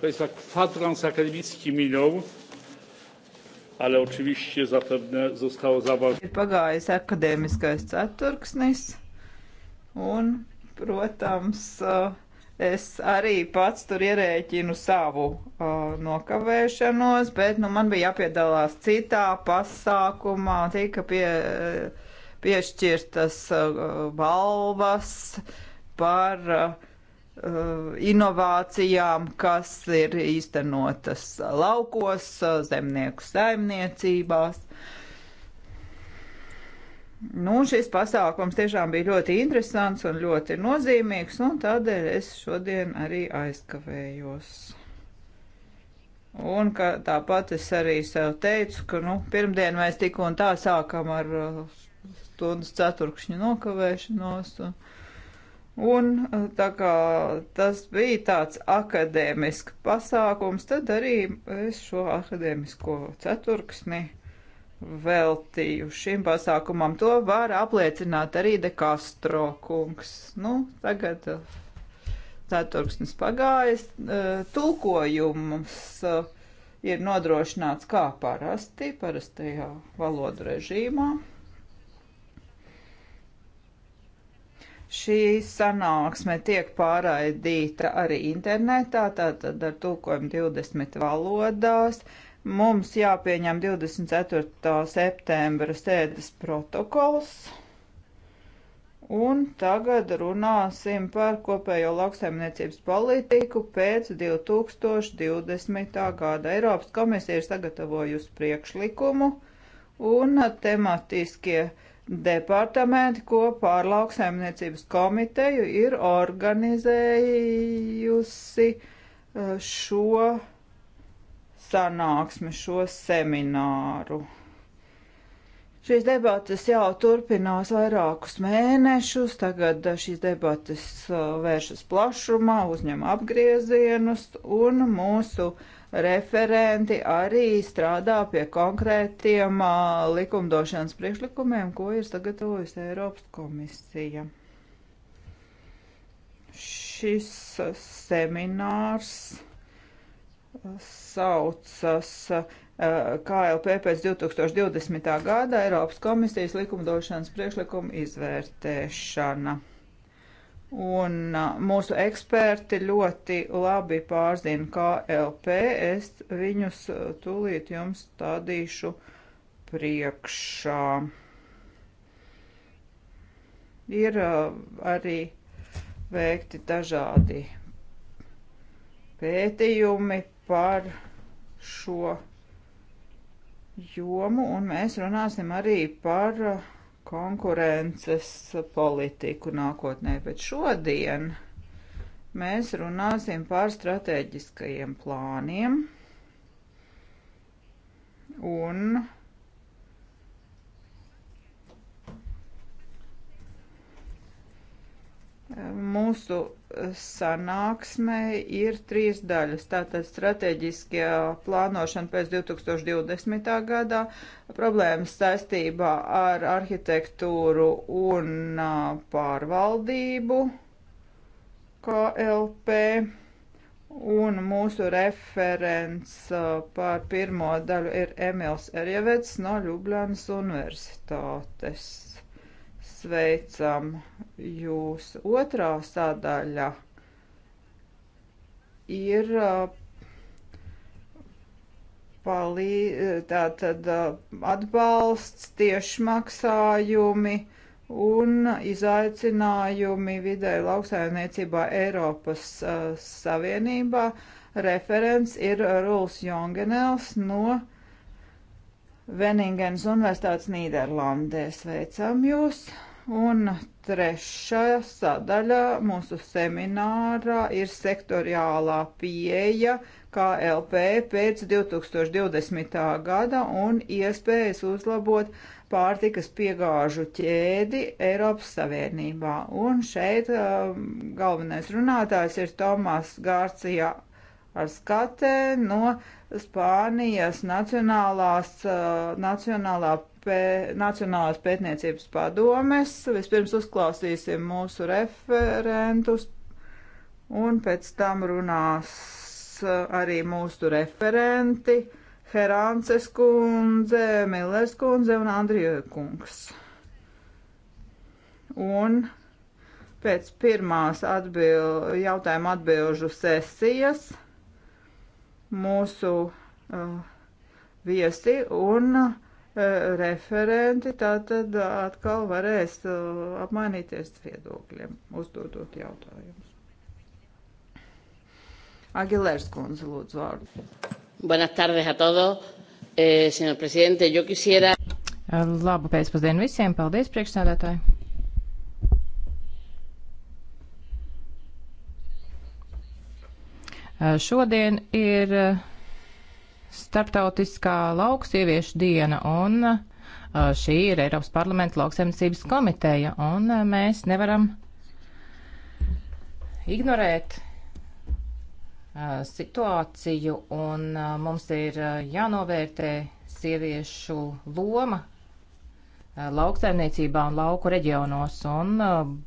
Państwa, kwadrans akademicki minął, ale oczywiście zapewne zostało zaawansowane. Pagājis akadēmiskais ceturksnis un, protams, es arī pats tur ierēķinu savu uh, nokavēšanos, bet nu, man bija jāpiedalās citā pasākumā, tika pie, piešķirtas uh, balvas. Uh, par uh, inovācijām, kas ir īstenotas laukos, zemnieku saimniecībās. Nu, šis pasākums tiešām bija ļoti interesants un ļoti nozīmīgs, un tādēļ es šodien arī aizkavējos. Un ka, tāpat es arī sev teicu, ka nu, pirmdien mēs tik un tā sākam ar uh, stundas ceturkšņu nokavēšanos. Un, uh, Un eh, tā kā tas bija tāds akadēmisks pasākums, tad arī es šo akadēmisko ceturksni veltīju šim pasākumam. To var apliecināt arī De Castro kungs. Nu, tagad eh, ceturksnis pagājis, eh, tulkojums ir nodrošināts kā parasti, parastajā valodu režīmā. Šī sanāksme tiek pārraidīta arī internetā, tātad ar tulkojumu 20 valodās. Mums jāpieņem 24. septembra sēdes protokols. Un tagad runāsim par kopējo lauksaimniecības politiku pēc 2020. gada. Eiropas komisija ir sagatavojusi priekšlikumu un tematiskie departamenti kopā ar lauksaimniecības komiteju ir organizējusi uh, šo sanāksmi, šo semināru. Šīs debatas jau turpinās vairākus mēnešus, tagad uh, šīs debatas uh, vēršas plašumā, uzņem apgriezienus, un mūsu uh, referenti arī strādā pie konkrētiem likumdošanas priekšlikumiem, ko ir sagatavojusi Eiropas komisija. Šis seminārs saucas KLP pēc 2020. gada Eiropas komisijas likumdošanas priekšlikumu izvērtēšana. Un mūsu eksperti ļoti labi pārzina KLP. Es viņus tūlīt jums stādīšu priekšā. Ir arī veikti dažādi pētījumi par šo jomu, un mēs runāsim arī par uh, konkurences politiku nākotnē, bet šodien mēs runāsim par strateģiskajiem plāniem un mūsu sanāksmē ir trīs daļas. Tātad strateģiskie plānošana pēc 2020. gadā, problēmas saistībā ar arhitektūru un pārvaldību, KLP, un mūsu referents par pirmo daļu ir Emils Erjevets no Ljubljanas universitātes apsveicam jūs. Otrā sadaļa ir uh, palī, tātad uh, atbalsts, tiešmaksājumi un izaicinājumi vidēji lauksaimniecībā Eiropas uh, Savienībā. Referents ir Rūls Jongenels no Veningens Universitātes Nīderlandē. Sveicam jūs! Un trešajā sadaļā mūsu seminārā ir sektoriālā pieeja KLP pēc 2020. gada un iespējas uzlabot pārtikas piegāžu ķēdi Eiropas Savienībā. Un šeit um, galvenais runātājs ir Tomas Gārcija Arskate no Spānijas Nacionālās, uh, Nacionālā pē, Nacionālās pētniecības padomes. Vispirms uzklausīsim mūsu referentus, un pēc tam runās uh, arī mūsu referenti Herances kundze, Millers kundze un Andrija kungs. Un pēc pirmās atbil, jautājuma atbilžu sesijas mūsu uh, viesi un uh, Eh, referenti tātad eh, atkal varēs eh, apmainīties viedokļiem, uzdodot jautājumus. Aguilērs kundze, lūdzu vārdu. Buenas tardes a todos, eh, señor presidente. Yo quisiera. Labu pēcpusdienu visiem. Paldies, priekšsēdētāji. Šodien ir Startautiskā lauksieviešu diena, un uh, šī ir Eiropas parlamenta lauksaimniecības komiteja, un uh, mēs nevaram ignorēt uh, situāciju, un mums ir jānovērtē sieviešu loma lauksaimniecībā un lauku reģionos, un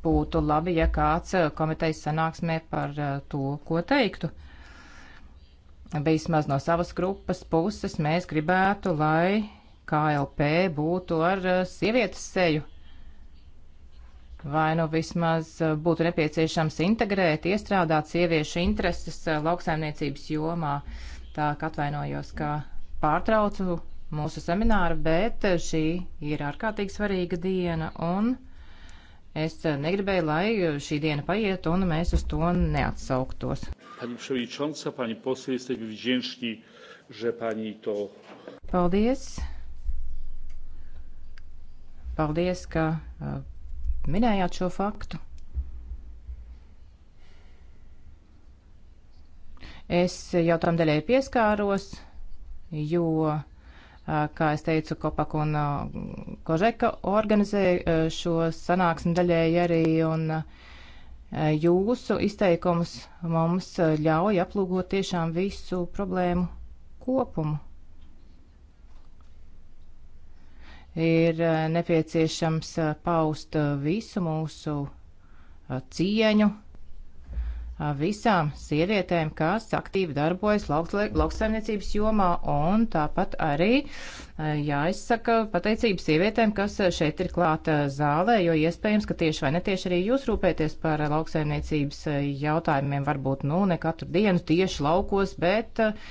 būtu labi, ja kāds komitejas sanāksmē par to, ko teiktu vismaz no savas grupas puses mēs gribētu, lai KLP būtu ar eh, sievietes seju. Vai nu vismaz eh, būtu nepieciešams integrēt, iestrādāt sieviešu intereses eh, lauksaimniecības jomā. Tā kā atvainojos, ka pārtraucu mūsu semināru, bet šī ir ārkārtīgi svarīga diena un es negribēju, lai šī diena paiet un mēs uz to neatsauktos. Pani przewodnicząca, pani poseł, jesteśmy wdzięczni, że pani to. Paldies. Paldies, ka uh, minējāt šo faktu. Es jautājumu daļai pieskāros, jo e, kā es teicu, Kopak un e, Kožeka organizēja šo sanāksmi daļēji arī, un Eh, jūsu izteikums mums eh, ļauj aplūkot tiešām visu problēmu kopumu. Ir eh, nepieciešams paust visu mūsu cieņu, visām sievietēm, kas aktīvi darbojas lauksaimniecības jomā, un tāpat arī jāizsaka pateicība sievietēm, kas šeit ir klāta zālē, jo iespējams, ka tieši vai netieši arī jūs rūpēties par lauksaimniecības jautājumiem, varbūt nu ne katru dienu tieši laukos, bet uh,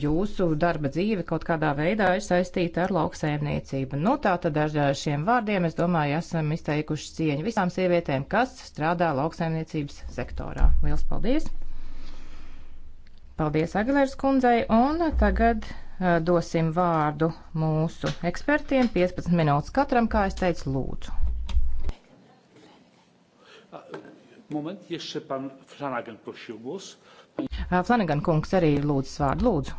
jūsu darba dzīve kaut kādā veidā ir saistīta ar lauksaimniecību. Nu, tā tad ar šiem vārdiem, es domāju, esam izteikuši cieņu visām sievietēm, kas strādā lauksaimniecības sektorā. Liels paldies! Paldies Agilērs kundzei, un tagad uh, dosim vārdu mūsu ekspertiem. 15 minūtes katram, kā es teicu, lūdzu. Moment, jeszcze pan Flanagan prosił głos. Uh, Flanagan kungs arī lūdzu vārdu, lūdzu.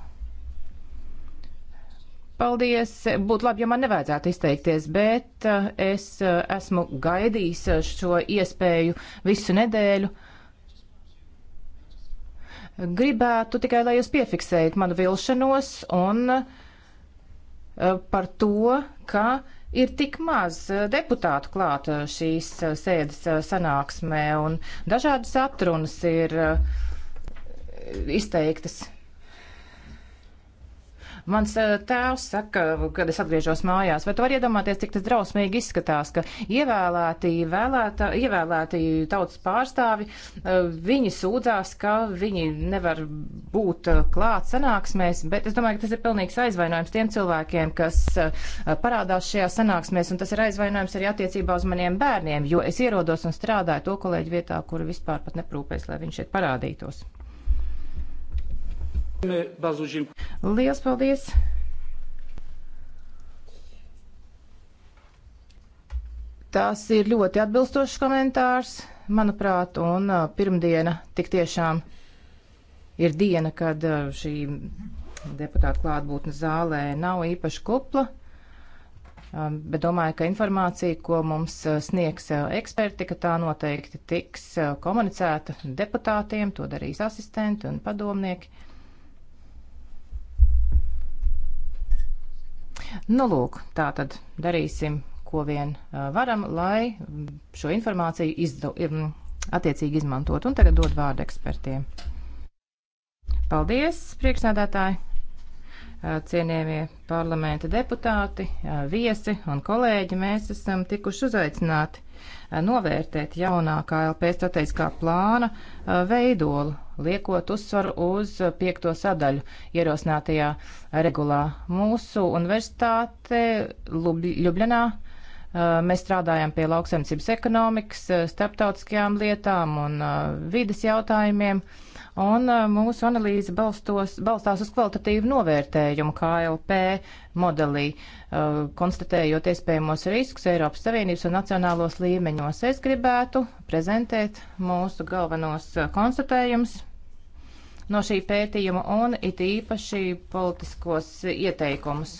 Paldies! Būtu labi, ja man nevajadzētu izteikties, bet uh, es uh, esmu gaidījis šo iespēju visu nedēļu. Gribētu tikai, lai jūs piefiksējat manu vilšanos un par to, ka ir tik maz deputātu klāt šīs sēdes sanāksmē un dažādas atrunas ir. Uh, izteiktas. Mans eh, tēvs saka, kad es atgriežos mājās, vai tu vari iedomāties, cik tas drausmīgi izskatās, ka ievēlētī, vēlētā, ievēlētī tautas pārstāvi, eh, viņi sūdzās, ka viņi nevar būt eh, klāt sanāksmēs, bet es domāju, ka tas ir pilnīgs aizvainojums tiem cilvēkiem, kas parādās šajā sanāksmēs, un tas ir aizvainojums arī attiecībā uz maniem bērniem, jo es ierodos un strādāju to kolēģi vietā, kuru vispār pat neprūpēs, lai viņš šeit parādītos. Lielas paldies! Tas ir ļoti atbilstošs komentārs, manuprāt, un uh, pirmdiena tik tiešām ir diena, kad uh, šī deputāta klātbūtne zālē nav īpaši kupla, um, bet domāju, ka informācija, ko mums uh, sniegs eksperti, ka tā noteikti tiks komunicēta deputātiem, to darīs asistenti un padomnieki. Nu, lūk, tā tad darīsim, ko vien varam, lai šo informāciju izdo, attiecīgi izmantot. Un tagad dod vārdu ekspertiem. Paldies, priekšsēdētāji, cienījamie parlamenta deputāti, viesi un kolēģi. Mēs esam tikuši uzaicināti novērtēt jaunākā LP strateģiskā plāna veidolu liekot uzsvaru uz piekto sadaļu ierosinātajā regulā. Mūsu universitāte Ljubljanā mēs strādājam pie lauksaimniecības ekonomikas, starptautiskajām lietām un vides jautājumiem, un mūsu analīze balstos, balstās uz kvalitatīvu novērtējumu KLP modelī, konstatējot iespējamos riskus Eiropas Savienības un nacionālos līmeņos. Es gribētu prezentēt mūsu galvenos konstatējumus no šī pētījuma un it īpaši politiskos ieteikumus.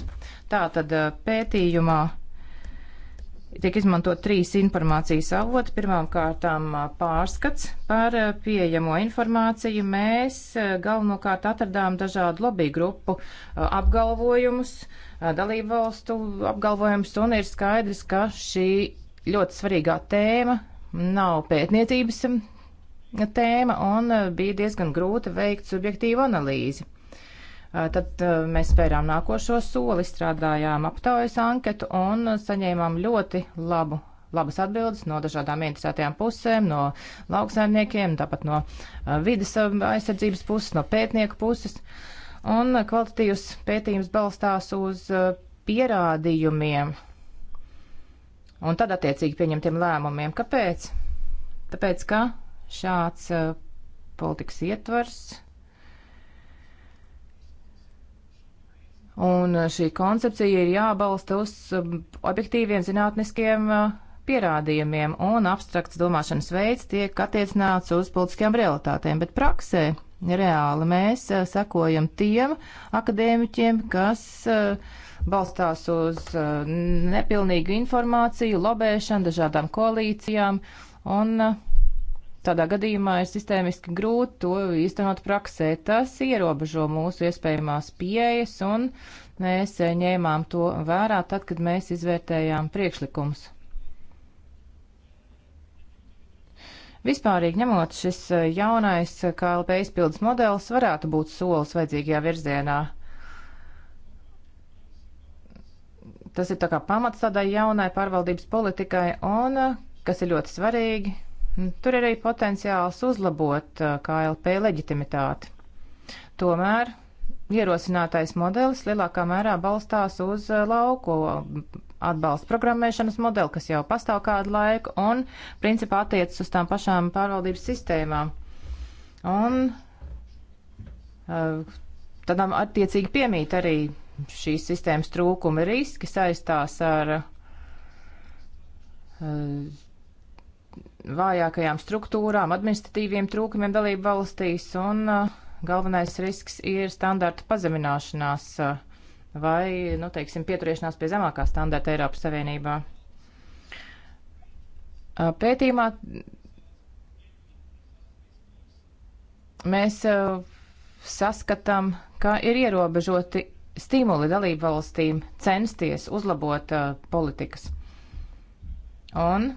Tātad eh, pētījumā tiek izmantot trīs informācijas avoti. Pirmām kārtām eh, pārskats par eh, pieejamo informāciju. Mēs galvenokārt atradām dažādu lobby grupu apgalvojumus, dalību valstu apgalvojumus, un ir skaidrs, ka šī ļoti svarīgā tēma nav pētniecības tēma, un eh, bija diezgan grūti veikt subjektīvu analīzi. Eh, tad eh, mēs spērām nākošo soli, strādājām aptaujas anketu un saņēmām ļoti labu, labas atbildes no dažādām interesētajām pusēm, no lauksaimniekiem, tāpat no vidas aizsardzības puses, no pētnieku puses. Un kvalitatīvs pētījums balstās uz pierādījumiem un tad attiecīgi pieņemtiem lēmumiem. Kāpēc? Tāpēc, ka šāds uh, politikas ietvars. Un uh, šī koncepcija ir jābalsta uz um, objektīviem zinātniskiem uh, pierādījumiem, un abstrakts domāšanas veids tiek attiecināts uz politiskajām realitātēm, bet praksē reāli mēs sekojam tiem akadēmiķiem, kas balstās uz nepilnīgu informāciju, lobēšanu, dažādām koalīcijām, un uh, Tādā gadījumā ir sistēmiski grūti to īstenot praksē. Tas ierobežo mūsu iespējamās pieejas, un mēs eh, ņēmām to vērā tad, kad mēs izvērtējām priekšlikumus. Vispārīgi ņemot, šis eh, jaunais KLP izpildes modelis varētu būt solis vajadzīgajā virzienā. Tas ir tā kā pamats tādai jaunai pārvaldības politikai, un, eh, kas ir ļoti svarīgi, Tur ir arī potenciāls uzlabot uh, KLP leģitimitāti. Tomēr ierosinātais modelis lielākā mērā balstās uz uh, lauko um, atbalsta programmēšanas modeli, kas jau pastāv kādu laiku un principā attiecas uz tām pašām pārvaldības sistēmām. Un uh, tādām attiecīgi piemīt arī šīs sistēmas trūkumi riski saistās ar vājākajām struktūrām, administratīviem trūkumiem dalību valstīs, un uh, galvenais risks ir standarta pazemināšanās uh, vai, nu, teiksim, pieturēšanās pie zemākā standarta Eiropas Savienībā. Uh, pētījumā mēs saskatām, ka ir ierobežoti stimuli dalību valstīm censties uzlabot politikas. Un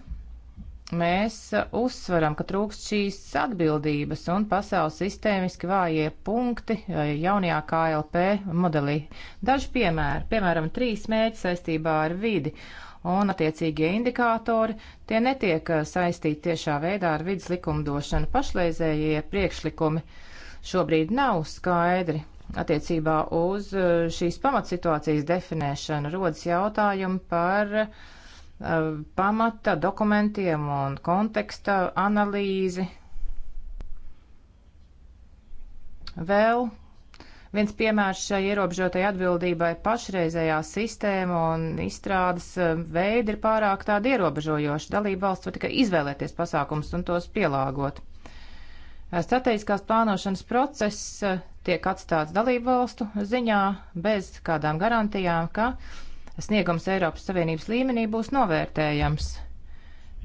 mēs uh, uzsveram, ka trūkst šīs atbildības un pasaules sistēmiski vājie punkti uh, jaunajā KLP modelī. Daži piemēri, piemēram, trīs mēģi saistībā ar vidi un attiecīgie indikātori, tie netiek uh, saistīti tiešā veidā ar vidas likumdošanu. Pašreizējie priekšlikumi šobrīd nav skaidri. Attiecībā uz šīs pamatsituācijas definēšanu rodas jautājumi par uh, Uh, pamata dokumentiem un konteksta analīzi. Vēl viens piemērs šai ierobežotai atbildībai pašreizējā sistēma un izstrādes uh, veidi ir pārāk tādi ierobežojoši. Dalība valsts var tikai izvēlēties pasākums un tos pielāgot. Uh, strateģiskās plānošanas process tiek atstāts dalību valstu ziņā bez kādām garantijām, ka sniegums Eiropas Savienības līmenī būs novērtējams.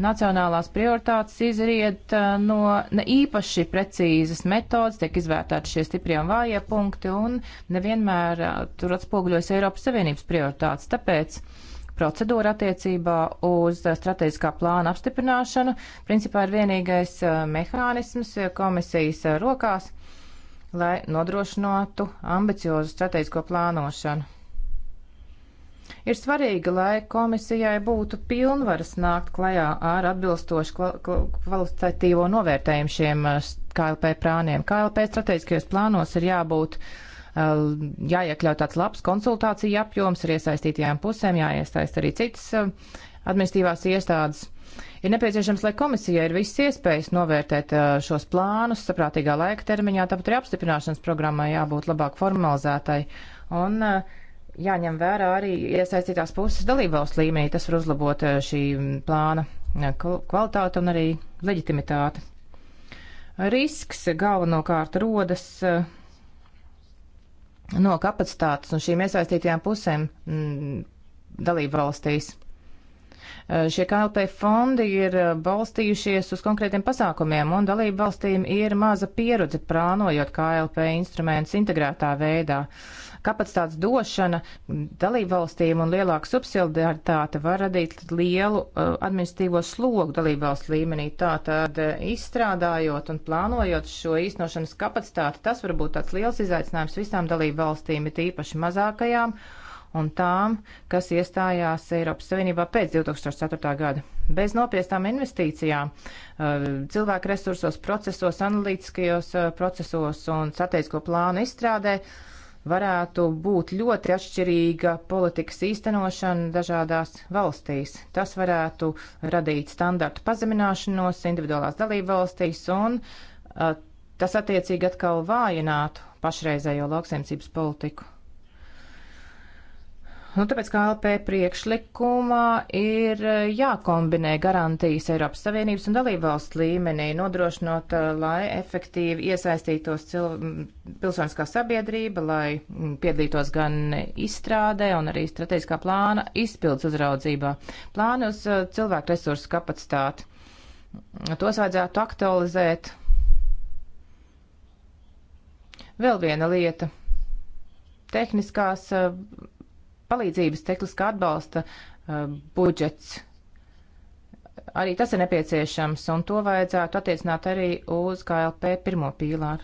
Nacionālās prioritātes izriet eh, no ne īpaši precīzas metodas, tiek izvērtēti šie stiprie un vājie punkti, un nevienmēr eh, tur atspoguļojas Eiropas Savienības prioritātes. Tāpēc procedūra attiecībā uz eh, strateģiskā plāna apstiprināšanu principā ir vienīgais mehānisms komisijas rokās, lai nodrošinātu ambiciozu strateģisko plānošanu. Ir svarīgi, lai komisijai būtu pilnvaras nākt klajā ar atbilstošu kvalitatīvo novērtējumu šiem uh, KLP prāniem. KLP strateģiskajos plānos ir jābūt uh, jāiekļaut tāds labs konsultāciju apjoms ar iesaistītajām pusēm, jāiesaist arī citas uh, administratīvās iestādes. Ir nepieciešams, lai komisija ir visas iespējas novērtēt šos plānus saprātīgā laika termiņā, tāpat arī apstiprināšanas programmai jābūt labāk formalizētai. Un uh, jāņem vērā arī iesaistītās puses dalībvalsts līmenī. Tas var uzlabot eh, šī plāna eh, kvalitāti un arī leģitimitāti. Risks galvenokārt rodas eh, no kapacitātes un šīm iesaistītajām pusēm mm, dalībvalstīs. Šie KLP fondi ir balstījušies uz konkrētiem pasākumiem, un dalību valstīm ir maza pieredze prānojot KLP instrumentus integrētā veidā. Uh, kapacitātes došana dalību valstīm un lielāka subsidiaritāte var radīt lielu uh, administratīvo slogu dalību valstu līmenī. Tātad uh, izstrādājot un plānojot šo īstenošanas kapacitāti, tas var būt tāds liels izaicinājums visām dalību valstīm, it īpaši mazākajām un tām, kas iestājās Eiropas Savienībā pēc 2004. gada. Bez nopietnām investīcijām, uh, cilvēku resursos, procesos, analītiskajos procesos un strateģisko plānu izstrādē varētu būt ļoti atšķirīga politikas īstenošana dažādās valstīs. Tas varētu radīt standartu pazemināšanos individuālās dalību valstīs un uh, tas attiecīgi atkal vājinātu pašreizējo lauksaimniecības politiku. Nu, tāpēc kā LP priekšlikumā ir eh, jākombinē garantijas Eiropas Savienības un dalībvalsts līmenī, nodrošinot, eh, lai efektīvi iesaistītos cil... pilsoniskā sabiedrība, lai piedalītos gan izstrādē un arī strateģiskā plāna izpildes uzraudzībā. Plāni uz eh, cilvēku resursu kapacitāti. Tos vajadzētu aktualizēt. Vēl viena lieta. Tehniskās palīdzības tehniskā atbalsta uh, budžets. Arī tas ir nepieciešams, un to vajadzētu attiecināt arī uz KLP pirmo pīlāru.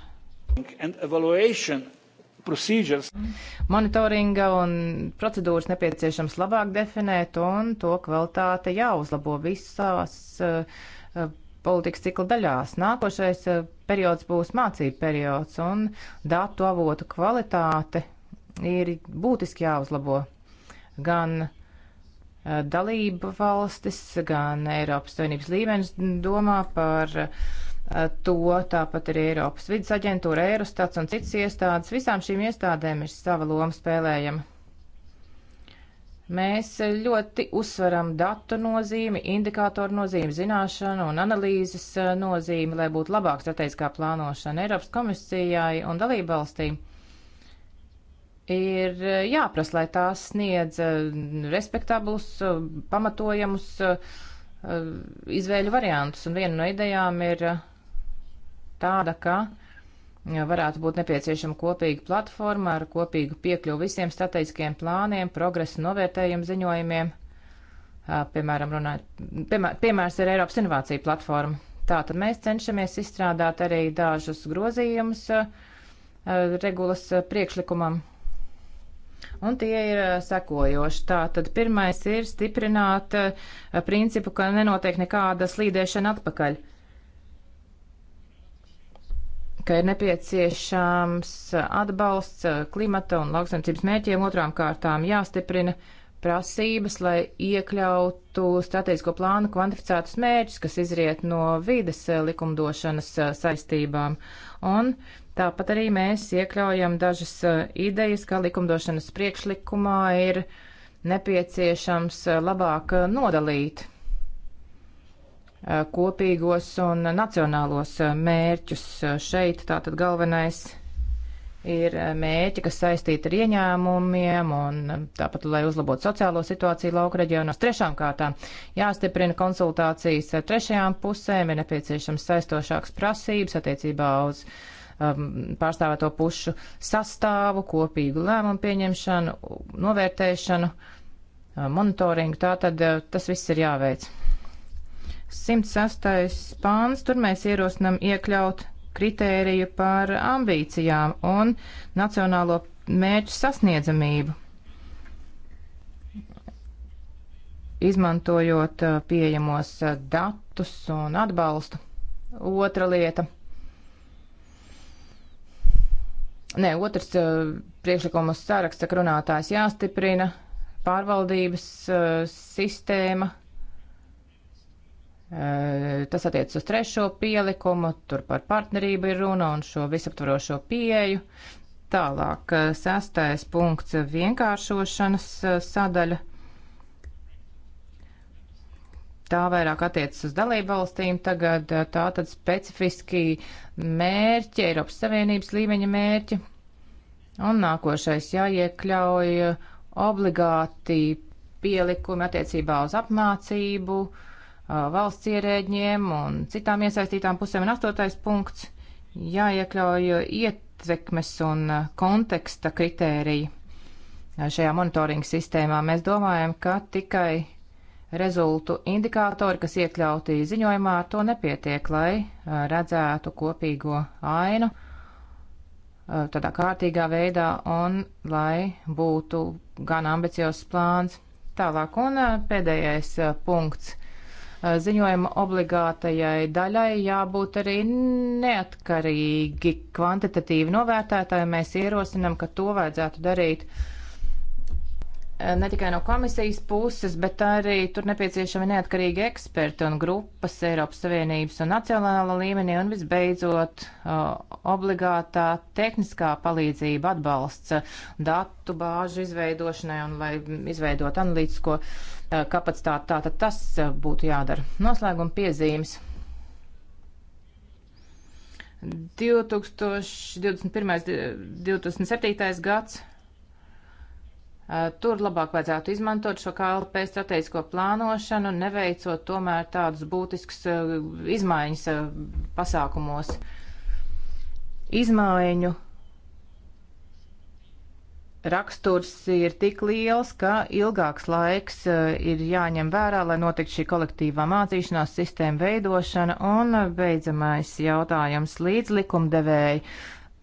Monitoringa un procedūras nepieciešams labāk definēt, un to kvalitāte jāuzlabo visās uh, uh, politikas cikla daļās. Nākošais uh, periods būs mācību periods, un datu avotu kvalitāte ir būtiski jāuzlabo gan eh, dalību valstis, gan Eiropas Savienības līmenis domā par eh, to, tāpat arī Eiropas vidas aģentūra, Eirostats un citas iestādes. Visām šīm iestādēm ir sava loma spēlējama. Mēs ļoti uzsveram datu nozīmi, indikātoru nozīmi, zināšanu un analīzes eh, nozīmi, lai būtu labāka strateģiskā plānošana Eiropas komisijai un dalībvalstīm ir eh, jāprasa, lai tās sniedz eh, respektablus, eh, pamatojamus izvēļu variantus. Un viena no idejām ir tāda, ka varētu būt nepieciešama kopīga platforma ar kopīgu piekļuvu visiem strateģiskiem plāniem, progresu novērtējumu ziņojumiem. Piemēram, runājot, piemēr, piemērs ir Eiropas inovācija platforma. Tātad mēs cenšamies izstrādāt arī dažus grozījumus regulas priekšlikumam, Un tie ir eh, sekojoši. Tātad pirmais ir stiprināt eh, principu, ka nenotiek nekāda slīdēšana atpakaļ ka ir nepieciešams atbalsts eh, klimata un lauksaimniecības mērķiem, otrām kārtām jāstiprina prasības, lai iekļautu strateģisko plānu kvantificētus mērķus, kas izriet no vides likumdošanas saistībām. Un uh, Tāpat arī mēs iekļaujam dažas uh, idejas, ka likumdošanas priekšlikumā ir nepieciešams uh, labāk uh, nodalīt kopīgos un nacionālos mērķus. Šeit tātad galvenais ir mērķi, kas saistīti ar ieņēmumiem un um, tāpat, lai uzlabotu sociālo situāciju lauka reģionos. Trešām kārtām jāstiprina konsultācijas ar trešajām pusēm, ir nepieciešams saistošāks prasības attiecībā uz uh, um, pārstāvēto pušu sastāvu, kopīgu lēmumu pieņemšanu, novērtēšanu, uh, monitoringu. Tātad uh, tas viss ir jāveic. 106. pāns, tur mēs ierosinam iekļaut kritēriju par ambīcijām un nacionālo mērķu sasniedzamību. Izmantojot uh, pieejamos datus un atbalstu. Otra lieta Nē, otrs uh, priekšlikumus saraksts, ka runātājs jāstiprina, pārvaldības uh, sistēma. Uh, tas attiecas uz trešo pielikumu, tur par partnerību ir runa un šo visaptvarošo pieeju. Tālāk, sastais punkts - vienkāršošanas sadaļa tā vairāk attiecas uz dalību valstīm, tagad eh, tā tad specifiski mērķi, Eiropas Savienības līmeņa mērķi. Un nākošais jāiekļauj obligāti pielikumi attiecībā uz apmācību eh, valsts ierēģiem un citām iesaistītām pusēm. Un astotais punkts jāiekļauj ietekmes un eh, konteksta kritēriji šajā monitoringa sistēmā. Mēs domājam, ka tikai rezultu indikātori, kas iekļauti ziņojumā, ar to nepietiek, lai redzētu kopīgo ainu tādā kārtīgā veidā un lai būtu gan ambiciozs plāns. Tālāk un pēdējais punkts. Ziņojuma obligātajai daļai jābūt arī neatkarīgi kvantitatīvi novērtētāji. Mēs ierosinam, ka to vajadzētu darīt uh, Eh, ne tikai no komisijas puses, bet arī tur nepieciešami neatkarīgi eksperti un grupas Eiropas Savienības un nacionāla līmenī un visbeidzot eh, obligātā tehniskā palīdzība atbalsts eh, datu bāžu izveidošanai un lai izveidot analītisko kapacitāti. Tātad tas būtu jādara. Noslēguma piezīmes. 2021. 2007. gads Eh, tur labāk vajadzētu izmantot šo KLP strateģisko plānošanu, neveicot tomēr tādus būtiskus eh, izmaiņas eh, pasākumos. Izmaiņu raksturs ir tik liels, ka ilgāks laiks ir jāņem vērā, lai notiktu šī kolektīvā mācīšanās sistēma veidošana un beidzamais jautājums līdz likumdevēji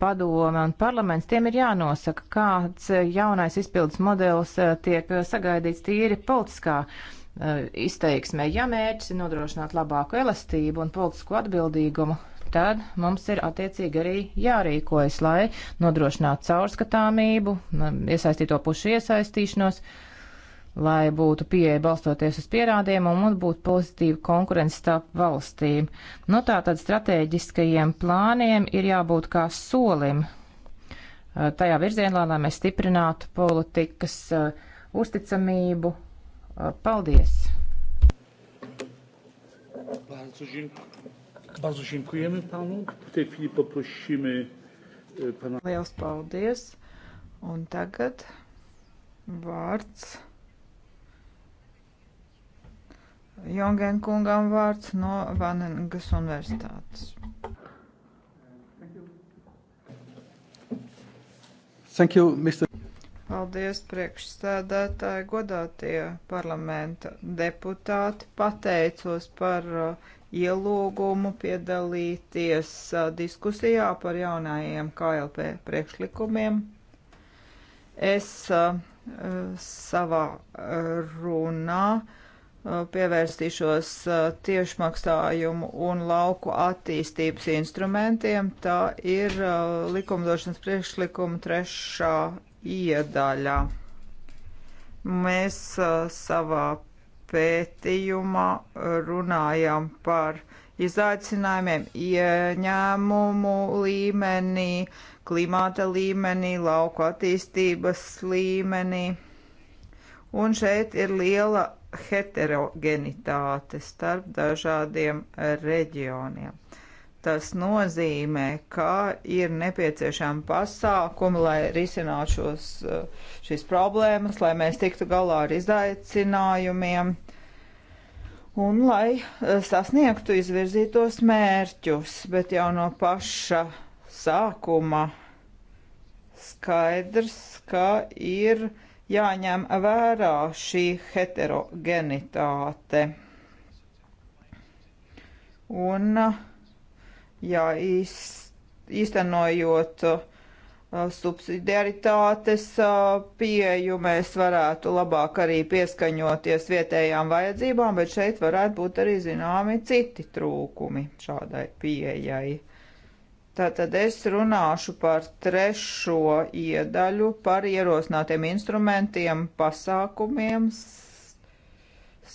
padome un parlaments, tiem ir jānosaka, kāds eh, jaunais izpildes modelis eh, tiek eh, sagaidīts tīri politiskā izteiksmē. Ja mērķis ir nodrošināt labāku elastību un politisku atbildīgumu, tad mums ir attiecīgi arī jārīkojas, lai nodrošinātu caurskatāmību, iesaistīto pušu iesaistīšanos. Uh, lai būtu pieeja balstoties uz pierādījumiem un būtu pozitīva konkurence starp valstīm. Nu, tātad strateģiskajiem plāniem ir jābūt kā solim eh, tajā virzienā, lai mēs stiprinātu politikas uh, uzticamību. Uh, paldies! Bardzo dziękujemy panu. W tej chwili poprosimy e, pana. Liels paldies. Un tagad vārds Jongen kungam vārds no Vanengas universitātes. Thank you, Mr. Paldies, priekšstādātāji, godātie parlamenta deputāti. Pateicos par uh, ielūgumu piedalīties uh, diskusijā par jaunajiem KLP priekšlikumiem. Es uh, uh savā uh, runā uh, Uh, pievērstīšos uh, tiešmaksājumu un lauku attīstības instrumentiem. Tā ir uh, likumdošanas priekšlikuma trešā iedaļā. Mēs savā pētījumā runājam par izaicinājumiem ieņēmumu līmenī, klimāta līmenī, lauku attīstības līmenī. Un šeit ir liela heterogenitāte starp dažādiem reģioniem. Tas nozīmē, ka ir nepieciešama pasākuma, lai risinātu šos, šīs problēmas, lai mēs tiktu galā ar izaicinājumiem un lai eh, sasniegtu izvirzītos mērķus, bet jau no paša sākuma skaidrs, ka ir uh, jāņem vērā šī heterogenitāte. Un jāīstenojot uh, subsidiaritātes uh, pieju, mēs varētu labāk arī pieskaņoties vietējām vajadzībām, bet šeit varētu būt arī zināmi citi trūkumi šādai pieejai. Tātad es runāšu par trešo iedaļu, par ierosinātiem instrumentiem, pasākumiem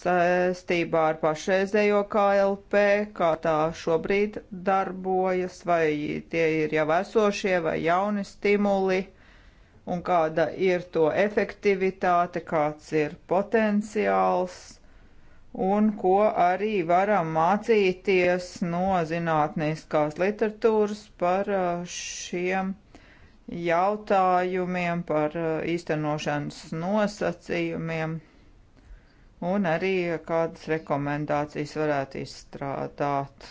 saistībā ar pašreizējo KLP, kā tā šobrīd darbojas, vai tie ir jau esošie vai jauni stimuli, un kāda ir to efektivitāte, kāds ir potenciāls un ko arī varam mācīties no zinātniskās literatūras par uh, šiem jautājumiem, par uh, īstenošanas nosacījumiem un arī kādas rekomendācijas varētu izstrādāt.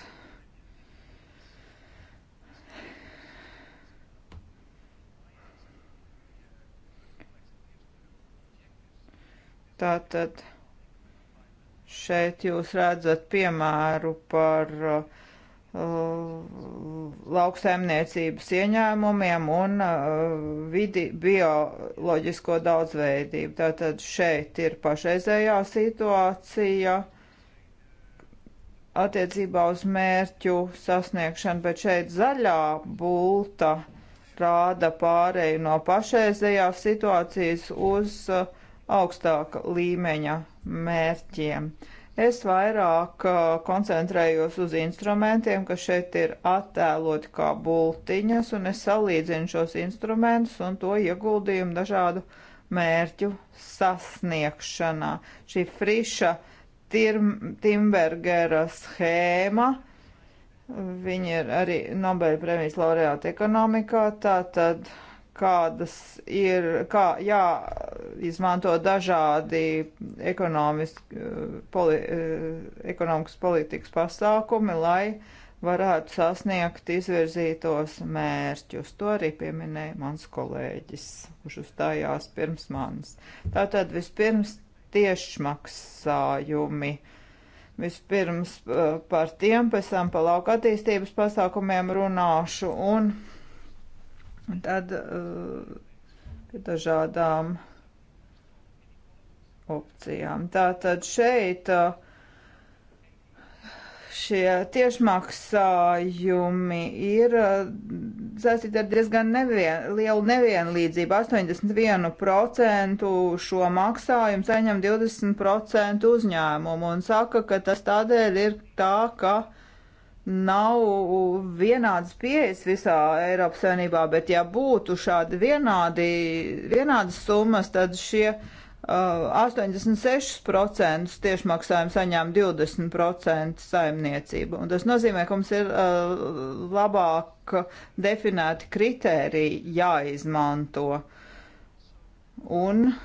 Tātad. Tā. Šeit jūs redzat piemēru par uh, lauksaimniecības ieņēmumiem un uh, vidi bioloģisko daudzveidību. Tātad šeit ir pašreizējā situācija attiecībā uz mērķu sasniegšanu, bet šeit zaļā bulta rāda pārēju no pašreizējās situācijas uz uh, augstāka līmeņa mērķiem. Es vairāk uh, koncentrējos uz instrumentiem, kas šeit ir attēloti kā bultiņas, un es salīdzinu šos instrumentus un to ieguldījumu dažādu mērķu sasniegšanā. Šī friša Timbergera schēma, viņa ir arī Nobel premijas laureāta ekonomikā, tā tad. tad kādas ir, kā jāizmanto dažādi ekonomiski, poli, eh, ekonomikas politikas pasākumi, lai varētu sasniegt izvirzītos mērķus. To arī pieminēja mans kolēģis, kurš uzstājās pirms manis. Tātad vispirms tiešmaksājumi. Vispirms eh, par tiem, pēc tam par lauka attīstības pasākumiem runāšu un Un tad eh, pie dažādām opcijām. Tātad šeit eh, šie tiešmaksājumi ir eh, saistīti ar diezgan nevien, lielu nevienlīdzību. 81% šo maksājumu saņem 20% uzņēmumu un saka, ka tas tādēļ ir tā, ka nav vienādas pieejas visā Eiropas Savienībā, bet ja būtu šādi vienādi, vienādas summas, tad šie uh, 86% tiešmaksājumu saņēma 20% saimniecība. Un tas nozīmē, ka mums ir uh, labāk definēti kritēriji jāizmanto. Un uh,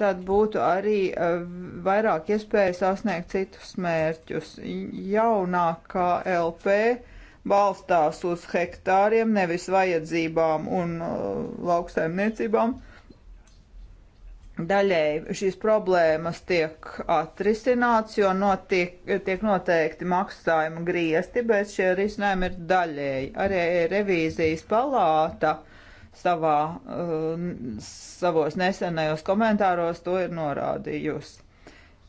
tad būtu arī eh, vairāk iespēja sasniegt citus mērķus. Jaunākā LP balstās uz hektāriem, nevis vajadzībām un eh, lauksaimniecībām. Daļēji šīs problēmas tiek atrisināts, jo notiek, tiek noteikti maksājuma griesti, bet šie risinājumi ir daļēji. Arī revīzijas palāta savā, uh, savos nesenajos komentāros to ir norādījusi.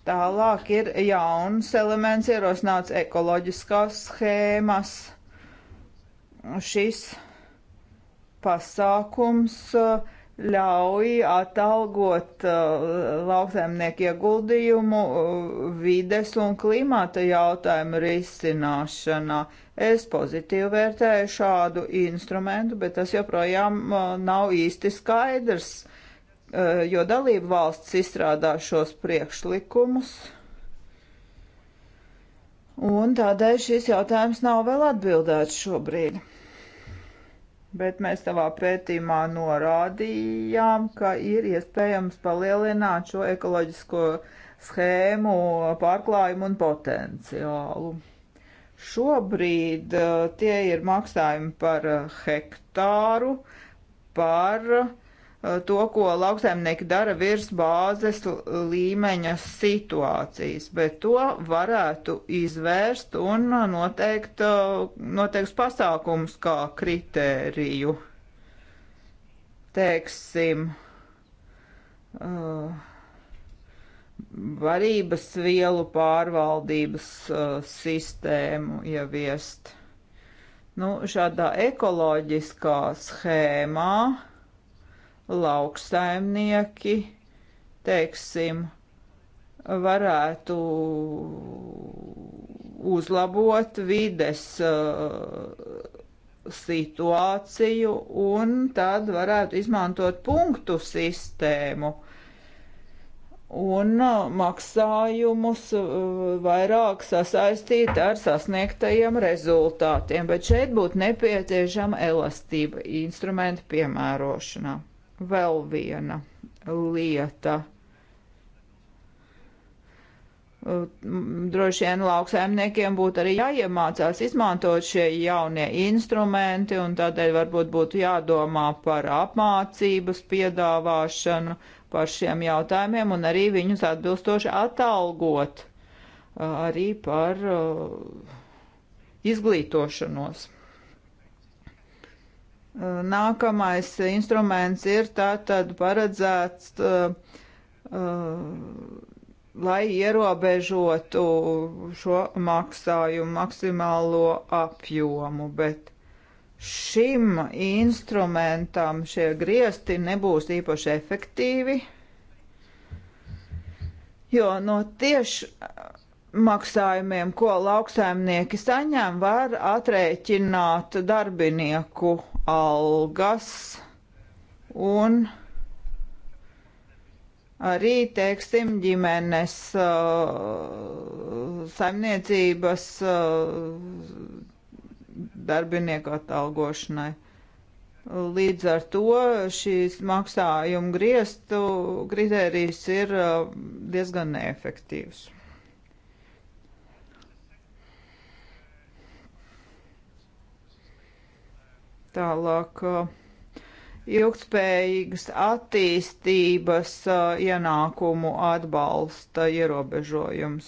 Tālāk ir jauns elements ierosināts ekoloģiskās schēmas. Šis pasākums uh, ļauj atalgot uh, lauksaimnieku ieguldījumu uh, vides un klimata jautājumu risināšanā. Es pozitīvi vērtēju šādu instrumentu, bet tas joprojām uh, nav īsti skaidrs, uh, jo dalību valsts izstrādā šos priekšlikumus. Un tādēļ šis jautājums nav vēl atbildēts šobrīd bet mēs savā pētījumā norādījām, ka ir iespējams palielināt šo ekoloģisko schēmu pārklājumu un potenciālu. Šobrīd eh, tie ir maksājumi par eh, hektāru, par Eh, to, ko lauksaimnieki dara virs bāzes līmeņa situācijas, bet to varētu izvērst un noteikt, eh, noteikt pasākums kā kritēriju. Teiksim, eh, varības vielu pārvaldības sistēmu ieviest. Nu, šādā ekoloģiskā schēmā lauksaimnieki, teiksim, varētu uzlabot vides uh, situāciju un tad varētu izmantot punktu sistēmu un uh, maksājumus uh, vairāk sasaistīt ar sasniegtajiem rezultātiem, bet šeit būtu nepieciešama elastība instrumentu piemērošanā vēl viena lieta. Droši vien lauksaimniekiem būtu arī jāiemācās izmantot šie jaunie instrumenti, un tādēļ varbūt būtu jādomā par apmācības piedāvāšanu par šiem jautājumiem un arī viņus atbilstoši atalgot arī par izglītošanos. Nākamais instruments ir tātad paredzēts, uh, uh, lai ierobežotu šo maksājumu maksimālo apjomu, bet šim instrumentam šie griesti nebūs īpaši efektīvi, jo no tieši maksājumiem, ko lauksaimnieki saņem, var atrēķināt darbinieku algas un arī, teiksim, ģimenes uh, saimniecības uh, darbinieku atalgošanai. Līdz ar to šīs maksājuma griestu kritērijs ir uh, diezgan neefektīvs. Tālāk uh, ilgspējīgas attīstības uh, ienākumu atbalsta ierobežojums.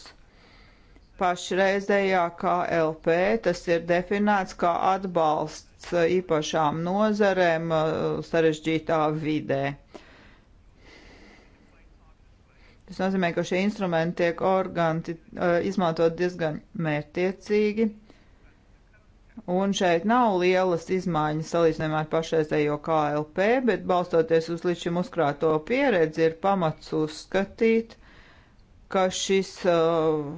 Pašreizējā KLP tas ir definēts kā atbalsts uh, īpašām nozarēm sarežģītā vidē. Tas nozīmē, ka šie instrumenti tiek organti izmantot diezgan mērtiecīgi Un šeit nav lielas izmaiņas salīdzinājumā ar pašreizējo KLP, bet balstoties uz līdz šim uzkrāto pieredzi, ir pamats uzskatīt, ka šis uh,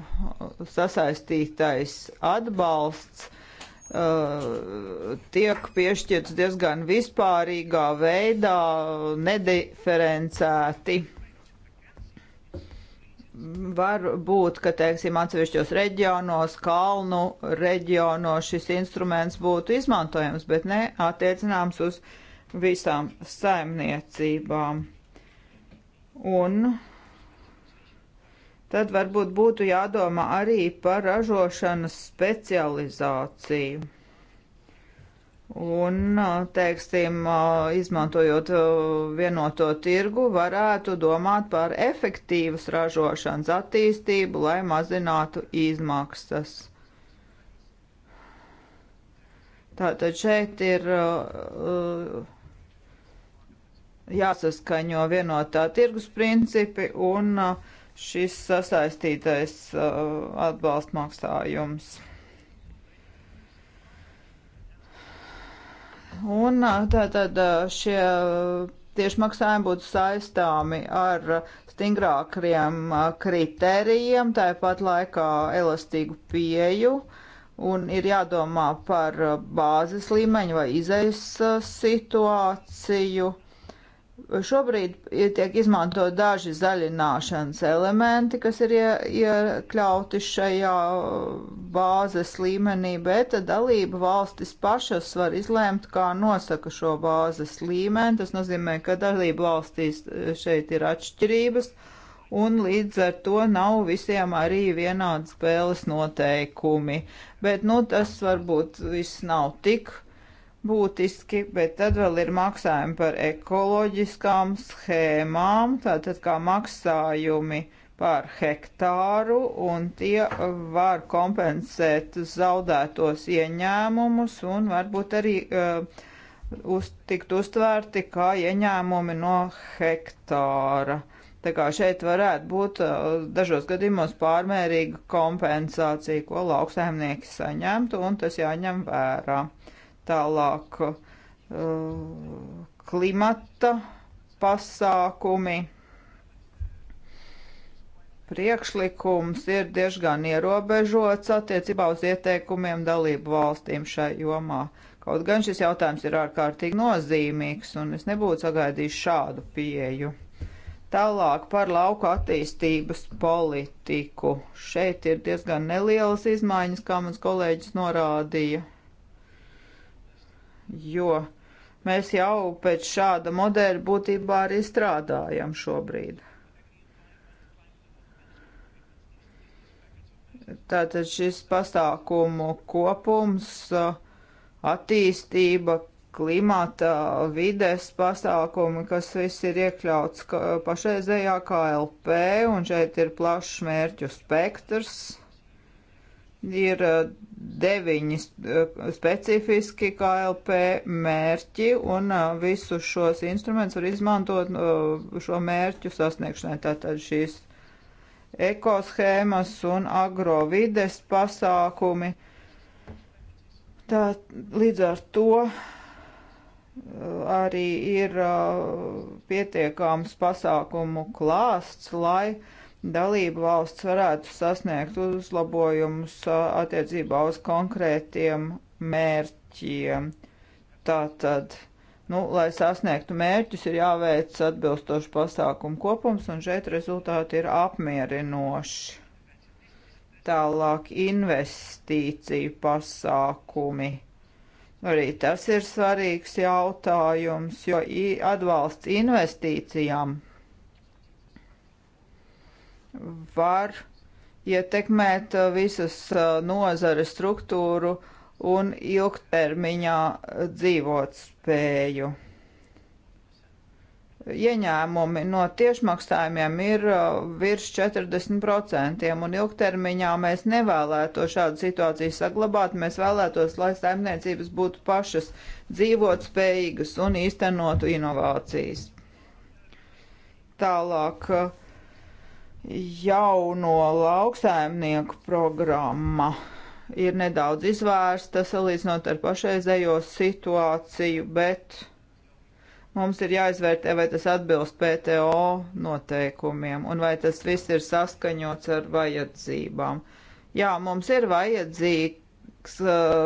sasaistītais atbalsts uh, tiek piešķirts diezgan vispārīgā veidā, nediferencēti. Uh, var būt, ka, teiksim, atsevišķos reģionos, kalnu reģionos šis instruments būtu izmantojams, bet ne attiecināms uz visām saimniecībām. Un tad varbūt būtu jādomā arī par ražošanas specializāciju. Un, teiksim, izmantojot vienoto tirgu, varētu domāt par efektīvas ražošanas attīstību, lai mazinātu izmaksas. Tātad šeit ir jāsaskaņo vienotā tirgus principi un šis sasaistītais atbalsta maksājums. Un tātad šie tieši maksājumi būtu saistāmi ar stingrākiem kritērijiem, tāpat laikā elastīgu pieju. Un ir jādomā par bāzes līmeņu vai izejas situāciju. Šobrīd tiek izmantot daži zaļināšanas elementi, kas ir iekļauti šajā bāzes līmenī, bet dalība valstis pašas var izlēmt, kā nosaka šo bāzes līmeni. Tas nozīmē, ka dalība valstīs e, šeit ir atšķirības, un līdz ar to nav visiem arī vienādi spēles noteikumi. Bet, nu, tas varbūt viss nav tik būtiski, bet tad vēl ir maksājumi par ekoloģiskām schēmām, tātad kā maksājumi par hektāru, un tie var kompensēt zaudētos ieņēmumus un varbūt arī uh, uz, tikt uztvērti kā ieņēmumi no hektāra. Tā kā šeit varētu būt eh, dažos gadījumos pārmērīga kompensācija, ko lauksaimnieki saņemtu, un tas jāņem vērā. Uh, tālāk uh, klimata pasākumi. Priekšlikums ir diezgan ierobežots attiecībā uz ieteikumiem dalību valstīm šai jomā. Kaut gan šis jautājums ir ārkārtīgi nozīmīgs, un es nebūtu sagaidījis šādu pieju. Tālāk par lauku attīstības politiku. Šeit ir diezgan nelielas izmaiņas, kā mans kolēģis norādīja jo mēs jau pēc šāda modeļa būtībā arī strādājam šobrīd. Tātad šis pasākumu kopums, attīstība, klimata, vides pasākumi, kas viss ir iekļauts pašreizējā KLP, un šeit ir plašs mērķu spektrs ir uh, deviņi uh, specifiski KLP mērķi, un uh, visus šos instrumentus var izmantot šo mērķu sasniegšanai. Tātad šīs ekoshēmas un agrovides pasākumi. Tā, līdz ar to arī ir pietiekams pasākumu klāsts, lai uh, dalību valsts varētu sasniegt uzlabojumus attiecībā uz konkrētiem mērķiem. Tātad, nu, lai sasniegtu mērķus, ir jāveic atbilstoši pasākumu kopums, un šeit rezultāti ir apmierinoši. Tālāk investīciju pasākumi. Arī tas ir svarīgs jautājums, jo atbalsts investīcijām var ietekmēt uh, visas uh, nozares struktūru un ilgtermiņā dzīvot spēju. Ieņēmumi no tiešmaksājumiem ir uh, virs 40%, un ilgtermiņā mēs nevēlēto šādu situāciju saglabāt. Mēs vēlētos, lai saimniecības būtu pašas dzīvot spējīgas un īstenotu inovācijas. Tālāk. Uh, jauno lauksaimnieku programma ir nedaudz izvērsta salīdzinot ar pašreizējo situāciju, bet mums ir jāizvērtē, vai tas atbilst PTO noteikumiem un vai tas viss ir saskaņots ar vajadzībām. Jā, mums ir vajadzīgi tiks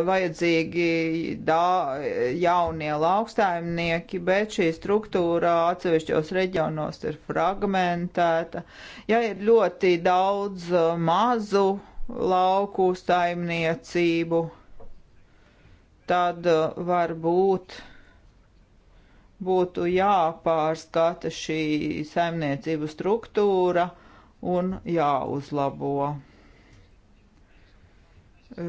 vajadzīgi dā, jaunie lauksaimnieki, bet šī struktūra atsevišķos reģionos ir fragmentēta. Ja ir ļoti daudz mazu lauku saimniecību, tad varbūt būtu jāpārskata šī saimniecību struktūra un jāuzlabo.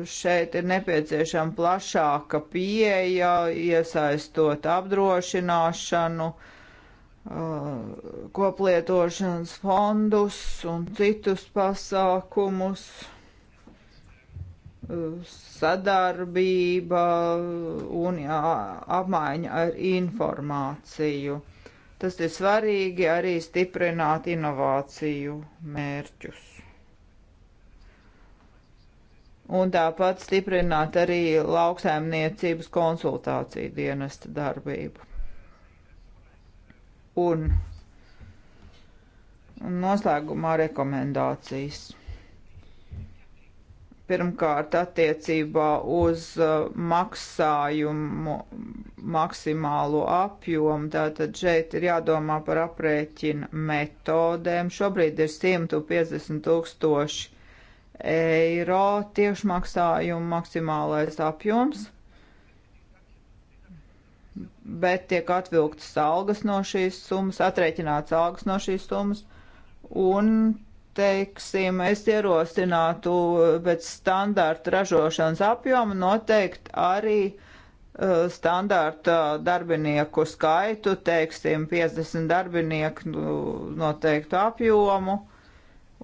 Šeit ir nepieciešama plašāka pieeja, iesaistot apdrošināšanu, uh, koplietošanas fondus un citus pasākumus, uh, sadarbība un jā, apmaiņa ar informāciju. Tas ir svarīgi arī stiprināt inovāciju mērķus un tāpat stiprināt arī lauksaimniecības konsultāciju dienesta darbību. Un, un noslēgumā rekomendācijas. Pirmkārt, attiecībā uz uh, maksājumu maksimālo apjomu, tātad šeit ir jādomā par aprēķinu metodēm. Šobrīd ir 150 tūkstoši eiro tiešmaksājumu maksimālais apjoms, bet tiek atvilktas algas no šīs summas, atrēķināts algas no šīs summas, un, teiksim, es ierosinātu pēc standarta ražošanas apjoma noteikt arī uh, standarta darbinieku skaitu, teiksim, 50 darbinieku nu, noteiktu apjomu,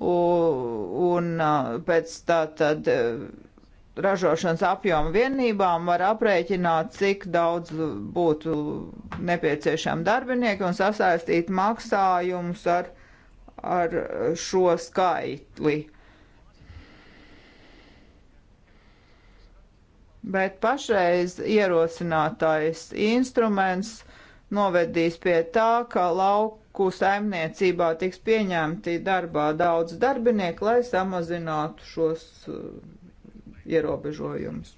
un pēc tā tad e, ražošanas apjoma vienībām var aprēķināt, cik daudz būtu nepieciešami darbinieki un sasaistīt maksājumus ar, ar šo skaitli. Bet pašreiz ierosinātais instruments novedīs pie tā, ka lauk lauku saimniecībā tiks pieņemti darbā daudz darbinieku, lai samazinātu šos uh, ierobežojumus.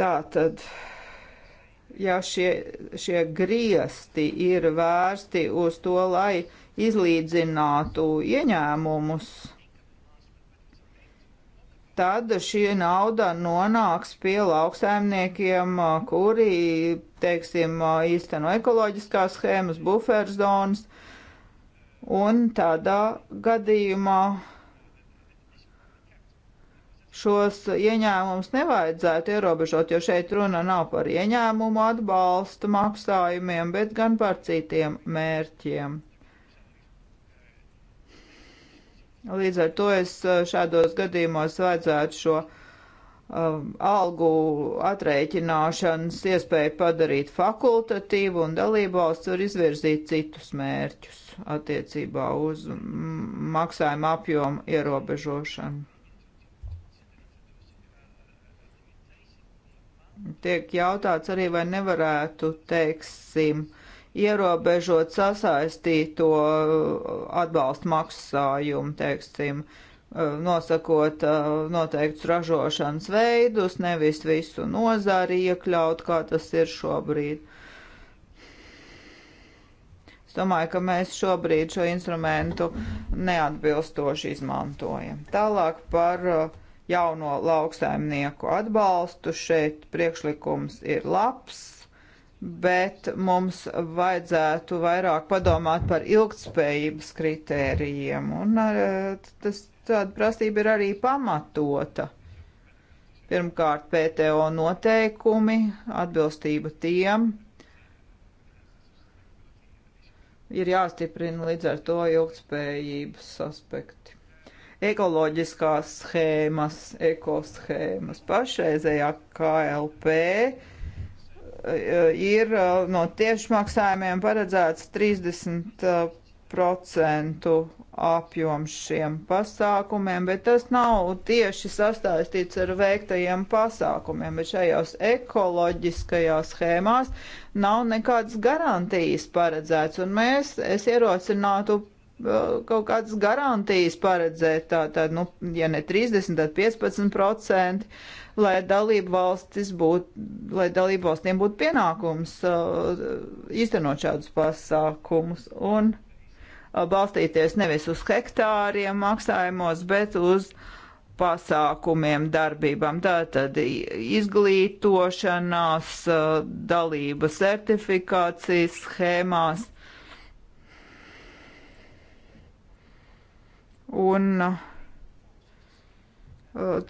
Tā tad, ja šie, šie griesti ir vērsti uz to, lai izlīdzinātu ieņēmumus, tad šī nauda nonāks pie lauksaimniekiem, uh, kuri teiksim, īsteno ekoloģiskās schēmas, buferzonas, un tādā gadījumā šos ieņēmumus nevajadzētu ierobežot, jo šeit runa nav par ieņēmumu atbalstu maksājumiem, bet gan par citiem mērķiem. Līdz ar to es šādos gadījumos vajadzētu šo Um, algu atrēķināšanas iespēju padarīt fakultatīvu un dalībvalsts var izvirzīt citus mērķus attiecībā uz maksājuma apjomu ierobežošanu. Tiek jautāts arī, vai nevarētu, teiksim, ierobežot sasaistīto atbalstu maksājumu, teiksim, uh, Eh, nosakot eh, noteikts ražošanas veidus, nevis visu nozari iekļaut, kā tas ir šobrīd. Es domāju, ka mēs šobrīd šo instrumentu neatbilstoši izmantojam. Tālāk par eh, jauno lauksaimnieku atbalstu. Šeit priekšlikums ir labs, bet mums vajadzētu vairāk padomāt par ilgtspējības kritērijiem. Un ar, tas tad prasība ir arī pamatota. Pirmkārt, PTO noteikumi, atbilstība tiem ir jāstiprina līdz ar to ilgspējības aspekti. Ekoloģiskās schēmas, ekoshēmas pašreizējā KLP e, ir e, no tiešmaksājumiem paredzēts 30% apjoms šiem pasākumiem, bet tas nav tieši sastāstīts ar veiktajiem pasākumiem, bet šajās ekoloģiskajās schēmās nav nekādas garantijas paredzēts, un mēs, es ierosinātu uh, kaut kādas garantijas paredzēt, tātad, nu, ja ne 30, tad 15 procenti, lai dalību valstis būtu, lai dalību valstīm būtu pienākums uh, īstenot šādus pasākumus. Un, balstīties nevis uz hektāriem maksājumos, bet uz pasākumiem, darbībām. Tātad izglītošanās, dalība certifikācijas schēmās. Un uh,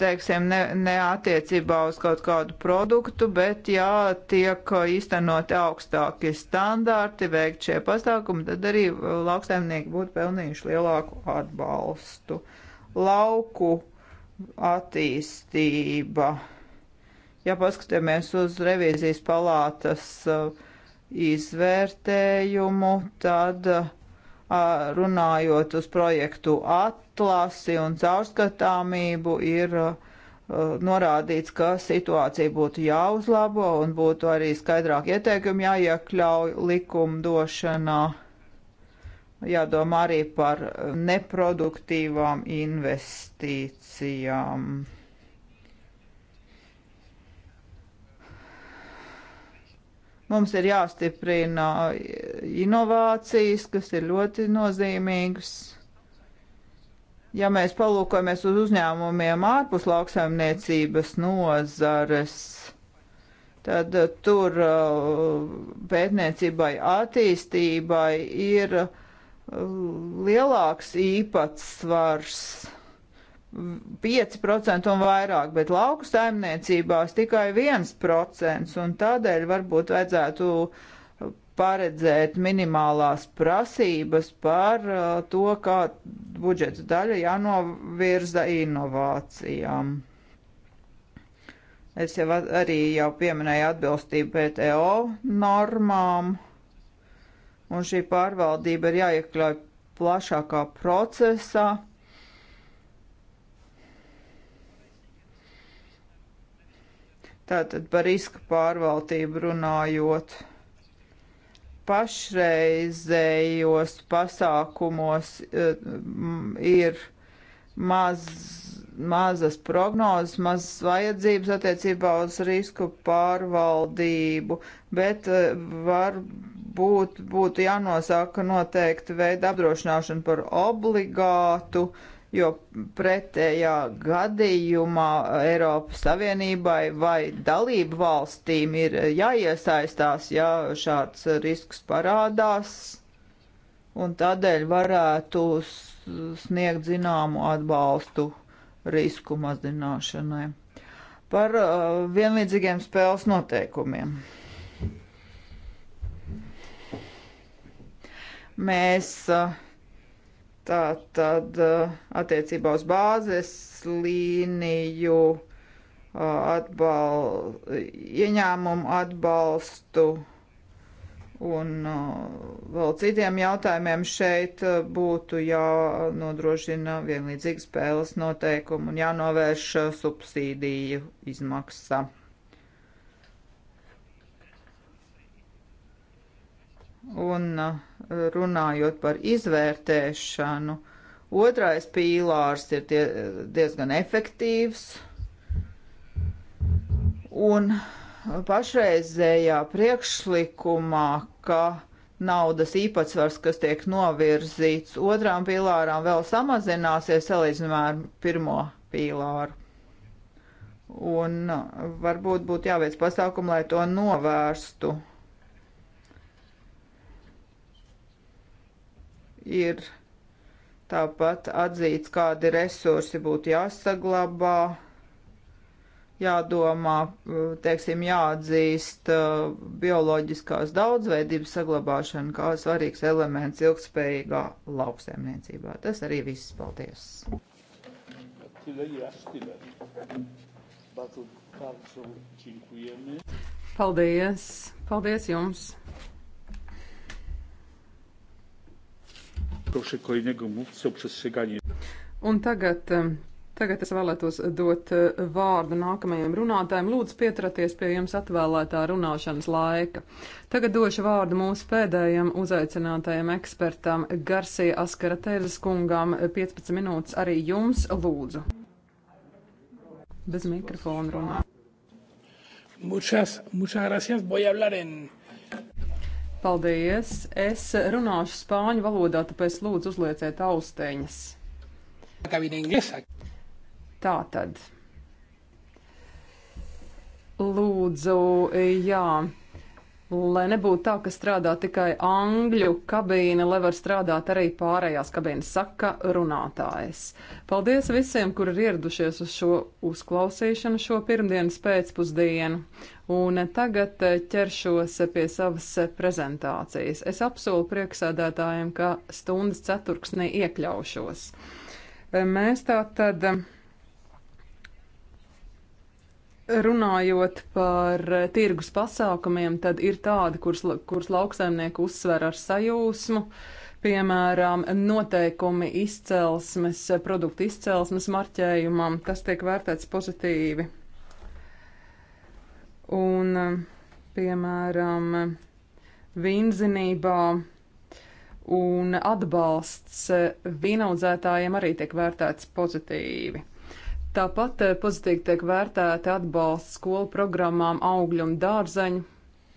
teiksim, ne, ne attiecībā uz kaut kādu produktu, bet ja tiek īstenot augstāki standarti, veikt šie pasākumi, tad arī lauksaimnieki būtu pelnījuši lielāku atbalstu. Lauku attīstība. Ja paskatāmies uz revīzijas palātas uh, izvērtējumu, tad uh, runājot uz projektu atlasi un caurskatāmību, ir norādīts, ka situācija būtu jāuzlabo un būtu arī skaidrāk ieteikumi jāiekļauj likumdošanā. Jādomā arī par neproduktīvām investīcijām. Mums ir jāstiprina uh, inovācijas, kas ir ļoti nozīmīgas. Ja mēs palūkojamies uz uzņēmumiem ārpus lauksaimniecības nozares, tad uh, tur uh, pētniecībai, attīstībai ir lielāks īpatsvars. 5% un vairāk, bet lauku saimniecībās tikai 1%, un tādēļ varbūt vajadzētu paredzēt minimālās prasības par uh, to, kā budžeta daļa jānovirza inovācijām. Es jau arī jau pieminēju atbilstību PTO normām, un šī pārvaldība ir jāiekļauj plašākā procesā Tātad par riska pārvaldību runājot, pašreizējos pasākumos eh, ir maz, mazas prognozes, mazas vajadzības attiecībā uz risku pārvaldību, bet eh, var būt, būtu jānosaka noteikti veida apdrošināšana par obligātu uh, jo pretējā gadījumā Eiropas Savienībai vai dalību valstīm ir jāiesaistās, ja šāds risks parādās, un tādēļ varētu sniegt zināmu atbalstu risku mazināšanai. Par uh, vienlīdzīgiem spēles noteikumiem. Mēs uh, Tā tad eh, attiecībā uz bāzes līniju eh, atbal, ieņēmumu atbalstu un eh, vēl citiem jautājumiem šeit būtu jānodrošina vienlīdzīgi spēles noteikumi un jānovērš subsīdiju izmaksa. Un uh, runājot par izvērtēšanu, otrais pīlārs ir tie, diezgan efektīvs. Un pašreizējā priekšlikumā, ka naudas īpatsvars, kas tiek novirzīts otrām pīlārām, vēl samazināsies salīdzinājumā ar pirmo pīlāru. Un uh, varbūt būtu jāveic pasākumu, lai to novērstu. ir tāpat atzīts, kādi resursi būtu jāsaglabā, jādomā, teiksim, jāatzīst uh, bioloģiskās daudzveidības saglabāšana kā svarīgs elements ilgspējīgā lauksaimniecībā. Tas arī viss. Paldies! Paldies! Paldies jums! Prošu kolēģiņu mūsu apšasigāņi. Un tagad, tagad es vēlētos dot e, vārdu nākamajam runātājiem. Lūdzu, pieturaties pie jums atvēlētā runāšanas laika. Tagad došu vārdu mūsu pēdējam uzaicinātajam ekspertam Garcija Askara Tēzes kungam. 15 minūtes arī jums lūdzu. Bez mikrofona runā. Muchas, muchas gracias. Voy a hablar en. Paldies! Es runāšu spāņu valodā, tāpēc lūdzu uzlieciet austeņas. Tā tad. Lūdzu, jā lai nebūtu tā, ka strādā tikai angļu kabīne, lai var strādāt arī pārējās kabīnes, saka runātājs. Paldies visiem, kur ir ieradušies uz šo uzklausīšanu šo pirmdienas pēcpusdienu. Un tagad eh, ķeršos pie savas eh, prezentācijas. Es apsolu prieksēdētājiem, ka stundas ceturksnī iekļaušos. Eh, mēs tā tad. Runājot par eh, tirgus pasākumiem, tad ir tādi, kurus, kurus lauksaimnieku uzsver ar sajūsmu, piemēram, noteikumi izcelsmes, produktu izcelsmes marķējumam, tas tiek vērtēts pozitīvi. Un, eh, piemēram, vīnzinībā un atbalsts vīnaudzētājiem arī tiek vērtēts pozitīvi. Tāpat eh, pozitīvi tiek vērtēti atbalsts skolu programmām augļu un dārzeņu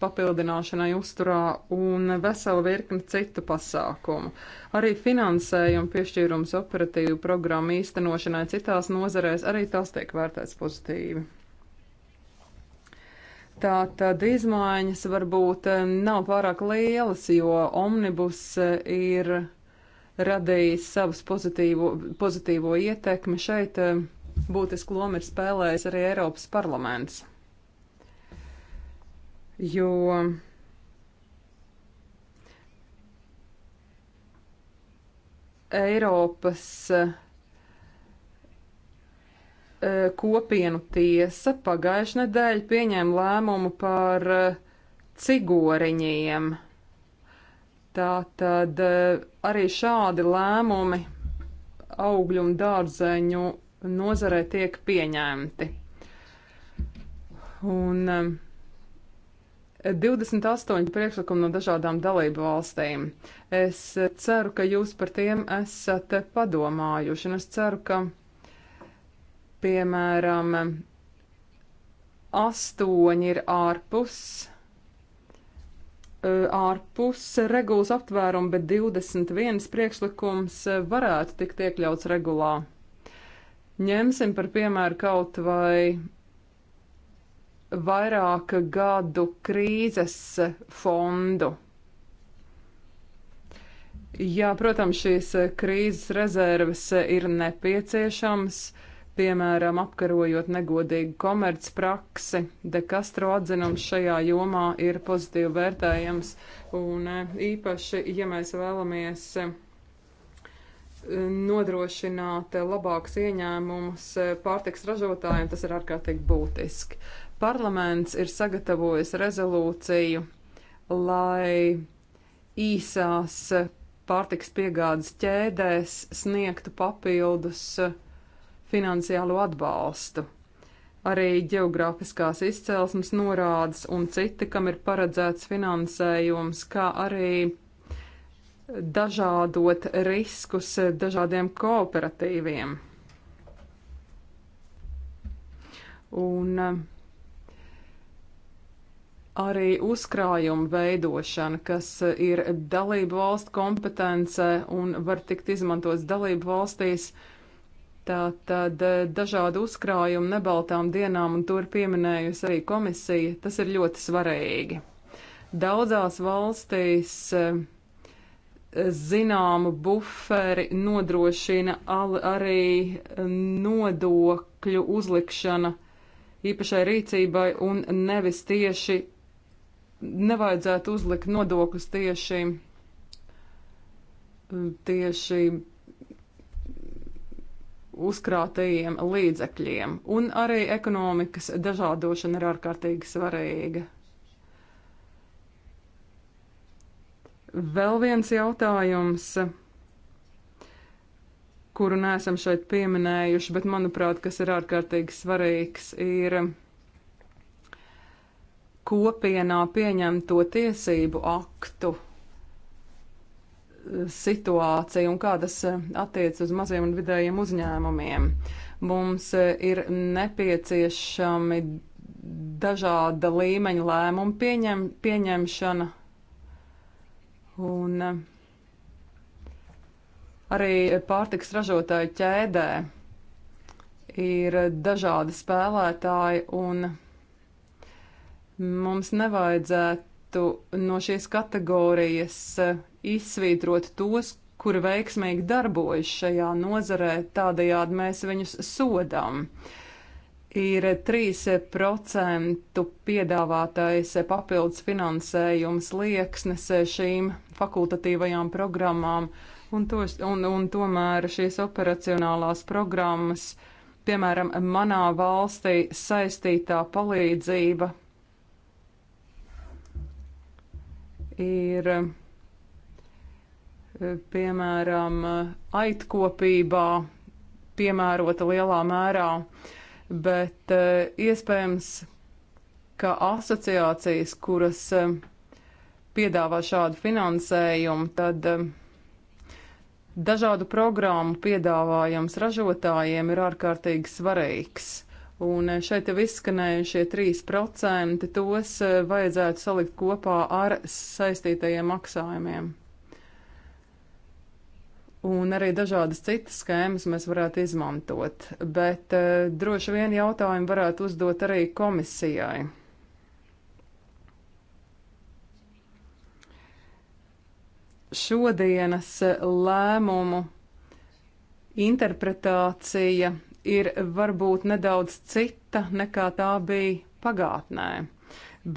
papildināšanai uzturā un veselu virkni citu pasākumu. Arī finansējumu piešķīrums operatīvu programmu īstenošanai citās nozarēs arī tas tiek vērtēts pozitīvi. Tātad izmaiņas varbūt eh, nav pārāk lielas, jo omnibus eh, ir radījis savus pozitīvo, pozitīvo ietekmi šeit būtisku lomu ir spēlējis arī Eiropas parlaments. Jo Eiropas eh, kopienu tiesa pagājušajā nedēļā pieņēma lēmumu par eh, cigoriņiem. Tā tad eh, arī šādi lēmumi augļu un dārzeņu nozarē tiek pieņemti. Un 28 um, priekšlikumi no dažādām dalību valstīm. Es ceru, ka jūs par tiem esat padomājuši, un es ceru, ka, piemēram, astoņi ir ārpus, uh, ārpus regulas aptvērumu, bet 21 priekšlikums uh, varētu tikt iekļauts regulā. Ņemsim par piemēru kaut vai vairāk gadu krīzes fondu. Jā, protams, šīs krīzes rezerves ir nepieciešamas, piemēram, apkarojot negodīgu komercpraksi. De Castro atzinums šajā jomā ir pozitīvi vērtējams, un īpaši, ja mēs vēlamies nodrošināt labākus ieņēmumus pārtiks ražotājiem, tas ir ārkārtīgi būtiski. Parlaments ir sagatavojis rezolūciju, lai īsās pārtiks piegādes ķēdēs sniegtu papildus finansiālo atbalstu. Arī geogrāfiskās izcelsmes norādes un citi, kam ir paredzēts finansējums, kā arī dažādot riskus dažādiem kooperatīviem. Un eh, arī uzkrājuma veidošana, kas ir dalību valstu kompetence un var tikt izmantots dalību valstīs. Tātad eh, dažādu uzkrājumu nebaltām dienām, un to ir pieminējusi arī komisija, tas ir ļoti svarīgi. Daudzās valstīs uh, zināmu buferi nodrošina arī nodokļu uzlikšana īpašai rīcībai un nevis tieši nevajadzētu uzlikt nodokļus tieši, tieši uzkrātajiem līdzekļiem. Un arī ekonomikas dažādošana ir ārkārtīgi svarīga. Vēl viens jautājums, kuru nesam šeit pieminējuši, bet manuprāt, kas ir ārkārtīgi svarīgs, ir kopienā pieņemto tiesību aktu situācija un kā tas eh, attiec uz maziem un vidējiem uzņēmumiem. Mums eh, ir nepieciešami dažāda līmeņa lēmumu pieņem, pieņemšana un eh, arī pārtiks ražotāju ķēdē ir dažādi spēlētāji, un mums nevajadzētu no šīs kategorijas eh, izsvītrot tos, kuri veiksmīgi darbojas šajā nozarē, tādējādi mēs viņus sodām. Uh, ir 3% piedāvātais papildus finansējums liekas šīm fakultatīvajām programmām, un, tos, un, un tomēr šīs operacionālās programmas, piemēram, manā valstī saistītā palīdzība ir, piemēram, aitkopībā piemērota lielā mērā. Uh, bet eh, iespējams, ka asociācijas, kuras eh, piedāvā šādu finansējumu, tad eh, dažādu programmu piedāvājums ražotājiem ir ārkārtīgi svarīgs. Un šeit jau izskanējušie 3% tos vajadzētu salikt kopā ar saistītajiem maksājumiem un arī dažādas citas schēmas mēs varētu izmantot. Bet eh, droši vien jautājumu varētu uzdot arī komisijai. Šodienas eh, lēmumu interpretācija ir varbūt nedaudz cita nekā tā bija pagātnē,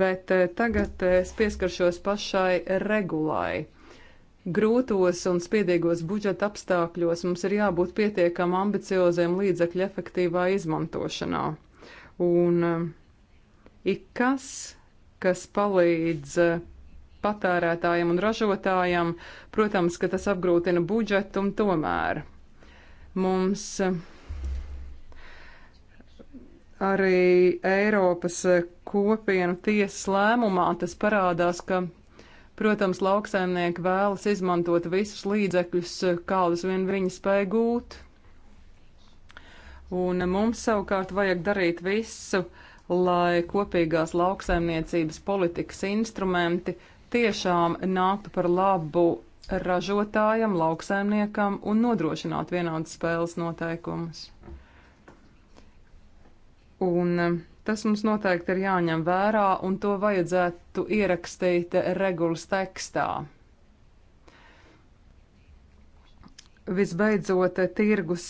bet eh, tagad eh, es pieskaršos pašai regulai grūtos un spiedīgos budžeta apstākļos mums ir jābūt pietiekam ambicioziem līdzekļu efektīvā izmantošanā. Un eh, ikas, kas palīdz eh, patērētājiem un ražotājiem, protams, ka tas apgrūtina budžetu un tomēr mums eh, arī Eiropas kopienu tiesas lēmumā tas parādās, ka Protams, lauksaimnieki vēlas izmantot visus līdzekļus, kādus vien viņi spēj gūt. Un mums savukārt vajag darīt visu, lai kopīgās lauksaimniecības politikas instrumenti tiešām nāktu par labu ražotājam, lauksaimniekam un nodrošinātu vienādas spēles noteikumus. Un Tas mums noteikti ir jāņem vērā, un to vajadzētu ierakstīt regulas tekstā. Visbeidzot, tirgus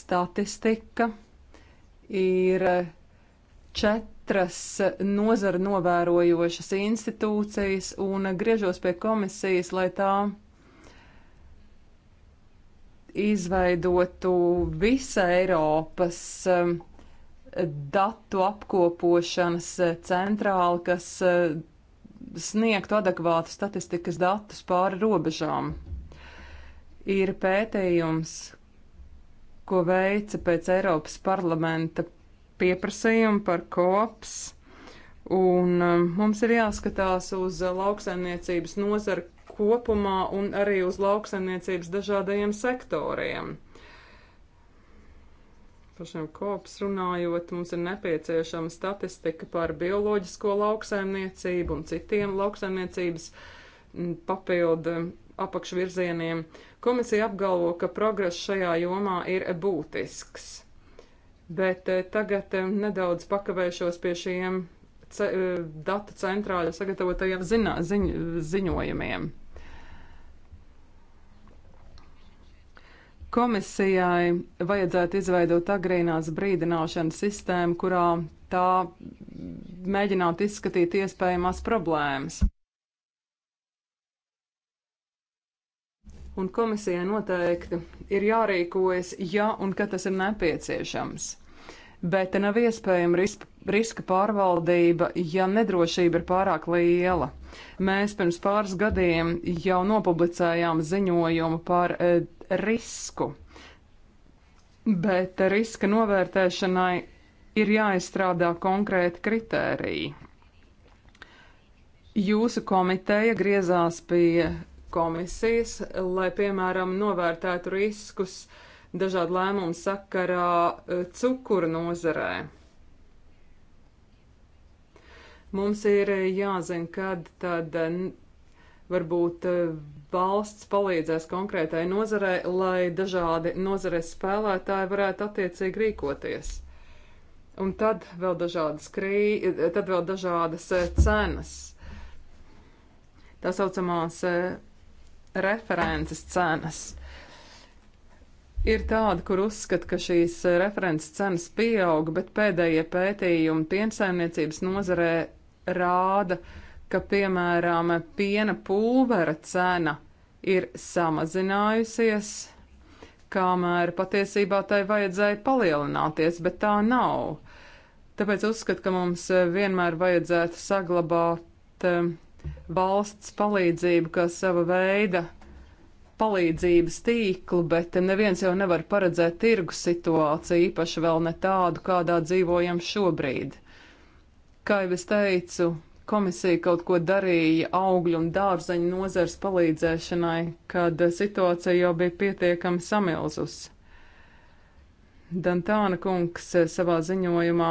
statistika ir četras nozara novērojošas institūcijas, un griežos pie komisijas, lai tā izveidotu visa Eiropas uh, datu apkopošanas centrāli, kas eh, sniegtu adekvātu statistikas datus pāri robežām. Ir pētījums, ko veica pēc Eiropas parlamenta pieprasījuma par kops, un eh, mums ir jāskatās uz lauksaimniecības nozaru kopumā un arī uz lauksaimniecības dažādajiem sektoriem. Par šiem kops runājot, mums ir nepieciešama statistika par bioloģisko lauksaimniecību un citiem lauksaimniecības mm, papildu apakšvirzieniem. Komisija apgalvo, ka progress šajā jomā ir būtisks. Bet eh, tagad eh, nedaudz pakavēšos pie šiem eh, datu centrāļa sagatavotajiem ziņ ziņojumiem. Komisijai vajadzētu izveidot agrīnās brīdināšanas sistēmu, kurā tā mēģinātu izskatīt iespējamās problēmas. Un komisijai noteikti ir jārīkojas, ja un kad tas ir nepieciešams. Bet te nav iespējama riska riska pārvaldība, ja nedrošība ir pārāk liela. Mēs pirms pāris gadiem jau nopublicējām ziņojumu par e, risku. Bet riska novērtēšanai ir jāizstrādā konkrēti kritēriji. Jūsu komiteja griezās pie komisijas, lai, piemēram, novērtētu riskus dažādu lēmumu sakarā eh, cukuru nozarē. Mums ir eh, jāzina, kad tad varbūt eh, valsts palīdzēs konkrētai nozarei, lai dažādi nozares spēlētāji varētu attiecīgi rīkoties. Un tad vēl dažādas, krī, tad vēl dažādas eh, cenas. Tā saucamās eh, references cenas. Ir tāda, kur uzskata, ka šīs eh, references cenas pieauga, bet pēdējie pētījumi piensaimniecības nozarē rāda, ka, piemēram, piena pulvera cena ir samazinājusies, kamēr patiesībā tai vajadzēja palielināties, bet tā nav. Tāpēc uzskatu, ka mums vienmēr vajadzētu saglabāt eh, valsts palīdzību kā sava veida palīdzības tīklu, bet neviens jau nevar paredzēt tirgus situāciju, īpaši vēl ne tādu, kādā dzīvojam šobrīd. Kā jau es teicu, komisija kaut ko darīja augļu un dārzeņu nozars palīdzēšanai, kad situācija jau bija pietiekami samilzus. Dantāna kungs eh, savā ziņojumā,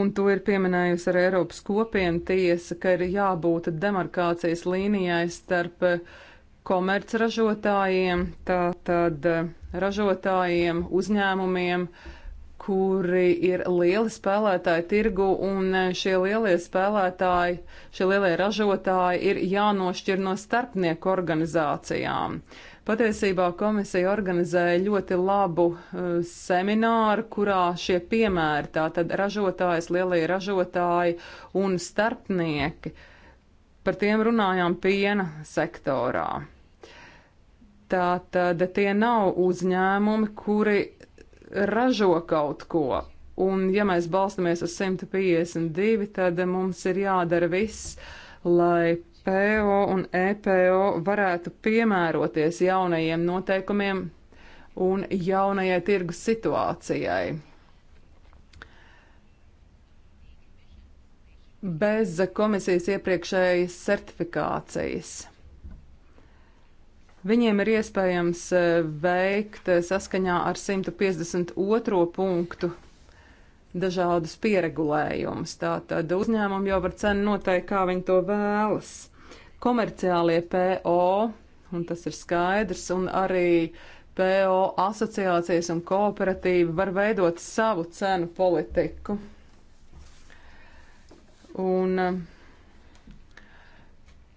un to ir pieminējusi arī Eiropas kopiena tiesa, ka ir jābūt demarkācijas līnijai starp eh, komercražotājiem, tātad eh, ražotājiem, uzņēmumiem, uh, kuri ir lieli spēlētāji tirgu, un e, šie lielie spēlētāji, šie lielie ražotāji ir jānošķir no starpnieku organizācijām. Patiesībā komisija organizēja ļoti labu uh, semināru, kurā šie piemēri, tātad ražotājs, lielie ražotāji un starpnieki, par tiem runājām piena sektorā. Tātad tie nav uzņēmumi, kuri ražo kaut ko. Un, ja mēs balstamies uz 152, tad mums ir jādara viss, lai PO un EPO varētu piemēroties jaunajiem noteikumiem un jaunajai tirgus situācijai. Bez komisijas iepriekšējas certifikācijas. Viņiem ir iespējams eh, veikt eh, saskaņā ar 152. punktu dažādus pieregulējumus. Tātad uzņēmumi jau var cenu noteikt, kā viņi to vēlas. Komerciālie PO, un tas ir skaidrs, un arī PO asociācijas un kooperatīva var veidot savu cenu politiku. Un, uh,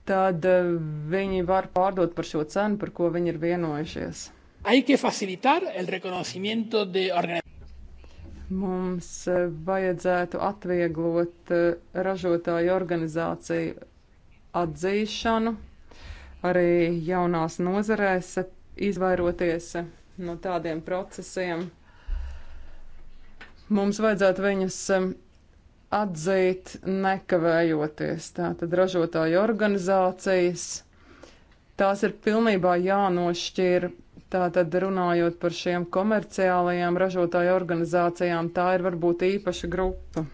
tad eh, viņi var pārdot par šo cenu, par ko viņi ir vienojušies. Mums eh, vajadzētu atvieglot eh, ražotāju organizāciju atzīšanu, arī jaunās nozarēs izvairoties no tādiem procesiem. Mums vajadzētu viņus atzīt nekavējoties. Tātad ražotāju organizācijas, tās ir pilnībā jānošķir. Tātad runājot par šiem komerciālajām ražotāju organizācijām, tā ir varbūt īpaša grupa.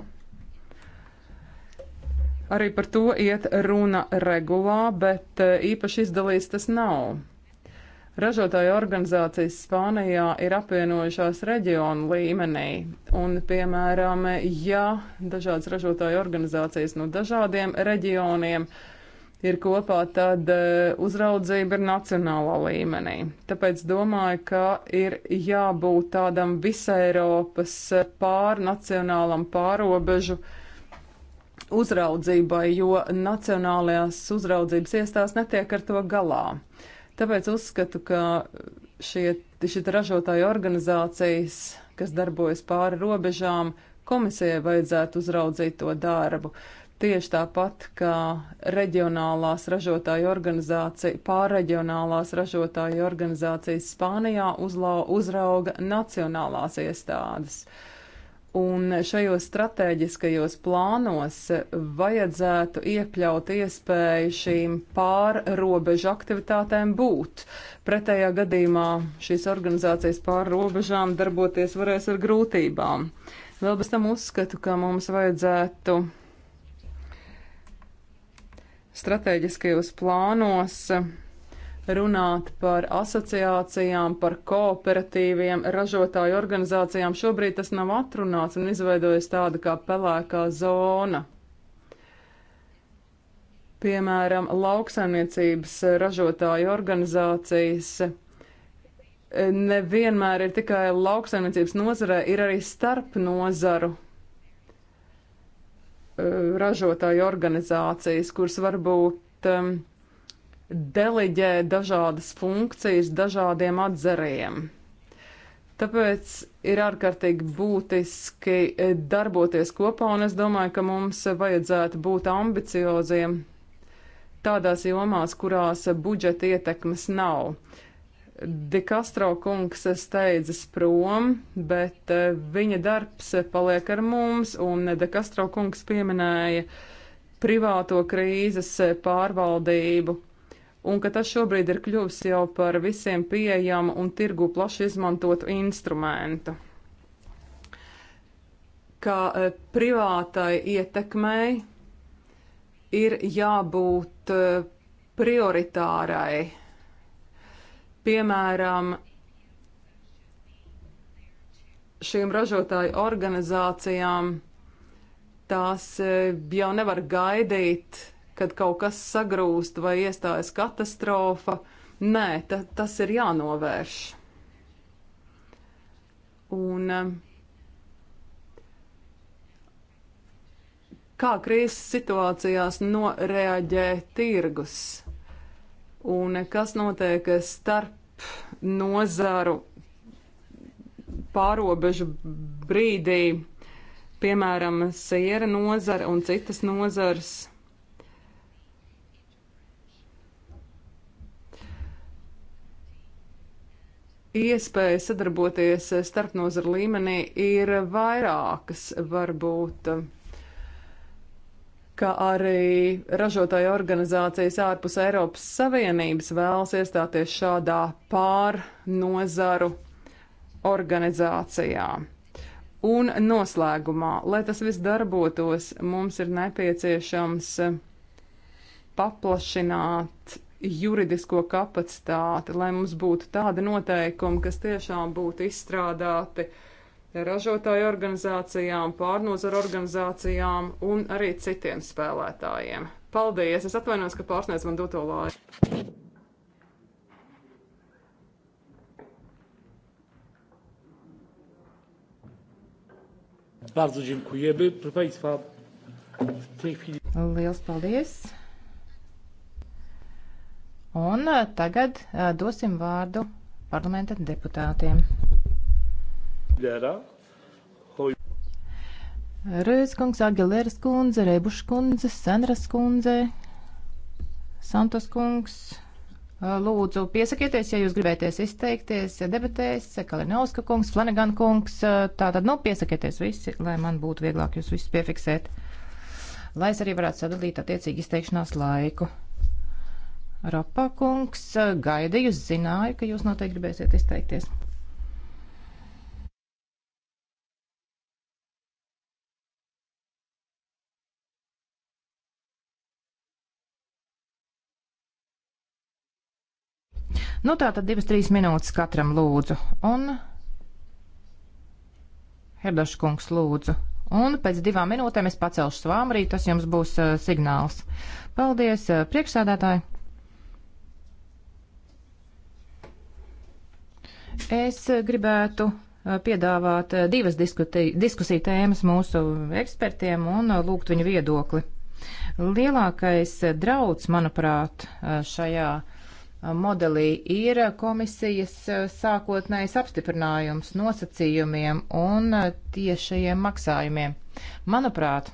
Arī par to iet runa regulā, bet eh, īpaši izdalīts tas nav. Ražotāju organizācijas Spānijā ir apvienojušās reģionu līmenī, un, piemēram, ja dažādas ražotāju organizācijas no dažādiem reģioniem ir kopā, tad eh, uzraudzība ir nacionālā līmenī. Tāpēc domāju, ka ir jābūt tādam visai Eiropas eh, pārnacionālam pārobežu uzraudzībai, jo nacionālajās uzraudzības iestās netiek ar to galā. Tāpēc uzskatu, ka šie, šie ražotāju organizācijas, kas darbojas pāri robežām, komisijai vajadzētu uzraudzīt to darbu. Tieši tāpat kā reģionālās ražotāju organizācija, pārreģionālās ražotāju organizācijas Spānijā uzla, uzrauga nacionālās iestādes. Uh, Un šajos strateģiskajos plānos vajadzētu iekļaut iespēju šīm pārrobežu aktivitātēm būt. Pretējā gadījumā šīs organizācijas pārrobežām darboties varēs ar grūtībām. Vēl bez tam uzskatu, ka mums vajadzētu strateģiskajos plānos runāt par asociācijām, par kooperatīviem, ražotāju organizācijām. Šobrīd tas nav atrunāts un izveidojas tāda kā pelēkā zona. Piemēram, lauksaimniecības ražotāju organizācijas nevienmēr ir tikai lauksaimniecības nozarē, ir arī starp nozaru eh, ražotāju organizācijas, kuras varbūt um, deleģē dažādas funkcijas dažādiem atzariem. Tāpēc ir ārkārtīgi būtiski e, darboties kopā, un es domāju, ka mums vajadzētu būt ambicioziem tādās jomās, kurās budžeta ietekmes nav. Dikastro kungs steidzas prom, bet e, viņa darbs paliek ar mums, un Dikastro kungs pieminēja privāto krīzes pārvaldību un ka tas šobrīd ir kļuvis jau par visiem pieejamu un tirgu plaši izmantotu instrumentu. Kā e, privātai ietekmei ir jābūt e, prioritārai. Piemēram, šīm ražotāju organizācijām tās e, jau nevar gaidīt kad kaut kas sagrūst vai iestājas katastrofa. Nē, ta, tas ir jānovērš. Un um, kā krīzes situācijās noreaģē tirgus un kas notiek starp nozaru pārobežu brīdī, piemēram, siera nozara un citas nozars. iespēja sadarboties starpnozaru līmenī ir vairākas, varbūt, ka arī ražotāju organizācijas ārpus Eiropas Savienības vēlas iestāties šādā pārnozaru organizācijā. Un noslēgumā, lai tas viss darbotos, mums ir nepieciešams paplašināt juridisko kapacitāti, lai mums būtu tādi noteikumi, kas tiešām būtu izstrādāti ražotāju organizācijām, pārnozaru organizācijām un arī citiem spēlētājiem. Paldies! Es atvainojos, ka pārsniedz man doto laiku. Bardzo dziękujemy. Proszę Państwa, w tej chwili. Liels paldies! Un eh, tagad eh, dosim vārdu parlamenta deputātiem. Rēzkungs, Agilēras kundze, Rebušs kundze, Senras kundze, Santos kungs. Eh, lūdzu, piesakieties, ja jūs gribēties izteikties debatēs, Kalinovska kungs, Flanagan kungs, tātad, nu, piesakieties visi, lai man būtu vieglāk jūs visus piefiksēt, lai es arī varētu sadalīt attiecīgi izteikšanās laiku. Rapā kungs, eh, gaidīju, zināju, ka jūs noteikti gribēsiet izteikties. Nu, tā tad divas, trīs minūtes katram lūdzu. Un Herdoša kungs lūdzu. Un pēc divām minūtēm es pacelšu svāmrī, tas jums būs uh, signāls. Paldies, uh, priekšsēdētāji! Es gribētu piedāvāt divas diskusiju tēmas mūsu ekspertiem un lūgt viņu viedokli. Lielākais drauds, manuprāt, šajā modelī ir komisijas sākotnējs apstiprinājums nosacījumiem un tiešajiem maksājumiem. Manuprāt,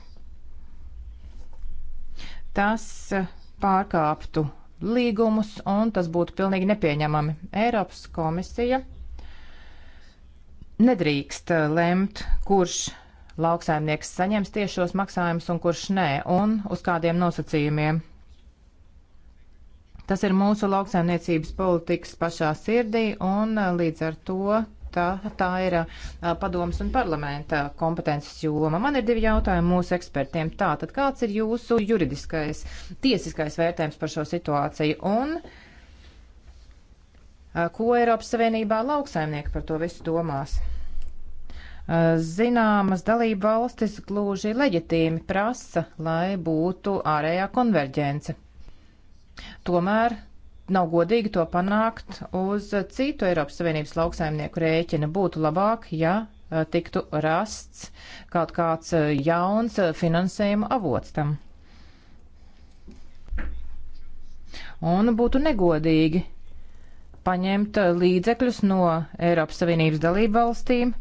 tas pārkāptu līgumus, un tas būtu pilnīgi nepieņemami. Eiropas komisija nedrīkst eh, lemt, kurš lauksaimnieks saņems tiešos maksājumus un kurš nē, un uz kādiem nosacījumiem. Tas ir mūsu lauksaimniecības politikas pašā sirdī, un eh, līdz ar to tā, tā ir padomas un parlamenta kompetences joma. Man ir divi jautājumi mūsu ekspertiem. Tā, tad kāds ir jūsu juridiskais, tiesiskais vērtējums par šo situāciju? Un, Ko Eiropas Savienībā lauksaimnieki par to visu domās? zināmas dalība valstis gluži leģitīmi prasa, lai būtu ārējā konverģence. Tomēr nav godīgi to panākt uz citu Eiropas Savienības lauksaimnieku rēķina. Būtu labāk, ja eh, tiktu rasts kaut kāds eh, jauns finansējuma avots tam. Un būtu negodīgi paņemt eh, līdzekļus no Eiropas Savienības dalību valstīm,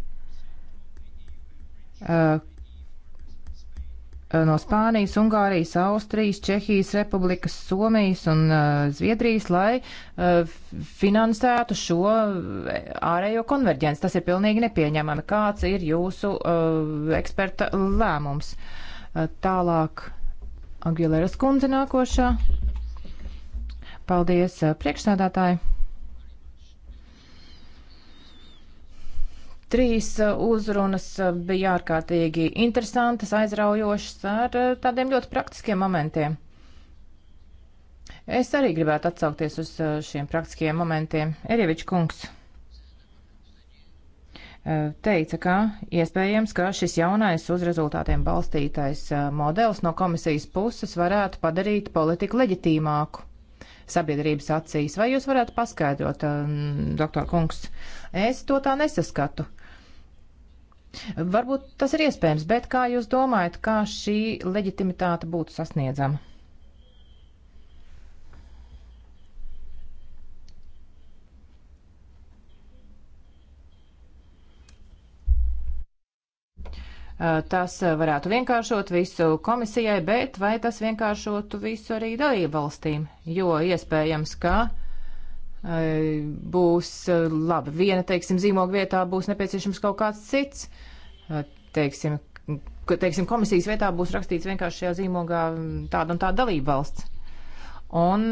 Eh, no Spānijas, Ungārijas, Austrijas, Čehijas, Republikas, Somijas un uh, Zviedrijas, lai uh, finansētu šo ārējo konverģenci. Tas ir pilnīgi nepieņemami. Kāds ir jūsu uh, eksperta lēmums? Uh, tālāk Agilera skundze nākošā. Paldies, uh, priekšsēdētāji! Trīs uh, uzrunas uh, bija ārkārtīgi interesantas, aizraujošas ar uh, tādiem ļoti praktiskiem momentiem. Es arī gribētu atsaukties uz šiem praktiskiem momentiem. Erievičs kungs teica, ka iespējams, ka šis jaunais uz rezultātiem balstītais modelis no komisijas puses varētu padarīt politiku leģitīmāku sabiedrības acīs. Vai jūs varētu paskaidrot, doktor kungs? Es to tā nesaskatu. Varbūt tas ir iespējams, bet kā jūs domājat, kā šī leģitimitāte būtu sasniedzama? Tas varētu vienkāršot visu komisijai, bet vai tas vienkāršotu visu arī dalību valstīm? Jo iespējams, ka būs labi. Viena, teiksim, zīmoga vietā būs nepieciešams kaut kāds cits teiksim, ka, teiksim, komisijas vietā būs rakstīts vienkārši šajā zīmogā tāda un tā dalība valsts. Un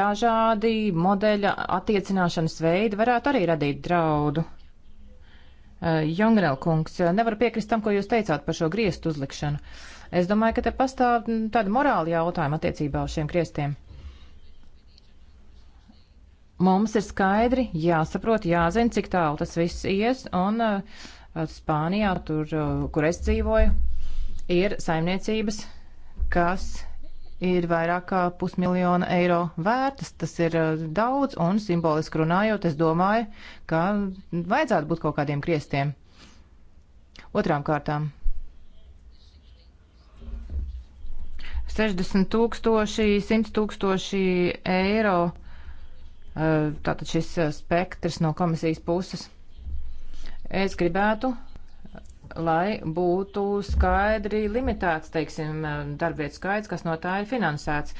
dažādi modeļa attiecināšanas veidi varētu arī radīt draudu. Jongrel kungs, nevaru piekrist tam, ko jūs teicāt par šo griestu uzlikšanu. Es domāju, ka te pastāv tāda morāla jautājuma attiecībā uz šiem griestiem mums ir skaidri jāsaprot, jāzina, cik tālu tas viss ies, un uh, Spānijā, tur, uh, kur es dzīvoju, ir saimniecības, kas ir vairāk kā pusmiljona eiro vērtas. Tas ir uh, daudz, un simboliski runājot, es domāju, ka vajadzētu būt kaut kādiem griestiem. Otrām kārtām. 60 tūkstoši, 100 tūkstoši eiro Eh, tātad šis eh, spektrs no komisijas puses. Es gribētu, lai būtu skaidri limitēts, teiksim, eh, darbvietu skaits, kas no tā ir finansēts.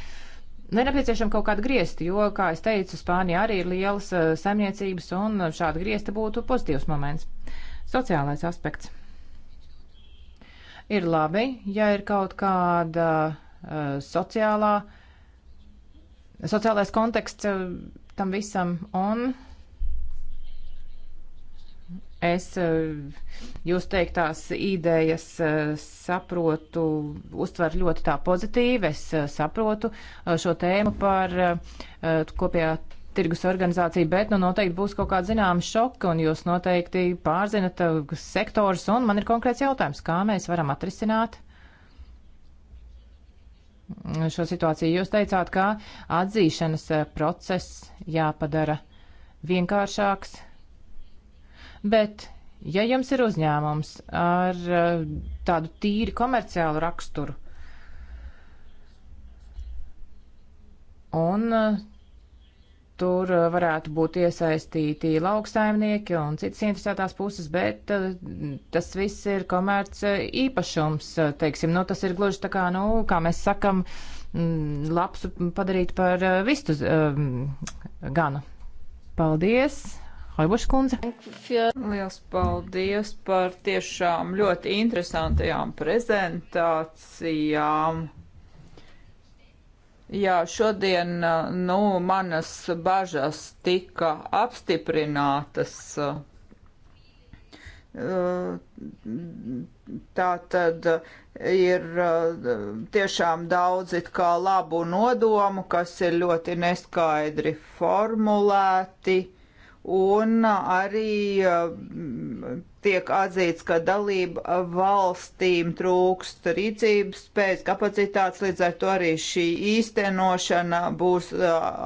Nenepieciešama kaut kāda griezta, jo, kā es teicu, Spānija arī ir lielas saimniecības, un šāda griezta būtu pozitīvs moments. Sociālais aspekts. Ir labi, ja ir kaut kāda uh, sociālā, sociālais konteksts. Uh, tam visam. Un es eh, jūs teiktās idejas eh, saprotu, uztver ļoti tā pozitīvi. Es eh, saprotu šo tēmu par kopējā tirgus organizācija, bet nu, noteikti būs kaut kāda zināma šoka, un jūs noteikti pārzinat sektors, un man ir konkrēts jautājums, kā mēs varam atrisināt uh, šo situāciju. Jūs teicāt, ka atzīšanas eh, process jāpadara vienkāršāks, bet ja jums ir uzņēmums ar eh, tādu tīri komerciālu raksturu, un eh, tur eh, varētu būt iesaistīti lauksaimnieki un citas interesētās puses, bet eh, tas viss ir komerc eh, īpašums, teiksim, nu tas ir gluži tā kā, nu, kā mēs sakam, mm, lapsu padarīt par vistu ganu. Paldies! Haibušs kundze. Liels paldies par tiešām ļoti interesantajām prezentācijām. Jā, šodien uh, nu, manas bažas tika apstiprinātas. Uh, tā tad ir uh, tiešām daudz it kā labu nodomu, kas ir ļoti neskaidri formulēti un arī mm, tiek atzīts, ka dalība valstīm trūkst rīcības spējas, kapacitātes, līdz ar to arī šī īstenošana būs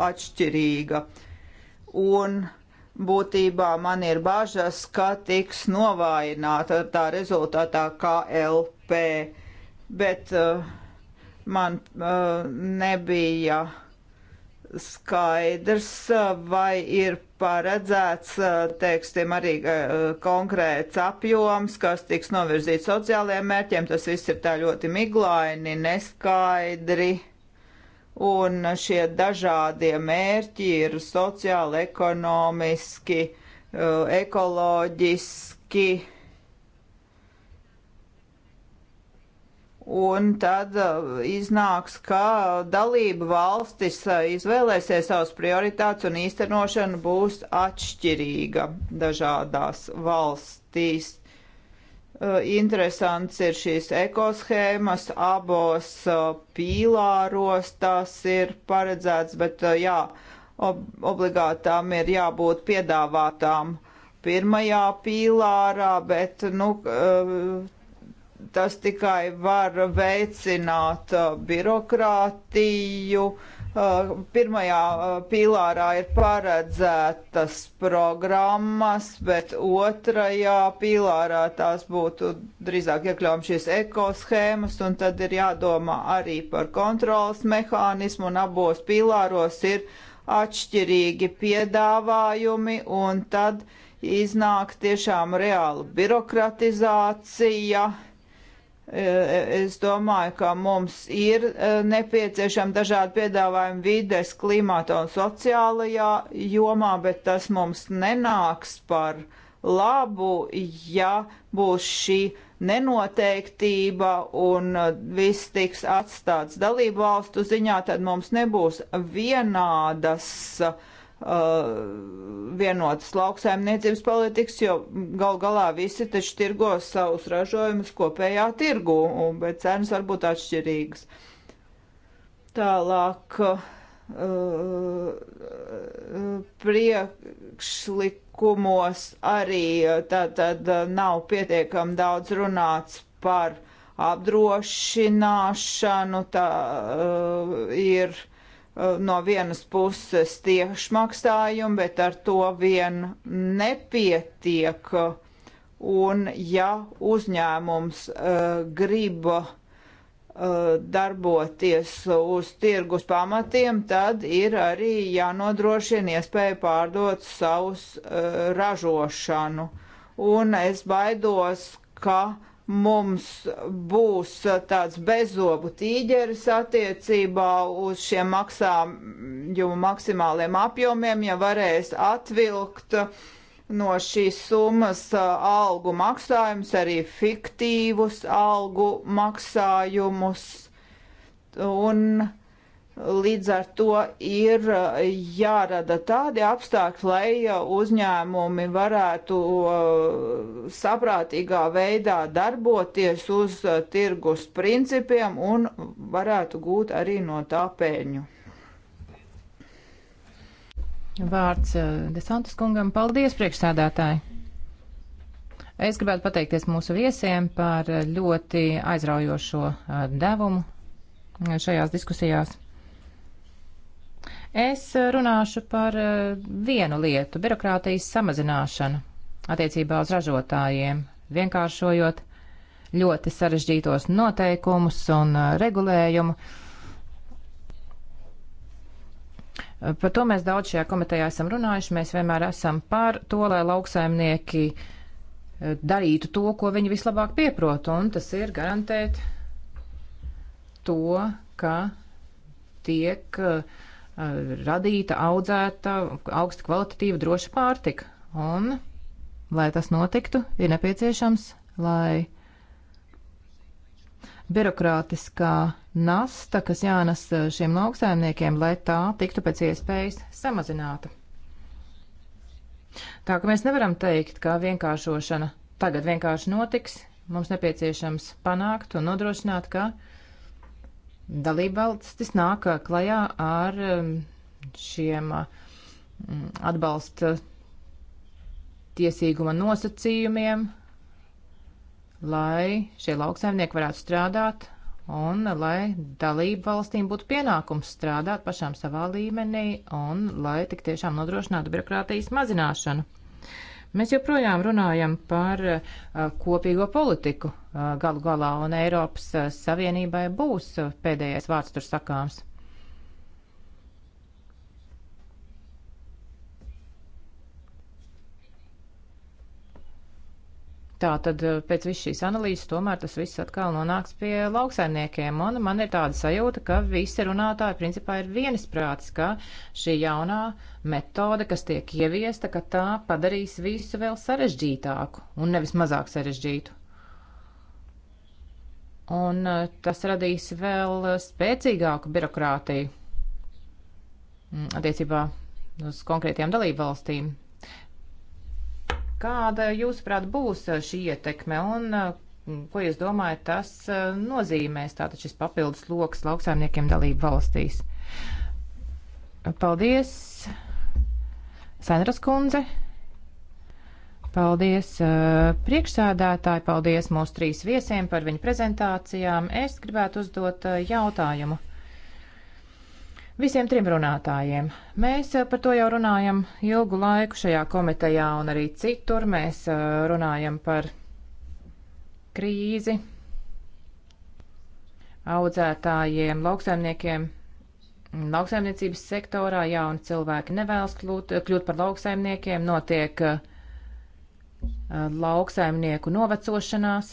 atšķirīga. Un būtībā man ir bažas, ka tiks novājināta tā rezultātā KLP, bet uh, man uh, nebija skaidrs, vai ir paredzēts, eh, teiksim, arī eh, konkrēts apjoms, kas tiks novirzīts sociālajiem mērķiem. Tas viss ir tā ļoti miglaini, neskaidri. Un šie dažādie mērķi ir sociāli, ekonomiski, eh, ekoloģiski Un tad uh, iznāks, ka dalība valstis uh, izvēlēsies savus prioritātus un īstenošana būs atšķirīga dažādās valstīs uh, interesants ir šīs ekoshēmas, abos pīlāros tas ir paredzēts, bet jā, ob obligātām ir jābūt piedāvātām pirmajā pīlārā, bet, nu, tas tikai var veicināt uh, birokrātiju. Uh, pirmajā uh, pīlārā ir paredzētas programmas, bet otrajā pīlārā tās būtu drīzāk iekļaujami šīs ekoshēmas, un tad ir jādomā arī par kontrolas mehānismu, un abos pīlāros ir atšķirīgi piedāvājumi, un tad iznāk tiešām reāla birokratizācija, E, es domāju, ka mums ir e, nepieciešami dažādi piedāvājumi vides, klimata un sociālajā jomā, bet tas mums nenāks par labu, ja būs šī nenoteiktība un e, viss tiks atstāts dalību valstu ziņā, tad mums nebūs vienādas uh, Uh, vienotas lauksaimniecības politikas, jo gal galā visi taču tirgo savus ražojumus kopējā tirgu, un, bet cenas var būt atšķirīgas. Tālāk uh, priekšlikumos arī uh, tātad nav pietiekami daudz runāts par apdrošināšanu, tā ir uh, Eh, no vienas puses tiešmaksājumi, bet ar to vien nepietiek. Un ja uzņēmums uh, grib uh, darboties uz tirgus pamatiem, tad ir arī jānodrošina iespēja pārdot savus uh, ražošanu. Un es baidos, ka uh, mums būs tāds bezobu tīģeris attiecībā uz šiem maksājumu maksimāliem apjomiem, ja varēs atvilkt no šīs summas algu maksājumus, arī fiktīvus algu maksājumus. Un uh, Līdz ar to ir eh, jārada tādi apstākļi, lai eh, uzņēmumi varētu eh, saprātīgā veidā darboties uz tirgus principiem un varētu gūt arī no tā peļņu. Vārds Desantas kungam. Paldies, priekšsēdētāji! Es gribētu pateikties mūsu viesiem par ļoti aizraujošo devumu šajās diskusijās. Es eh, runāšu par eh, vienu lietu - birokrātijas samazināšanu attiecībā uz ražotājiem, vienkāršojot ļoti sarežģītos noteikumus un eh, regulējumu. Par to mēs daudz šajā komitejā esam runājuši. Mēs vienmēr esam par to, lai lauksaimnieki darītu to, ko viņi vislabāk pieprot, un tas ir garantēt to, ka tiek uh, Eh, radīta, audzēta, augsta kvalitatīva, droša pārtika. Un, lai tas notiktu, ir nepieciešams, lai birokrātiskā nasta, kas jānes eh, šiem lauksaimniekiem, lai tā tiktu pēc iespējas samazināta. Tā ka mēs nevaram teikt, ka vienkāršošana tagad vienkārši notiks. Mums nepieciešams panākt un nodrošināt, ka uh, dalībvalstis nāk uh, klajā ar um, šiem uh, mm, atbalsta tiesīguma nosacījumiem, lai šie lauksaimnieki varētu strādāt un lai dalību valstīm būtu pienākums strādāt pašām savā līmenī un lai tik tiešām nodrošinātu birokrātijas mazināšanu. Mēs joprojām runājam par eh, kopīgo politiku eh, galu galā, un Eiropas eh, Savienībai būs pēdējais vārds tur sakāms. Tā tad eh, pēc visu šīs analīzes tomēr tas viss atkal nonāks pie lauksaimniekiem, un man ir tāda sajūta, ka visi runātāji principā ir vienisprātis, ka šī jaunā metode, kas tiek ieviesta, ka tā padarīs visu vēl sarežģītāku un nevis mazāk sarežģītu. Un eh, tas radīs vēl spēcīgāku birokrātiju mm, attiecībā uz konkrētiem dalībvalstīm. Kāda, jūsuprāt, būs uh, šī ietekme un uh, ko jūs domājat, tas uh, nozīmēs tātad šis papildus lokus lauksaimniekiem dalību valstīs? Paldies, Sandras kundze. Paldies priekšsēdētāji, paldies mūsu trīs viesiem par viņu prezentācijām. Es gribētu uzdot jautājumu visiem trim runātājiem. Mēs eh, par to jau runājam ilgu laiku šajā komitejā un arī citur. Mēs eh, runājam par krīzi audzētājiem, lauksaimniekiem. Lauksaimniecības sektorā jauni cilvēki nevēlas kļūt, kļūt par lauksaimniekiem, notiek eh, lauksaimnieku novecošanās,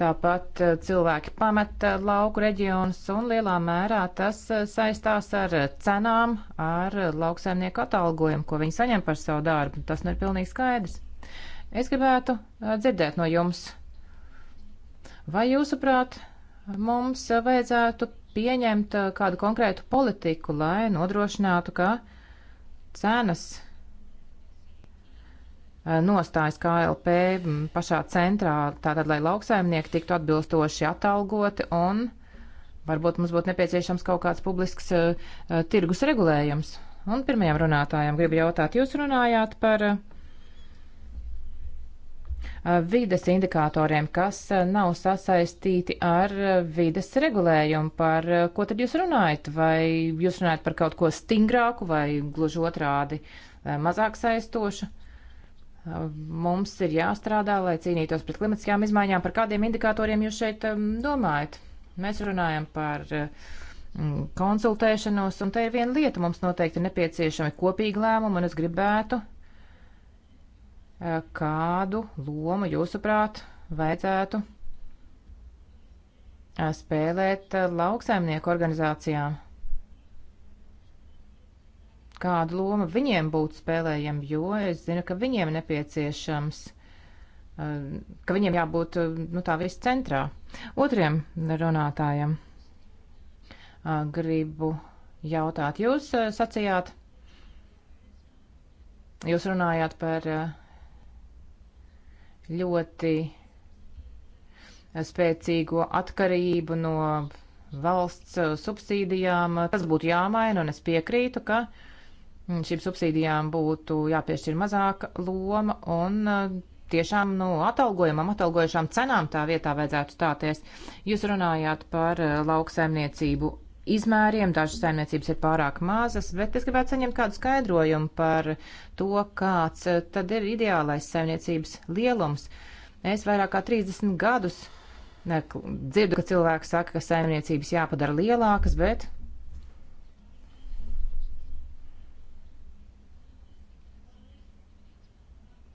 Tāpat eh, cilvēki pamet lauku reģionus un lielā mērā tas eh, saistās ar eh, cenām, ar lauksaimnieku atalgojumu, ko viņi saņem par savu darbu. Tas nu ir pilnīgi skaidrs. Es gribētu dzirdēt no jums, vai jūsuprāt, mums vajadzētu pieņemt kādu konkrētu politiku, lai nodrošinātu, ka cenas Eh, nostājas KLP mm, pašā centrā, tātad, lai lauksaimnieki tiktu atbilstoši atalgoti un varbūt mums būtu nepieciešams kaut kāds publisks uh, tirgus regulējums. Un pirmajam runātājam gribu jautāt, jūs runājāt par uh, vides indikatoriem, kas nav sasaistīti ar vides regulējumu. Par ko tad jūs runājat? Vai jūs runājat par kaut ko stingrāku vai gluži otrādi mazāk saistošu? mums ir jāstrādā, lai cīnītos pret klimatiskajām izmaiņām. Par kādiem indikatoriem jūs šeit um, domājat? Mēs runājam par um, konsultēšanos, un te ir viena lieta, mums noteikti nepieciešami kopīgi lēmumi, un es gribētu, uh, kādu lomu jūsuprāt vajadzētu uh, spēlēt uh, lauksaimnieku organizācijām kādu lomu viņiem būtu spēlējama, jo es zinu, ka viņiem nepieciešams, um, ka viņiem jābūt uh, nu, tā viss centrā. Otriem runātājiem uh, gribu jautāt, jūs uh, sacījāt, jūs runājāt par ļoti spēcīgo atkarību no valsts subsīdijām. Tas būtu jāmaina, un es piekrītu, ka uh, šīm subsīdijām būtu jāpiešķir mazāka loma un uh, tiešām nu, atalgojumam, atalgojušām cenām tā vietā vajadzētu stāties. Jūs runājāt par uh, lauksaimniecību izmēriem, dažas saimniecības ir pārāk mazas, bet es gribētu saņemt kādu skaidrojumu par to, kāds uh, tad ir ideālais saimniecības lielums. Es vairāk kā 30 gadus ne, dzirdu, ka cilvēki saka, ka saimniecības jāpadara lielākas, bet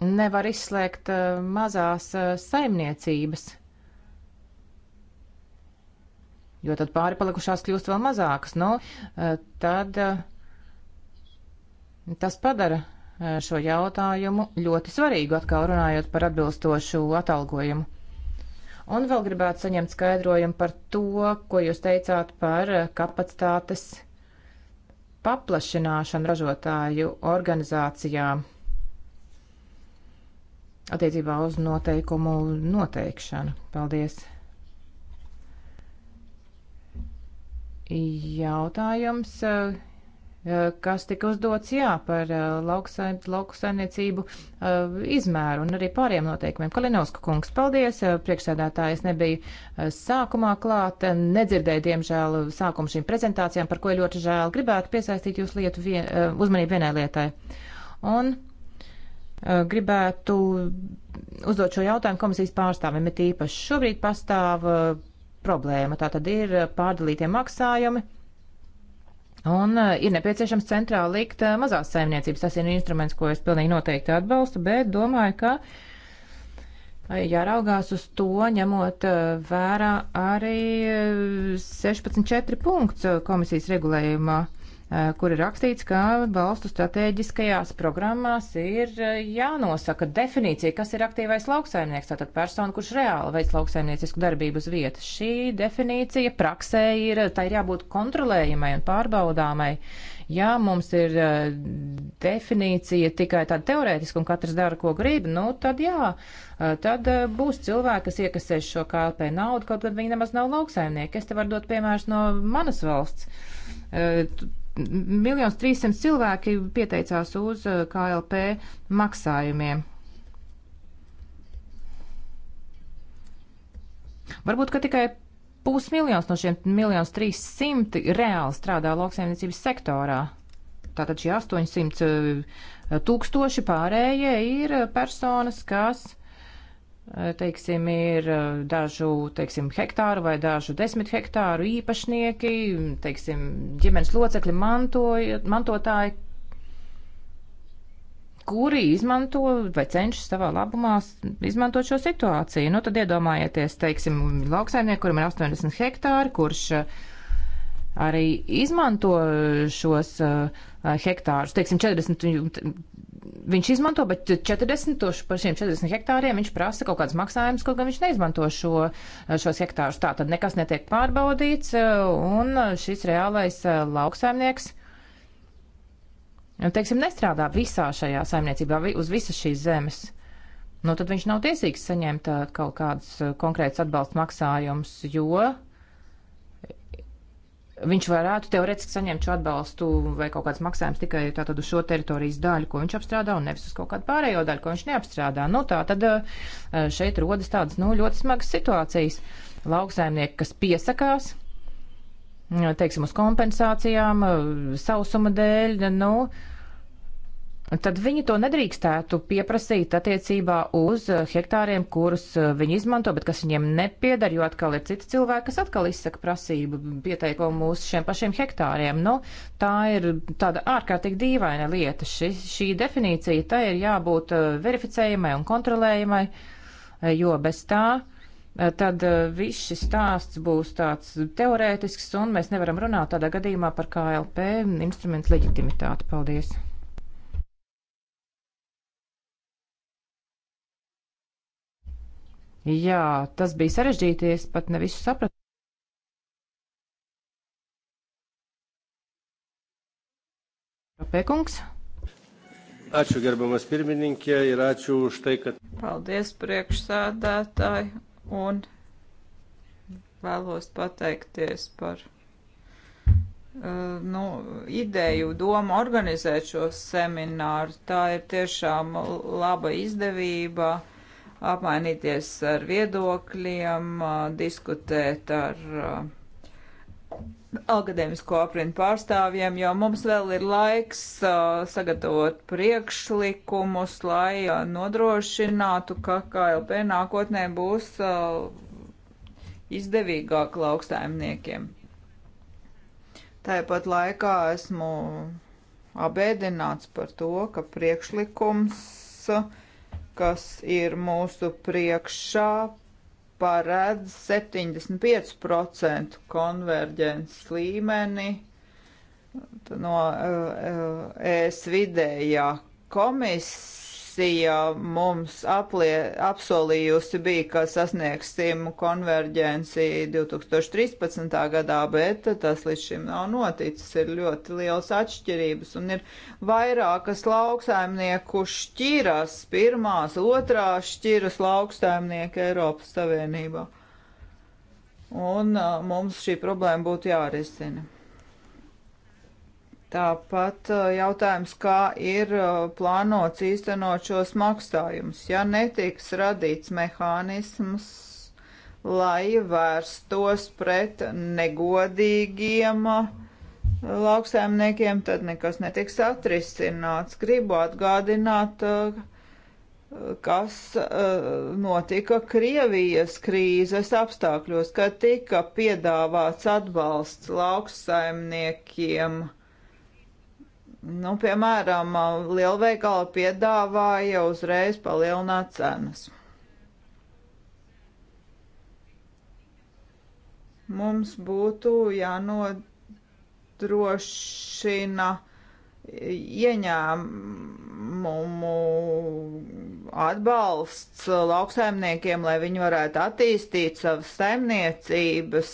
nevar izslēgt eh, mazās eh, saimniecības, jo tad pāri palikušās kļūst vēl mazākas. Nu, eh, tad tas padara šo jautājumu ļoti svarīgu, atkal runājot par atbilstošu atalgojumu. Un vēl gribētu saņemt skaidrojumu par to, ko jūs teicāt par kapacitātes paplašināšanu ražotāju organizācijām attiecībā uz noteikumu noteikšanu. Paldies! Jautājums, eh, kas tika uzdots, jā, par eh, lauksaimniecību eh, izmēru un arī pāriem noteikumiem. Kalinovska kungs, paldies, priekšsēdētājs nebija sākumā klāt, nedzirdēju, diemžēl, sākumu šīm prezentācijām, par ko ļoti žēl. Gribētu piesaistīt jūs lietu vien, uzmanību vienai lietai. Un gribētu uzdot šo jautājumu komisijas pārstāvim, bet īpaši šobrīd pastāv problēma. Tā tad ir pārdalītie maksājumi. Un ir nepieciešams centrā likt mazās saimniecības. Tas ir instruments, ko es pilnīgi noteikti atbalstu, bet domāju, ka jāraugās uz to, ņemot vērā arī 16.4 punkts komisijas regulējumā Eh, kur ir rakstīts, ka valstu strateģiskajās programmās ir eh, jānosaka definīcija, kas ir aktīvais lauksaimnieks, tātad persona, kurš reāli veic lauksaimniecisku darbību uz vietas. Šī definīcija praksē ir, tā ir jābūt kontrolējumai un pārbaudāmai. Ja mums ir eh, definīcija tikai tāda teorētiska un katrs dara, ko grib, nu tad jā, tad būs cilvēki, kas iekasēs šo KLP naudu, kaut gan viņi nemaz nav lauksaimnieki. Es te varu dot piemērus no manas valsts miljons 300 cilvēki pieteicās uz eh, KLP maksājumiem. Varbūt, ka tikai pusmiljons no šiem miljonus 300 reāli strādā lauksaimniecības sektorā. Tātad šie 800 eh, tūkstoši pārējie ir personas, kas uh, Eh, teiksim, ir eh, dažu, teiksim, hektāru vai dažu desmit hektāru īpašnieki, teiksim, ģimenes locekļi mantoja, mantotāji, kuri izmanto vai cenšas savā labumā izmantot šo situāciju. Nu, tad iedomājieties, teiksim, lauksaimnieku, kuram ir 80 hektāri, kurš eh, arī izmanto šos uh, hektārus, teiksim, 40 viņš izmanto, bet 40, toši, par šiem 40 hektāriem viņš prasa kaut kādas maksājumas, kaut gan viņš neizmanto šo, šos hektārus. Tā tad nekas netiek pārbaudīts, un šis reālais eh, lauksaimnieks. Teiksim, nestrādā visā šajā saimniecībā, uz visas šīs zemes. Nu, tad viņš nav tiesīgs saņemt eh, kaut kādus eh, konkrētus atbalsta maksājumus, jo viņš varētu teoretiski saņemt šo atbalstu vai kaut kāds maksājums tikai tātad uz šo teritorijas daļu, ko viņš apstrādā, un nevis uz kaut kādu pārējo daļu, ko viņš neapstrādā. Nu, tā tad eh, šeit rodas tādas, nu, ļoti smagas situācijas. Lauksaimnieki, kas piesakās, teiksim, uz kompensācijām, eh, sausuma dēļ, nu, tad viņi to nedrīkstētu pieprasīt attiecībā uz eh, hektāriem, kurus eh, viņi izmanto, bet kas viņiem nepiedar, jo atkal ir citi cilvēki, kas atkal izsaka prasību pieteikumu uz šiem pašiem hektāriem. Nu, tā ir tāda ārkārtīgi dīvaina lieta. Ši, šī definīcija tā ir jābūt eh, verificējumai un kontrolējumai, jo bez tā tad viss šis stāsts būs tāds teorētisks, un mēs nevaram runāt tādā gadījumā par KLP instrumentu leģitimitāti. Paldies! Jā, tas bija sarežģīti, es pat ne visu sapratu. Pēkungs. Ačiū gerbamas pirmininkė ir ačiū už tai, kad. Paldies priekšsādātāji un vēlos pateikties par eh, nu, ideju, domu organizēt šo semināru. Tā ir tiešām laba izdevība. Uh, apmainīties ar viedokļiem, diskutēt ar akadēmisko aprindu pārstāvjiem, jo mums vēl ir laiks sagatavot priekšlikumus, lai nodrošinātu, ka KLP nākotnē būs izdevīgāk lauksaimniekiem. Tāpat laikā esmu abēdināts par to, ka priekšlikums uh, kas ir mūsu priekšā, paredz 75% konverģences līmeni no eh, eh, ES vidējā komisija komisija mums aplie, apsolījusi bija, ka sasniegsim konverģenci 2013. gadā, bet tas līdz šim nav noticis. Ir ļoti liels atšķirības un ir vairākas lauksaimnieku šķiras, pirmās, otrās šķiras lauksaimnieku Eiropas Savienībā. Un uh, mums šī problēma būtu jārisina. Tāpat jautājums, kā ir plānots īstenot šos maksājumus. Ja netiks radīts mehānisms, lai vērstos pret negodīgiem lauksaimniekiem, tad nekas netiks atrisināts. Gribu atgādināt, kas notika Krievijas krīzes apstākļos, kad tika piedāvāts atbalsts lauksaimniekiem Nu, piemēram, lielveikala piedāvāja uzreiz palielināt cenas. Mums būtu jānodrošina ieņēmumu atbalsts lauksaimniekiem, lai viņi varētu attīstīt savas saimniecības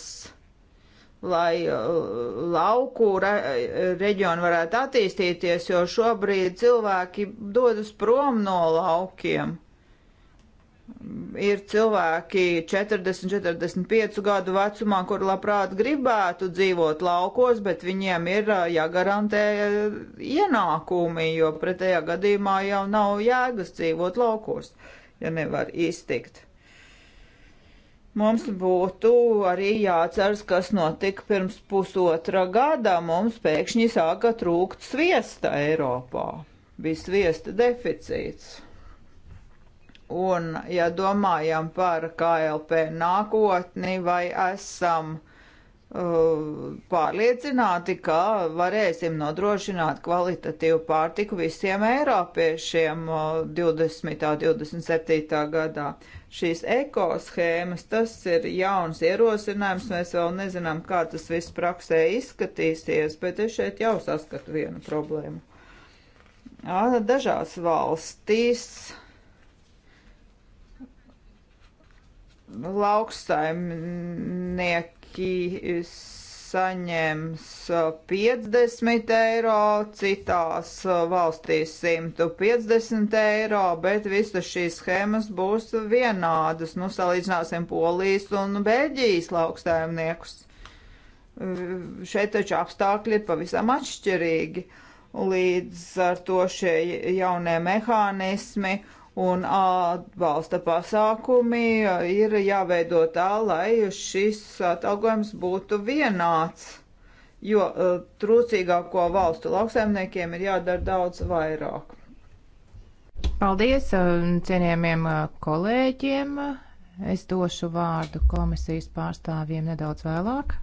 lai uh, lauku reģioni varētu attīstīties, jo šobrīd cilvēki dodas prom no laukiem. Ir cilvēki 40, 45 gadu vecumā, kur labprāt gribētu dzīvot laukos, bet viņiem ir uh, jāgarantē uh, ienākumi, jo pretējā gadījumā jau nav jēgas dzīvot laukos, ja nevar iztikt. Mums būtu arī jāatceras, kas notika pirms pusotra gada. Mums pēkšņi sāka trūkt sviesta Eiropā. Bija sviesta deficīts. Un, ja domājam par KLP nākotni, vai esam uh, pārliecināti, ka varēsim nodrošināt kvalitatīvu pārtiku visiem eiropiešiem 20. un 27. gadā šīs ekoshēmas, tas ir jauns ierosinājums, mēs vēl nezinām, kā tas viss praksē izskatīsies, bet es šeit jau saskatu vienu problēmu. Dažās valstīs lauksaimnieki saņems 50 uh, eiro, citās uh, valstīs 150 eiro, bet visas šīs schēmas būs vienādas. Nu, salīdzināsim Polijas un Beļģijas lauksaimniekus. Uh, šeit taču apstākļi ir pavisam atšķirīgi. Līdz ar to šie jaunie mehānismi un atbalsta pasākumi uh, ir jāveido tā, lai šis atalgojums būtu vienāds, jo uh, trūcīgāko valstu lauksaimniekiem ir jādara daudz vairāk. Paldies uh, cienījamiem kolēģiem. Es došu vārdu komisijas pārstāvjiem nedaudz vēlāk.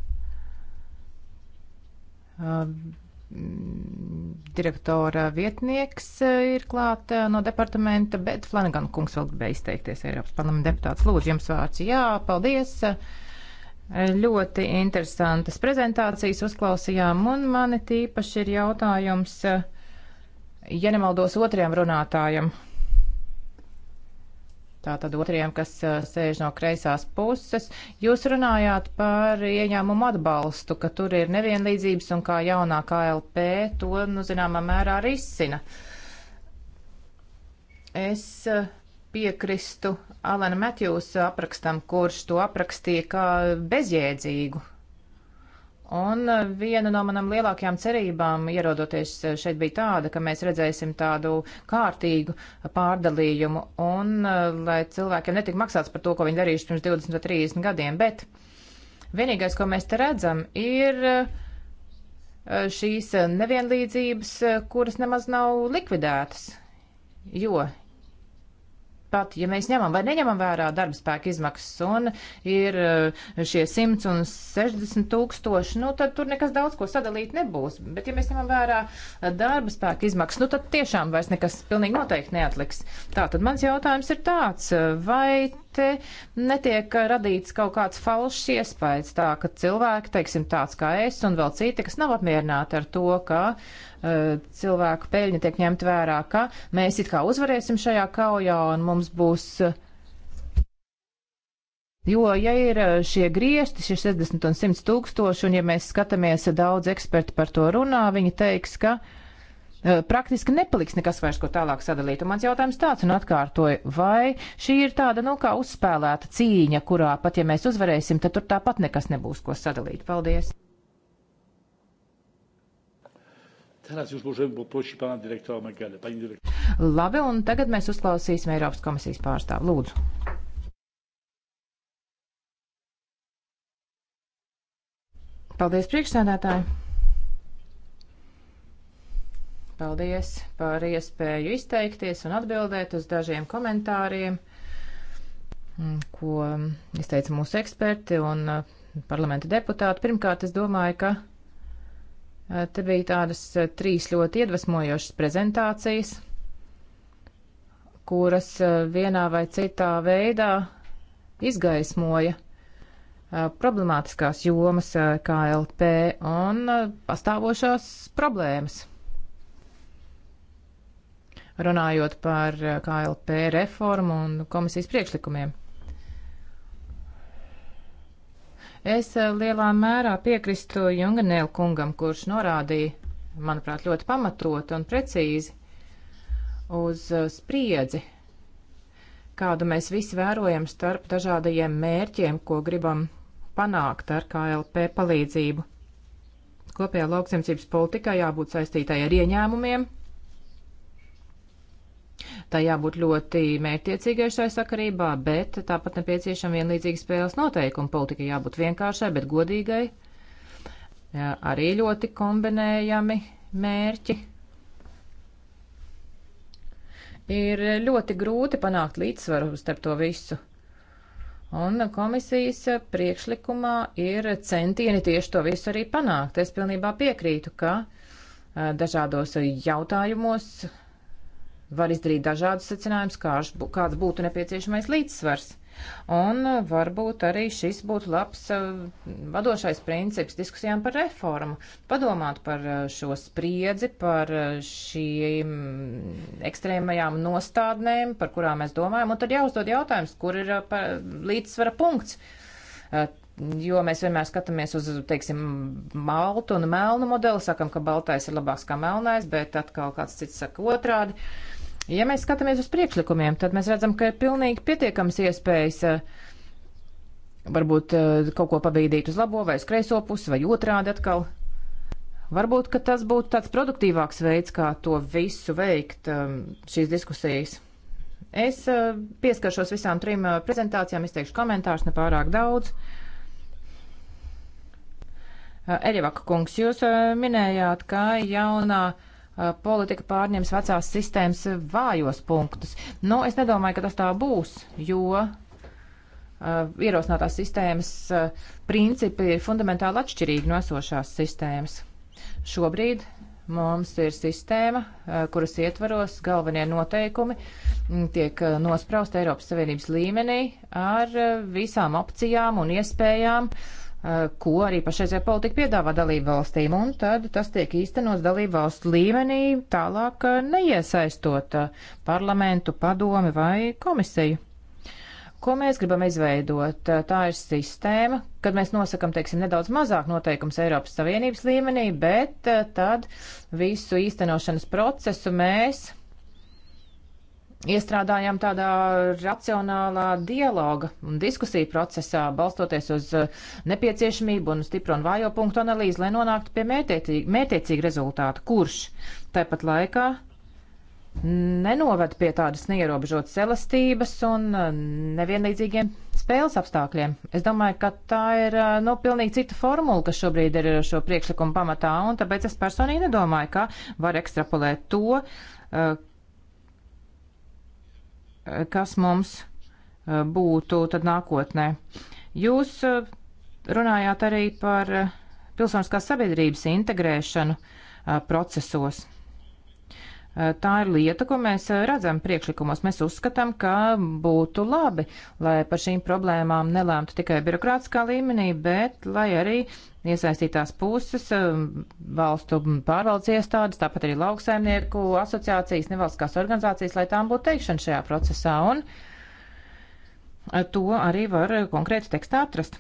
Mm, direktora vietnieks eh, ir klāt eh, no departamenta, bet Flanagan kungs vēl gribēja izteikties Eiropas parlamenta deputāts. Lūdzu, jums vārds. Jā, paldies. Eh, ļoti interesantas prezentācijas uzklausījām, un mani tīpaši ir jautājums, ja nemaldos otrajam runātājam. Tātad otriem, kas sēž no kreisās puses, jūs runājāt par ieņēmumu atbalstu, ka tur ir nevienlīdzības un kā jaunā KLP to, nu, zināmā mērā risina. Es piekristu Alana Matjūs aprakstam, kurš to aprakstīja kā bezjēdzīgu Un eh, viena no manām lielākajām cerībām, ierodoties eh, šeit, bija tāda, ka mēs redzēsim tādu kārtīgu pārdalījumu un eh, lai cilvēkiem netika maksāts par to, ko viņi darījuši pirms 20 vai 30 gadiem. Bet vienīgais, ko mēs te redzam, ir šīs nevienlīdzības, kuras nemaz nav likvidētas, jo pat ja mēs ņemam vai neņemam vērā darba spēka izmaksas un ir eh, šie 100 un 60 tūkstoši, nu tad tur nekas daudz ko sadalīt nebūs. Bet ja mēs ņemam vērā eh, darba spēka izmaksas, nu tad tiešām vairs nekas pilnīgi noteikti neatliks. Tā tad mans jautājums ir tāds, eh, vai te netiek radīts kaut kāds falšs iespējas tā, ka cilvēki, teiksim, tāds kā es un vēl citi, kas nav apmierināti ar to, ka uh, cilvēku peļņa tiek ņemt vērā, ka mēs it kā uzvarēsim šajā kaujā un mums būs. Uh, Jo, ja ir eh, šie griezti, šie 60 un 100 tūkstoši, un ja mēs skatāmies, eh, daudz eksperti par to runā, viņi teiks, ka uh, Eh, praktiski nepaliks nekas vairs, ko tālāk sadalīt. Un mans jautājums tāds un atkārtoju, vai šī ir tāda, nu, kā uzspēlēta cīņa, kurā pat ja mēs uzvarēsim, tad tur tāpat nekas nebūs, ko sadalīt. Paldies! Labi, un tagad mēs uzklausīsim Eiropas komisijas pārstāvu. Lūdzu! Paldies priekšsēdētāji! Paldies par iespēju izteikties un atbildēt uz dažiem komentāriem, mm, ko izteica mūsu eksperti un uh, parlamenta deputāti. Pirmkārt, es domāju, ka uh, Te bija tādas uh, trīs ļoti iedvesmojošas prezentācijas, kuras vienā vai citā veidā izgaismoja problemātiskās jomas KLP un pastāvošās problēmas runājot par eh, KLP reformu un komisijas priekšlikumiem. Es eh, lielā mērā piekrīstu Junganēlu kungam, kurš norādīja, manuprāt, ļoti pamatot un precīzi uz eh, spriedzi, kādu mēs visi vērojam starp dažādajiem mērķiem, ko gribam panākt ar KLP palīdzību. Kopējā lauksimcības politikā jābūt saistītai ar ieņēmumiem, Tā jābūt ļoti mērķtiecīgai šai sakarībā, bet tāpat nepieciešama vienlīdzīga spēles noteikuma. Politika jābūt vienkāršai, bet godīgai. Jā, arī ļoti kombinējami mērķi. Ir ļoti grūti panākt līdzsvaru starp to visu. Un komisijas priekšlikumā ir centieni tieši to visu arī panākt. Es pilnībā piekrītu, ka eh, dažādos jautājumos Var izdarīt dažādus secinājumus, kāds būtu nepieciešamais līdzsvars. Un uh, varbūt arī šis būtu labs uh, vadošais princips diskusijām par reformu. Padomāt par uh, šo spriedzi, par šīm ekstrēmajām nostādnēm, par kurām mēs domājam, un tad jāuzdod jautājums, kur ir līdzsvara punkts jo mēs vienmēr skatāmies uz, teiksim, maltu un melnu modeli, sakam, ka baltais ir labāks kā melnais, bet atkal kāds cits saka otrādi. Ja mēs skatāmies uz priekšlikumiem, tad mēs redzam, ka ir pilnīgi pietiekams iespējas eh, varbūt eh, kaut ko pabīdīt uz labo vai uz kreiso pusi vai otrādi atkal. Varbūt, ka tas būtu tāds produktīvāks veids, kā to visu veikt ehm, šīs diskusijas. Es eh, pieskaršos visām trim prezentācijām, izteikšu komentārus nepārāk daudz. Erivaka kungs, jūs minējāt, ka jaunā Uh, politika pārņems vecās sistēmas vājos punktus. Nu, es nedomāju, ka tas tā būs, jo uh, ierosinātās sistēmas uh, principi ir fundamentāli atšķirīgi no esošās sistēmas. Šobrīd mums ir sistēma, kuras ietvaros galvenie noteikumi mm, tiek nosprausti Eiropas Savienības līmenī ar visām opcijām un iespējām uh, Eh, ko arī pašreizē politika piedāvā dalību valstīm, un tad tas tiek īstenots dalību valstu līmenī, tālāk eh, neiesaistot eh, parlamentu, padomi vai komisiju. Ko mēs gribam izveidot? Tā ir sistēma, kad mēs nosakam, teiksim, nedaudz mazāk noteikums Eiropas Savienības līmenī, bet tad visu īstenošanas procesu mēs iestrādājām tādā racionālā dialoga un diskusiju procesā, balstoties uz uh, nepieciešamību un stipro un vājo punktu analīzi, lai nonāktu pie mērtiecīga, mērtiecīga rezultāta, kurš tāpat laikā nenoved pie tādas neierobežotas elastības un uh, nevienlīdzīgiem spēles apstākļiem. Es domāju, ka tā ir uh, nu, pilnīgi cita formula, kas šobrīd ir šo priekšlikumu pamatā, un tāpēc es personīgi nedomāju, ka var ekstrapolēt to, kas mums e, būtu tad nākotnē. Jūs e, runājāt arī par e, pilsoniskās sabiedrības integrēšanu procesos. Eh, tā ir lieta, ko mēs eh, redzam priekšlikumos. Mēs uzskatām, ka būtu labi, lai par šīm problēmām nelēmtu tikai birokrātiskā līmenī, bet lai arī iesaistītās puses, eh, valstu pārvaldes iestādes, tāpat arī lauksaimnieku asociācijas, nevalstiskās organizācijas, lai tām būtu teikšana šajā procesā. Un, to arī var konkrēti tekstā atrast.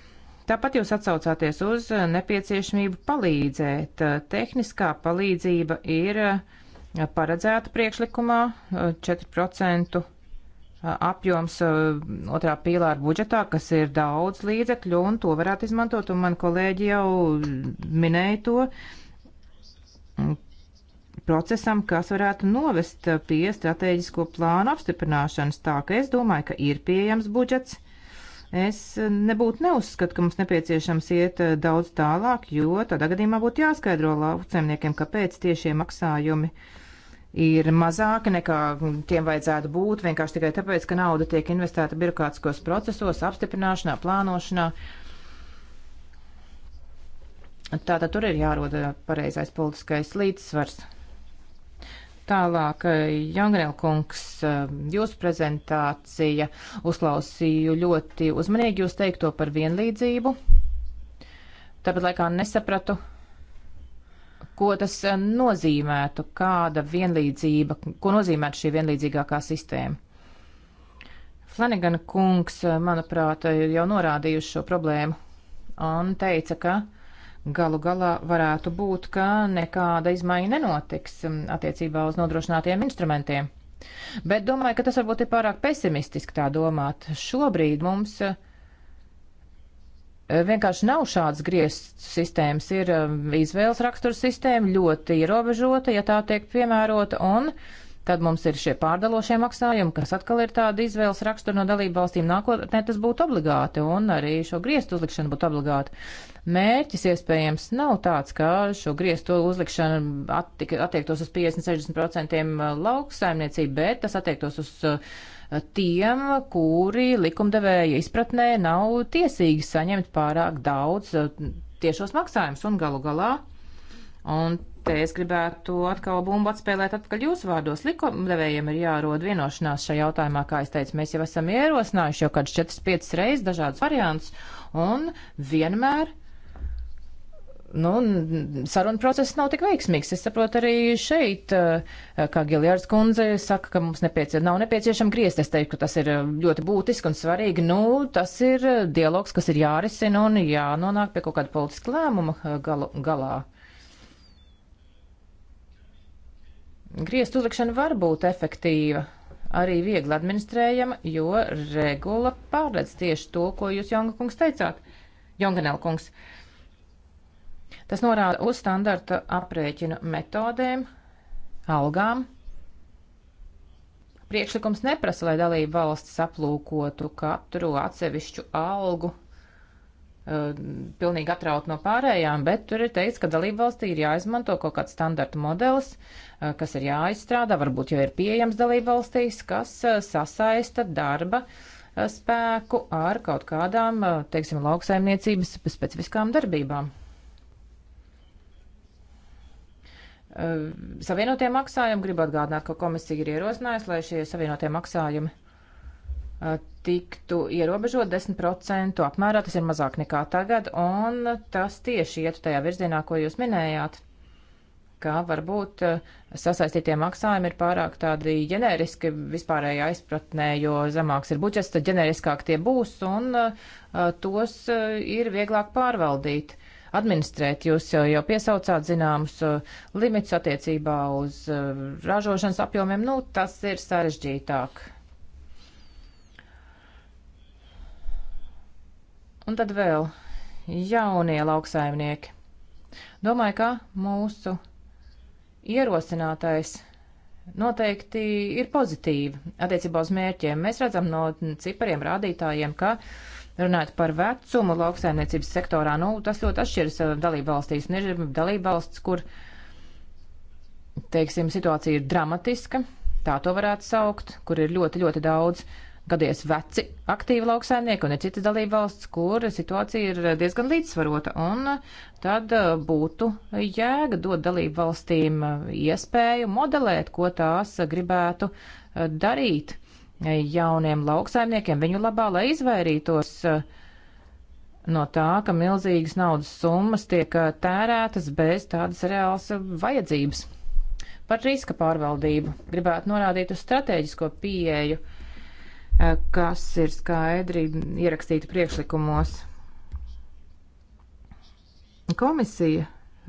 Tāpat jūs atsaucāties uz nepieciešamību palīdzēt. Tehniskā palīdzība ir uh, paredzēta priekšlikumā 4% eh, eh, apjoms eh, otrā pīlāra budžetā, kas ir daudz līdzekļu, un to varētu izmantot, un man kolēģi jau minēja to mm, procesam, kas varētu novest pie strateģisko plānu apstiprināšanas. Tā ka es domāju, ka ir pieejams budžets. Es nebūtu neuzskatu, ka mums nepieciešams iet daudz tālāk, jo tādā gadījumā būtu jāskaidro lauksaimniekiem, kāpēc tiešie maksājumi uh, ir mazāki nekā tiem vajadzētu būt, vienkārši tikai tāpēc, ka nauda tiek investēta birokrātiskos procesos, apstiprināšanā, plānošanā. Tātad tur ir jāroda pareizais politiskais līdzsvars. Tālāk, eh, Jangrēl kungs, eh, jūsu prezentācija uzklausīju ļoti uzmanīgi jūs teikto par vienlīdzību. Tāpat laikā nesapratu, ko tas eh, nozīmētu, kāda vienlīdzība, ko nozīmētu šī vienlīdzīgākā sistēma. Flanagana kungs, eh, manuprāt, ir eh, jau norādījuši šo problēmu un teica, ka galu galā varētu būt, ka nekāda izmaiņa nenotiks mm, attiecībā uz nodrošinātiem instrumentiem. Bet domāju, ka tas varbūt ir pārāk pesimistiski tā domāt. Šobrīd mums uh, Eh, vienkārši nav šādas griestu sistēmas, ir eh, izvēles rakstura sistēma ļoti ierobežota, ja tā tiek piemērota, un tad mums ir šie pārdalošie maksājumi, kas atkal ir tāda izvēles rakstura no dalību valstīm nākotnē, tas būtu obligāti, un arī šo griestu uzlikšanu būtu obligāti. Mērķis iespējams nav tāds, ka šo griestu uzlikšanu attiektos uz 50-60% eh, lauksaimniecību, bet tas attiektos uz uh, tiem, kuri likumdevēja izpratnē nav tiesīgi saņemt pārāk daudz eh, tiešos maksājumus un galu galā. Un te es gribētu atkal bumbu atspēlēt atpakaļ jūsu vārdos. Likumdevējiem ir jārod vienošanās šajā jautājumā, kā es teicu, mēs jau esam ierosinājuši jau kāds 4-5 reizes dažādus variantus un vienmēr nu, saruna process nav tik veiksmīgs. Es saprotu arī šeit, eh, kā Giljārds kundze saka, ka mums nepiecie, nav nepieciešama griezt. Es teiktu, ka tas ir eh, ļoti būtiski un svarīgi. Nu, tas ir eh, dialogs, kas ir jārisina un jānonāk pie kaut kāda politiska lēmuma galu, galā. Griezt uzlikšana var būt efektīva, arī viegli administrējama, jo regula pārredz tieši to, ko jūs, Jonga kungs, teicāt. Jonganel kungs. Uh, Tas norāda uz standarta aprēķina metodēm, algām. Priekšlikums neprasa, lai dalība valstis aplūkotu katru atsevišķu algu e, pilnīgi atraut no pārējām, bet tur ir teikts, ka dalībvalstī ir jāizmanto kaut kāds standarta modelis, e, kas ir jāizstrādā, varbūt jau ir pieejams dalībvalstīs, kas e, sasaista darba spēku ar kaut kādām, teiksim, lauksaimniecības specifiskām darbībām. Eh, savienotie maksājumi. Gribu atgādināt, ka komisija ir ierosinājusi, lai šie savienotie maksājumi eh, tiktu ierobežot 10% apmērā, tas ir mazāk nekā tagad, un tas tieši iet tajā virzienā, ko jūs minējāt, ka varbūt eh, sasaistītie maksājumi ir pārāk tādi ģeneriski vispārējā izpratnē, jo zemāks ir budžets, tad ģeneriskāk tie būs, un tos ir vieglāk pārvaldīt. Uh, administrēt. Jūs jau, jau piesaucāt zināmus uh, limits attiecībā uz uh, ražošanas apjomiem. Nu, tas ir sarežģītāk. Un tad vēl jaunie lauksaimnieki. Domāju, ka mūsu ierosinātais noteikti ir pozitīvi attiecībā uz mērķiem. Mēs redzam no cipariem rādītājiem, ka uh, Runāt par vecumu lauksaimniecības sektorā, nu, tas ļoti atšķiras uh, dalību valstīs. Un ir dalību valsts, kur, teiksim, situācija ir dramatiska, tā to varētu saukt, kur ir ļoti, ļoti daudz gadies veci aktīvi lauksaimnieki, un ir citas dalība valsts, kur situācija ir diezgan līdzsvarota, un uh, tad uh, būtu jēga dot dalību valstīm iespēju modelēt, ko tās gribētu darīt jauniem lauksaimniekiem viņu labā, lai izvairītos uh, no tā, ka milzīgas naudas summas tiek uh, tērētas bez tādas reālas uh, vajadzības. Par riska pārvaldību gribētu norādīt uz strateģisko pieeju, kas ir skaidri ierakstīta priekšlikumos. Komisija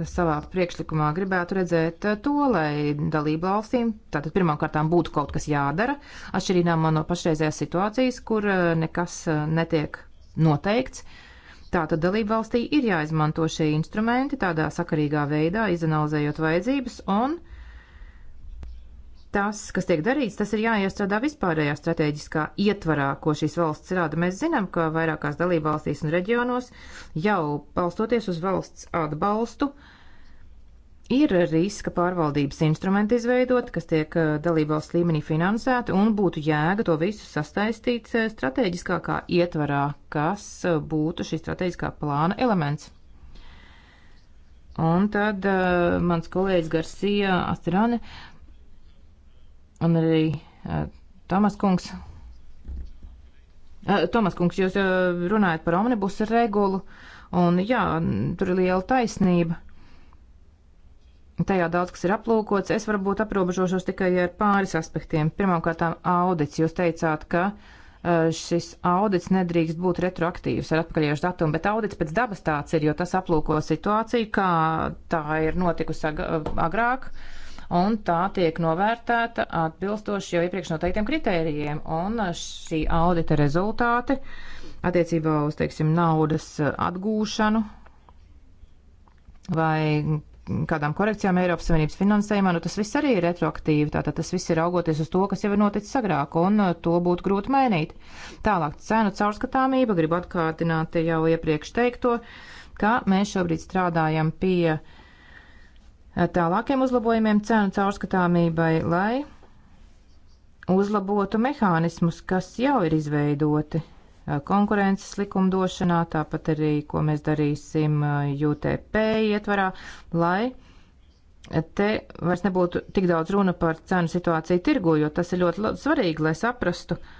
savā priekšlikumā gribētu redzēt eh, to, lai dalību valstīm tātad pirmkārtām būtu kaut kas jādara, atšķirībā no pašreizējās situācijas, kur eh, nekas eh, netiek noteikts. Tātad dalību valstī ir jāizmanto šie instrumenti tādā sakarīgā veidā, izanalizējot vajadzības un uh, tas, kas tiek darīts, tas ir jāiestrādā vispārējā strateģiskā ietvarā, ko šīs valsts rada. Mēs zinām, ka vairākās dalībvalstīs un reģionos jau balstoties uz valsts atbalstu ir riska pārvaldības instrumenti izveidot, kas tiek eh, dalībvalsts līmenī finansēti, un būtu jēga to visu sastaistīt eh, strateģiskākā ietvarā, kas eh, būtu šī strateģiskā plāna elements. Un tad uh, mans kolēģis Garcia Astrane uh, Un arī uh, Tomas kungs. Uh, Tomas kungs, jūs uh, runājat par omnibusu regulu, un jā, tur ir liela taisnība. Tajā daudz kas ir aplūkots. Es varbūt aprobežošos tikai ar pāris aspektiem. Pirmkārt, audits. Jūs teicāt, ka uh, šis audits nedrīkst būt retroaktīvs ar atpakaļiešu datumu, bet audits pēc dabas tāds ir, jo tas aplūko situāciju, kā tā ir notikusi agrāk. Ag un tā tiek novērtēta atbilstoši jau iepriekš noteiktiem kritērijiem, un šī audita rezultāti attiecībā uz, teiksim, naudas atgūšanu vai kādām korekcijām Eiropas Savienības finansējumā, nu tas viss arī ir retroaktīvi, tātad tas viss ir augoties uz to, kas jau ir noticis agrāk, un to būtu grūti mainīt. Tālāk cenu caurskatāmība, gribu atkārtināt jau iepriekš teikto, ka mēs šobrīd strādājam pie uh, tālākiem uzlabojumiem cenu caurskatāmībai, lai uzlabotu mehānismus, kas jau ir izveidoti konkurences likumdošanā, tāpat arī, ko mēs darīsim UTP ietvarā, lai te vairs nebūtu tik daudz runa par cenu situāciju tirgu, jo tas ir ļoti svarīgi, lai saprastu, uh,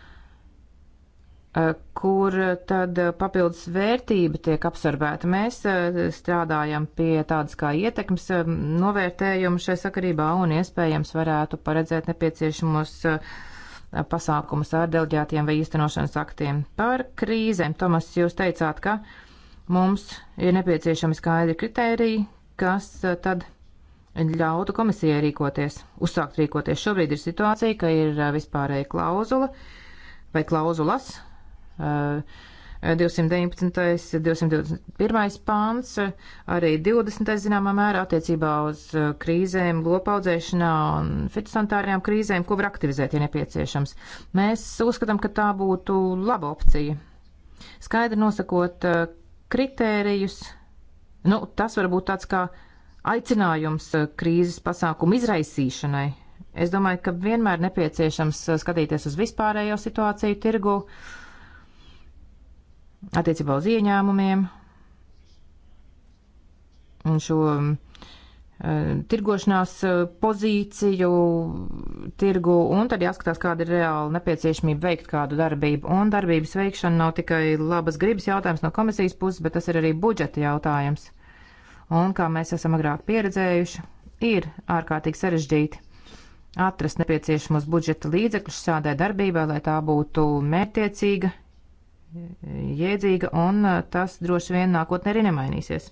Eh, kur eh, tad eh, papildus vērtība tiek absorbēta. Mēs strādājam pie tādas kā ietekmes novērtējumu šai sakarībā un iespējams varētu paredzēt nepieciešamos pasākumus ar delģētiem vai īstenošanas aktiem. Par krīzēm, Tomas, jūs teicāt, ka mums ir nepieciešami skaidri kritēriji, kas tad ļautu komisijai rīkoties, uzsākt rīkoties. Šobrīd ir situācija, ka ir vispārēja klauzula vai klauzulas, 219. Eh, 221. pāns, arī 20. zināmā mērā attiecībā uz eh, krīzēm, lopaudzēšanā un fitosantārijām krīzēm, ko var aktivizēt, ja nepieciešams. Mēs uzskatām, ka tā būtu laba opcija. Skaidri nosakot eh, kritērijus, nu, tas var būt tāds kā aicinājums krīzes pasākumu izraisīšanai. Es domāju, ka vienmēr nepieciešams skatīties uz vispārējo situāciju tirgu. Uh, attiecībā uz ieņēmumiem un šo eh, tirgošanās eh, pozīciju, tirgu, un tad jāskatās, kāda ir reāla nepieciešamība veikt kādu darbību. Un darbības veikšana nav tikai labas gribas jautājums no komisijas puses, bet tas ir arī budžeta jautājums. Un, kā mēs esam agrāk pieredzējuši, ir ārkārtīgi sarežģīti atrast nepieciešamos budžeta līdzekļus šādai darbībai, lai tā būtu mērtiecīga, jēdzīga, un eh, tas droši vien nākotnē arī nemainīsies.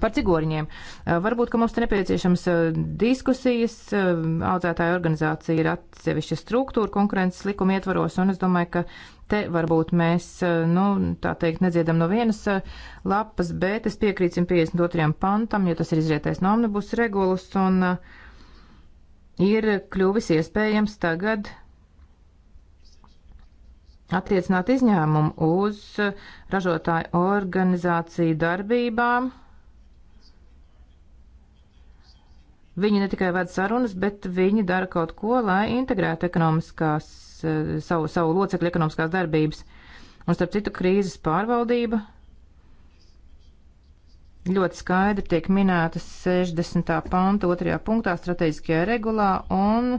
Par cigoriņiem. Eh, varbūt, ka mums te nepieciešams eh, diskusijas. Audzētāja organizācija ir atsevišķa struktūra konkurences likuma ietvaros, un es domāju, ka te varbūt mēs, nu, tā teikt, nedziedam no vienas lapas, bet es piekrītu 152. pantam, jo tas ir izrietais no omnibus regulas, un uh, ir kļuvis iespējams tagad attiecināt izņēmumu uz ražotāju organizāciju darbībām. Viņi ne tikai ved sarunas, bet viņi dara kaut ko, lai integrētu ekonomiskās, eh, savu, savu locekļu ekonomiskās darbības. Un starp citu, krīzes pārvaldība ļoti skaidri tiek minētas 60. panta otrajā punktā strateģiskajā regulā, un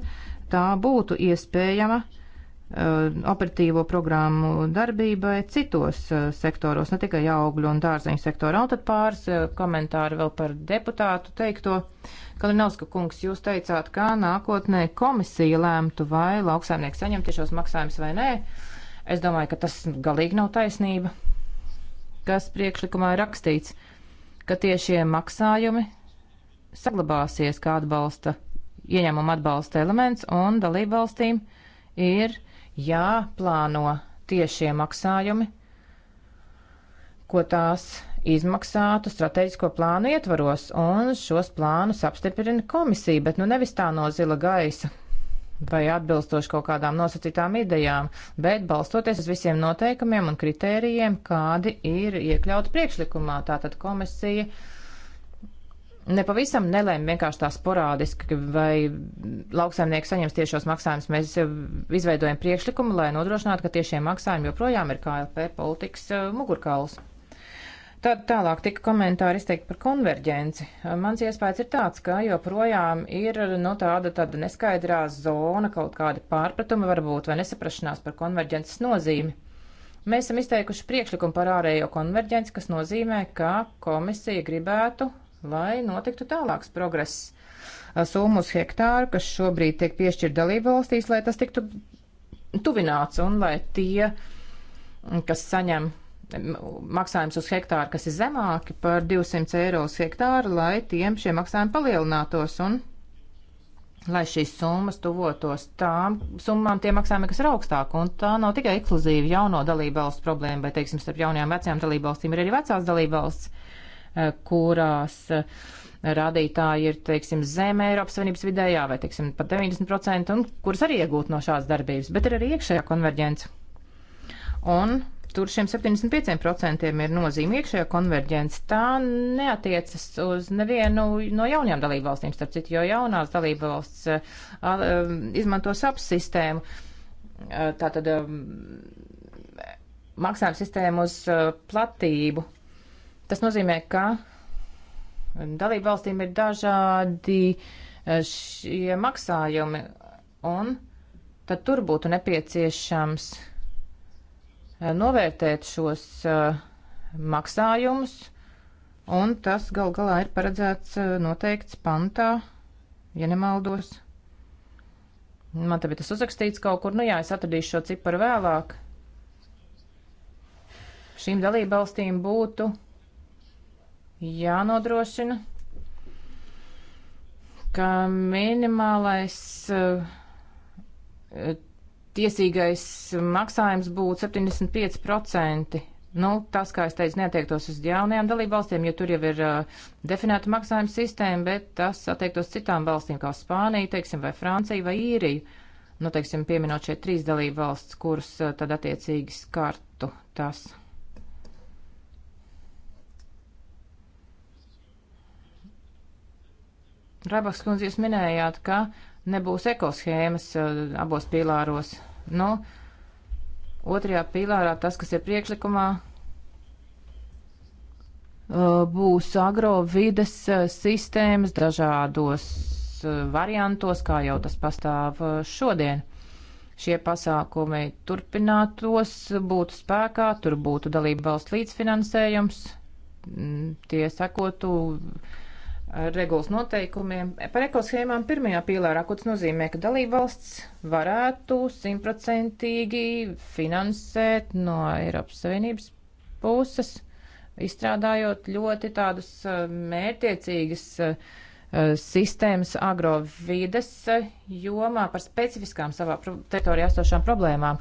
tā būtu iespējama uh, operatīvo programmu darbībai citos uh, sektoros, ne tikai augļu un dārzeņu sektorā. Un tad pāris uh, komentāri vēl par deputātu teikto. Kalinovska kungs, jūs teicāt, kā nākotnē komisija lēmtu, vai lauksaimnieks saņem tiešos maksājumus vai nē. Es domāju, ka tas galīgi nav taisnība, kas priekšlikumā ir rakstīts. Uh, ka tiešie maksājumi saglabāsies kā atbalsta, ieņēmuma atbalsta elements, un dalībvalstīm ir jāplāno tiešie maksājumi, ko tās izmaksātu strateģisko plānu ietvaros, un šos plānus apstiprina komisija, bet nu nevis tā no zila gaisa, vai atbilstoši kaut kādām nosacītām idejām, bet balstoties uz visiem noteikumiem un kritērijiem, kādi ir iekļauti priekšlikumā. Tātad komisija nepavisam nelēma vienkārši tā sporādiski, vai lauksaimnieki saņems tiešos maksājumus. Mēs izveidojam priekšlikumu, lai nodrošinātu, ka tiešie maksājumi joprojām ir KLP politikas eh, mugurkauls. Tad tālāk tika komentāri izteikti par konverģenci. Mans iespējas ir tāds, ka joprojām ir nu, tāda, tāda neskaidrā zona, kaut kāda pārpratuma varbūt vai nesaprašanās par konverģences nozīmi. Mēs esam izteikuši priekšlikumu par ārējo konverģenci, kas nozīmē, ka komisija gribētu, lai notiktu tālāks progress. Summa uz hektāru, kas šobrīd tiek piešķirta dalību valstīs, lai tas tiktu tuvināts un lai tie, kas saņem maksājums uz hektāru, kas ir zemāki par 200 eiro uz hektāru, lai tiem šie maksājumi palielinātos un lai šīs summas tuvotos tām summām tie maksājumi, kas ir augstāk. Un tā nav tikai ekskluzīva jauno dalību valsts problēma, bet, teiksim, starp jaunajām vecajām dalību valstīm ir arī vecās dalību valsts, eh, kurās eh, rādītāji ir, teiksim, zem Eiropas Savienības vidējā vai, teiksim, pat 90%, un kuras arī iegūt no šādas darbības, bet ir arī iekšējā konverģence. Un tur šiem 75% ir nozīme iekšējā konverģence. Tā neatiecas uz nevienu no jaunajām dalībvalstīm, starp citu, jo jaunās dalībvalsts uh, izmanto SAP sistēmu. Uh, tātad uh, maksājuma sistēmu uz platību. Tas nozīmē, ka dalībvalstīm ir dažādi šie maksājumi, un tad tur būtu nepieciešams uh, Eh, novērtēt šos eh, maksājumus, un tas gal galā ir paredzēts eh, noteikts pantā, ja nemaldos. Man te bija tas uzrakstīts kaut kur, nu jā, es atradīšu šo ciparu vēlāk. Šīm dalībvalstīm būtu jānodrošina, ka minimālais uh, tiesīgais maksājums būtu 75%. Nu, tas, kā es teicu, neatiektos uz jaunajām dalībvalstīm, jo tur jau ir uh, definēta maksājuma sistēma, bet tas attiektos citām valstīm, kā Spānija, teiksim, vai Francija, vai Īrija. Nu, teiksim, pieminot šeit trīs dalībvalsts, kuras uh, tad attiecīgi skartu tas. Rabaks, kundze, jūs minējāt, ka uh, nebūs ekoshēmas uh, abos pīlāros. Nu, otrajā pīlārā tas, kas ir priekšlikumā, uh, būs agrovides uh, sistēmas dažādos variantos, kā jau tas pastāv šodien. Šie pasākumi turpinātos, būtu spēkā, tur būtu dalība valsts līdzfinansējums, mm, tie sekotu uh, regulas noteikumiem. Par ekoshēmām pirmajā pīlārā, ko tas nozīmē, ka dalībvalsts varētu simtprocentīgi finansēt no Eiropas Savienības puses, izstrādājot ļoti tādus uh, mērtiecīgas uh, uh, sistēmas agrovides jomā par specifiskām savā teritorijā esošām problēmām.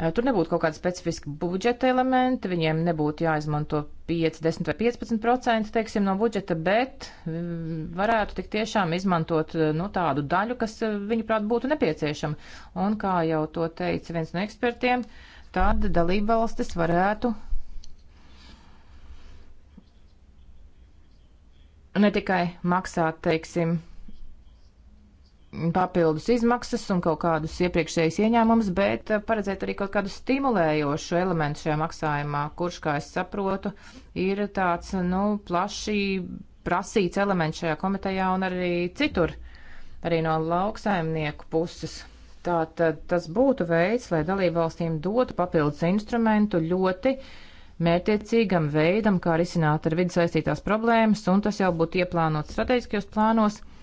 Eh, tur nebūtu kaut kāda specifiska budžeta elementa, viņiem nebūtu jāizmanto 5, 10 vai 15 procenti, teiksim, no budžeta, bet mm, varētu tik tiešām izmantot eh, nu, tādu daļu, kas eh, viņuprāt būtu nepieciešama. Un kā jau to teica viens no ekspertiem, tad dalībvalstis varētu ne tikai maksāt, teiksim, papildus izmaksas un kaut kādus iepriekšējus ieņēmumus, bet eh, paredzēt arī kaut kādu stimulējošu elementu šajā maksājumā, kurš, kā es saprotu, ir tāds, nu, plaši prasīts elements šajā komitejā un arī citur, arī no lauksaimnieku puses. Tātad tas būtu veids, lai dalībvalstīm dotu papildus instrumentu ļoti mērtiecīgam veidam, kā risināt ar vidi saistītās problēmas, un tas jau būtu ieplānots strateģiskajos plānos. plānos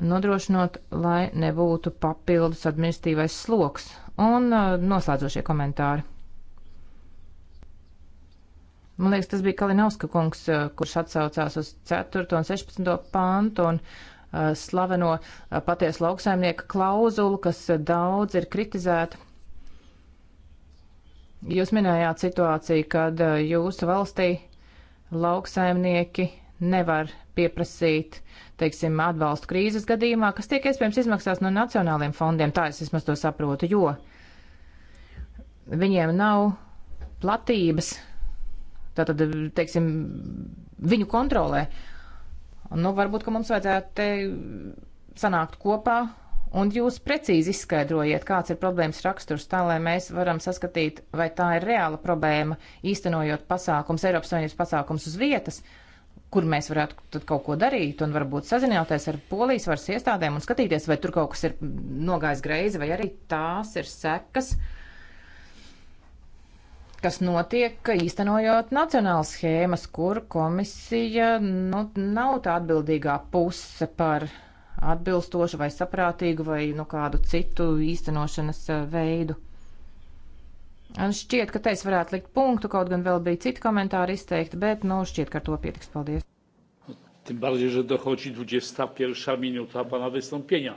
nodrošinot, lai nebūtu papildus administratīvais sloks un uh, noslēdzošie komentāri. Man liekas, tas bija Kalinovska kungs, uh, kurš atsaucās uz 4. un 16. pāntu un uh, slaveno uh, patiesu lauksaimnieku klauzulu, kas uh, daudz ir kritizēta. Jūs minējāt situāciju, kad uh, jūsu valstī lauksaimnieki nevar pieprasīt teiksim, atbalstu krīzes gadījumā, kas tiek iespējams izmaksās no nacionāliem fondiem, tā es vismaz to saprotu, jo viņiem nav platības, tātad, teiksim, viņu kontrolē. Nu, varbūt, ka mums vajadzētu te sanākt kopā un jūs precīzi izskaidrojiet, kāds ir problēmas raksturs, tā lai mēs varam saskatīt, vai tā ir reāla problēma, īstenojot pasākums, Eiropas Savienības pasākums uz vietas, kur mēs varētu kaut ko darīt un varbūt sazināties ar polijas varas iestādēm un skatīties, vai tur kaut kas ir nogājis greizi, vai arī tās ir sekas, kas notiek īstenojot nacionālas schēmas, kur komisija nu, nav tā atbildīgā puse par atbilstošu vai saprātīgu vai nu, kādu citu īstenošanas eh, veidu. Un šķiet, ka te es varētu likt punktu, kaut gan vēl bija citi komentāri izteikti, bet, nu, šķiet, ka ar to pietiks. Paldies. Tym bardziej, że dochodzi 21 minuta pana wystąpienia.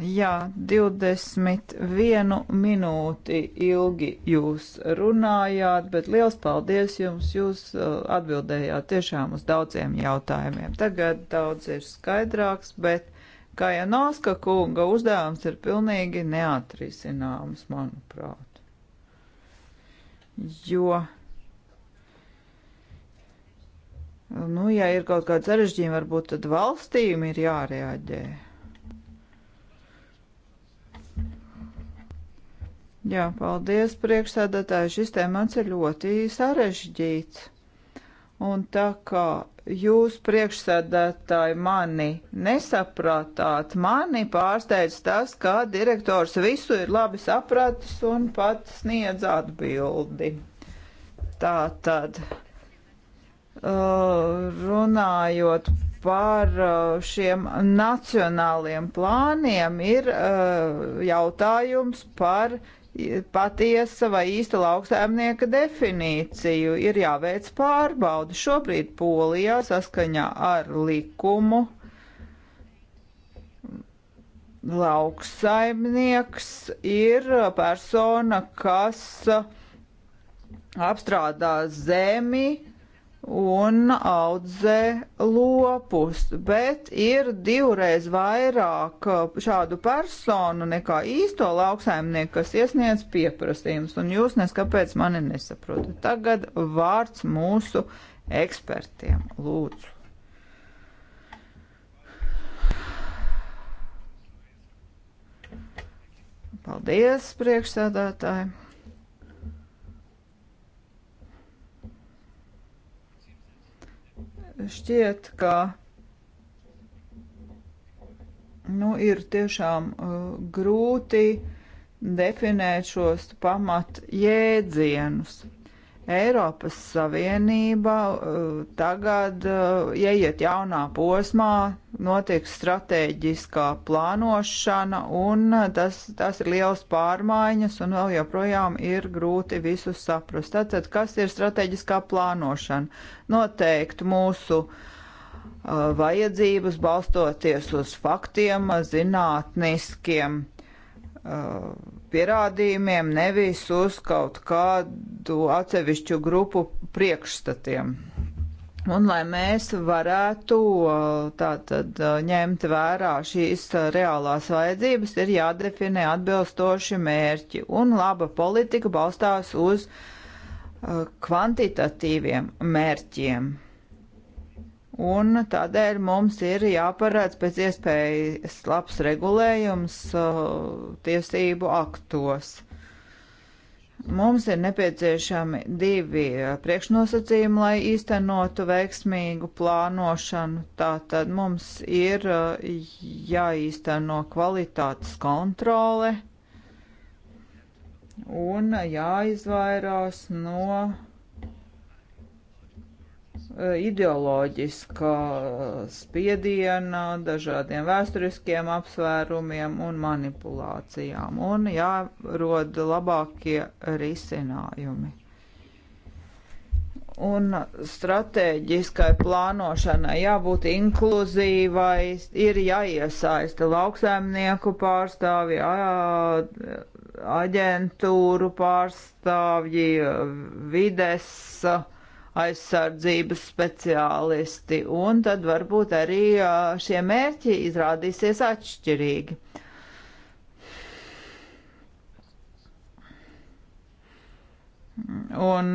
Jā, 21 minūti ilgi jūs runājāt, bet liels paldies jums, jūs uh, atbildējāt tiešām uz daudziem jautājumiem. Tagad daudz ir skaidrāks, bet Kajanoska kunga uzdevums ir pilnīgi neatrisināms, manuprāt jo, nu, ja ir kaut kāds sarežģījumi, varbūt tad valstīm ir jārēģē. Jā, paldies priekšsēdētāji. Šis temats ir ļoti sarežģīts. Un tā kā jūs priekšsēdētāji mani nesaprātāt, mani pārsteidz tas, kā direktors visu ir labi sapratis un pat sniedz atbildi. Tā tad, uh, runājot par uh, šiem nacionāliem plāniem, ir uh, jautājums par patiesa vai īsta lauksēmnieka definīciju. Ir jāveic pārbauda. Šobrīd Polijā saskaņā ar likumu lauksaimnieks ir persona, kas apstrādā zemi, un audzē lopus, bet ir divreiz vairāk uh, šādu personu nekā īsto lauksaimnieku, kas iesniedz pieprasījums, un jūs neskapēc mani nesaprotat. Tagad vārds mūsu ekspertiem, lūdzu. Paldies, priekšsēdētāji! šķiet, ka nu, ir tiešām uh, grūti definēt šos pamat jēdzienus. Eiropas Savienība uh, tagad ieiet uh, jaunā posmā, notiek strateģiskā plānošana, un uh, tas, tas ir liels pārmaiņas, un vēl joprojām ir grūti visu saprast. Tātad, kas ir strateģiskā plānošana? Noteikti mūsu vajadzības balstoties uz faktiem, zinātniskiem pierādījumiem, nevis uz kaut kādu atsevišķu grupu priekšstatiem. Un lai mēs varētu uh, tātad uh, ņemt vērā šīs uh, reālās vajadzības, ir jādefinē atbilstoši mērķi. Un laba politika balstās uz kvantitatīviem mērķiem un tādēļ mums ir jāparāds pēc iespējas labs regulējums uh, tiesību aktos. Mums ir nepieciešami divi uh, priekšnosacījumi, lai īstenotu veiksmīgu plānošanu. Tātad mums ir uh, jāīsteno kvalitātes kontrole un jāizvairās no Eh, ideoloģiskā spiediena, dažādiem vēsturiskiem apsvērumiem un manipulācijām, un jārod labākie risinājumi. Un stratēģiskai plānošanai jābūt inkluzīvai, ir jāiesaista lauksaimnieku pārstāvji, aģentūru pārstāvji, vides pārstāvji aizsardzības speciālisti, un tad varbūt arī šie mērķi izrādīsies atšķirīgi. Un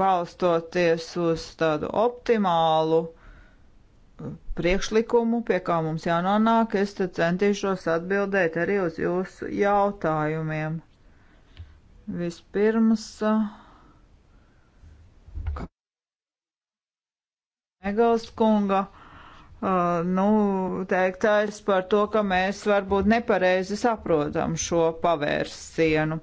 balstoties uz tādu optimālu priekšlikumu, pie kā mums jānonāk, es te centīšos atbildēt arī uz jūsu jautājumiem. Vispirms. Uh, Egals kunga. Uh, nu, teiktais par to, ka mēs varbūt nepareizi saprotam šo pavērsienu.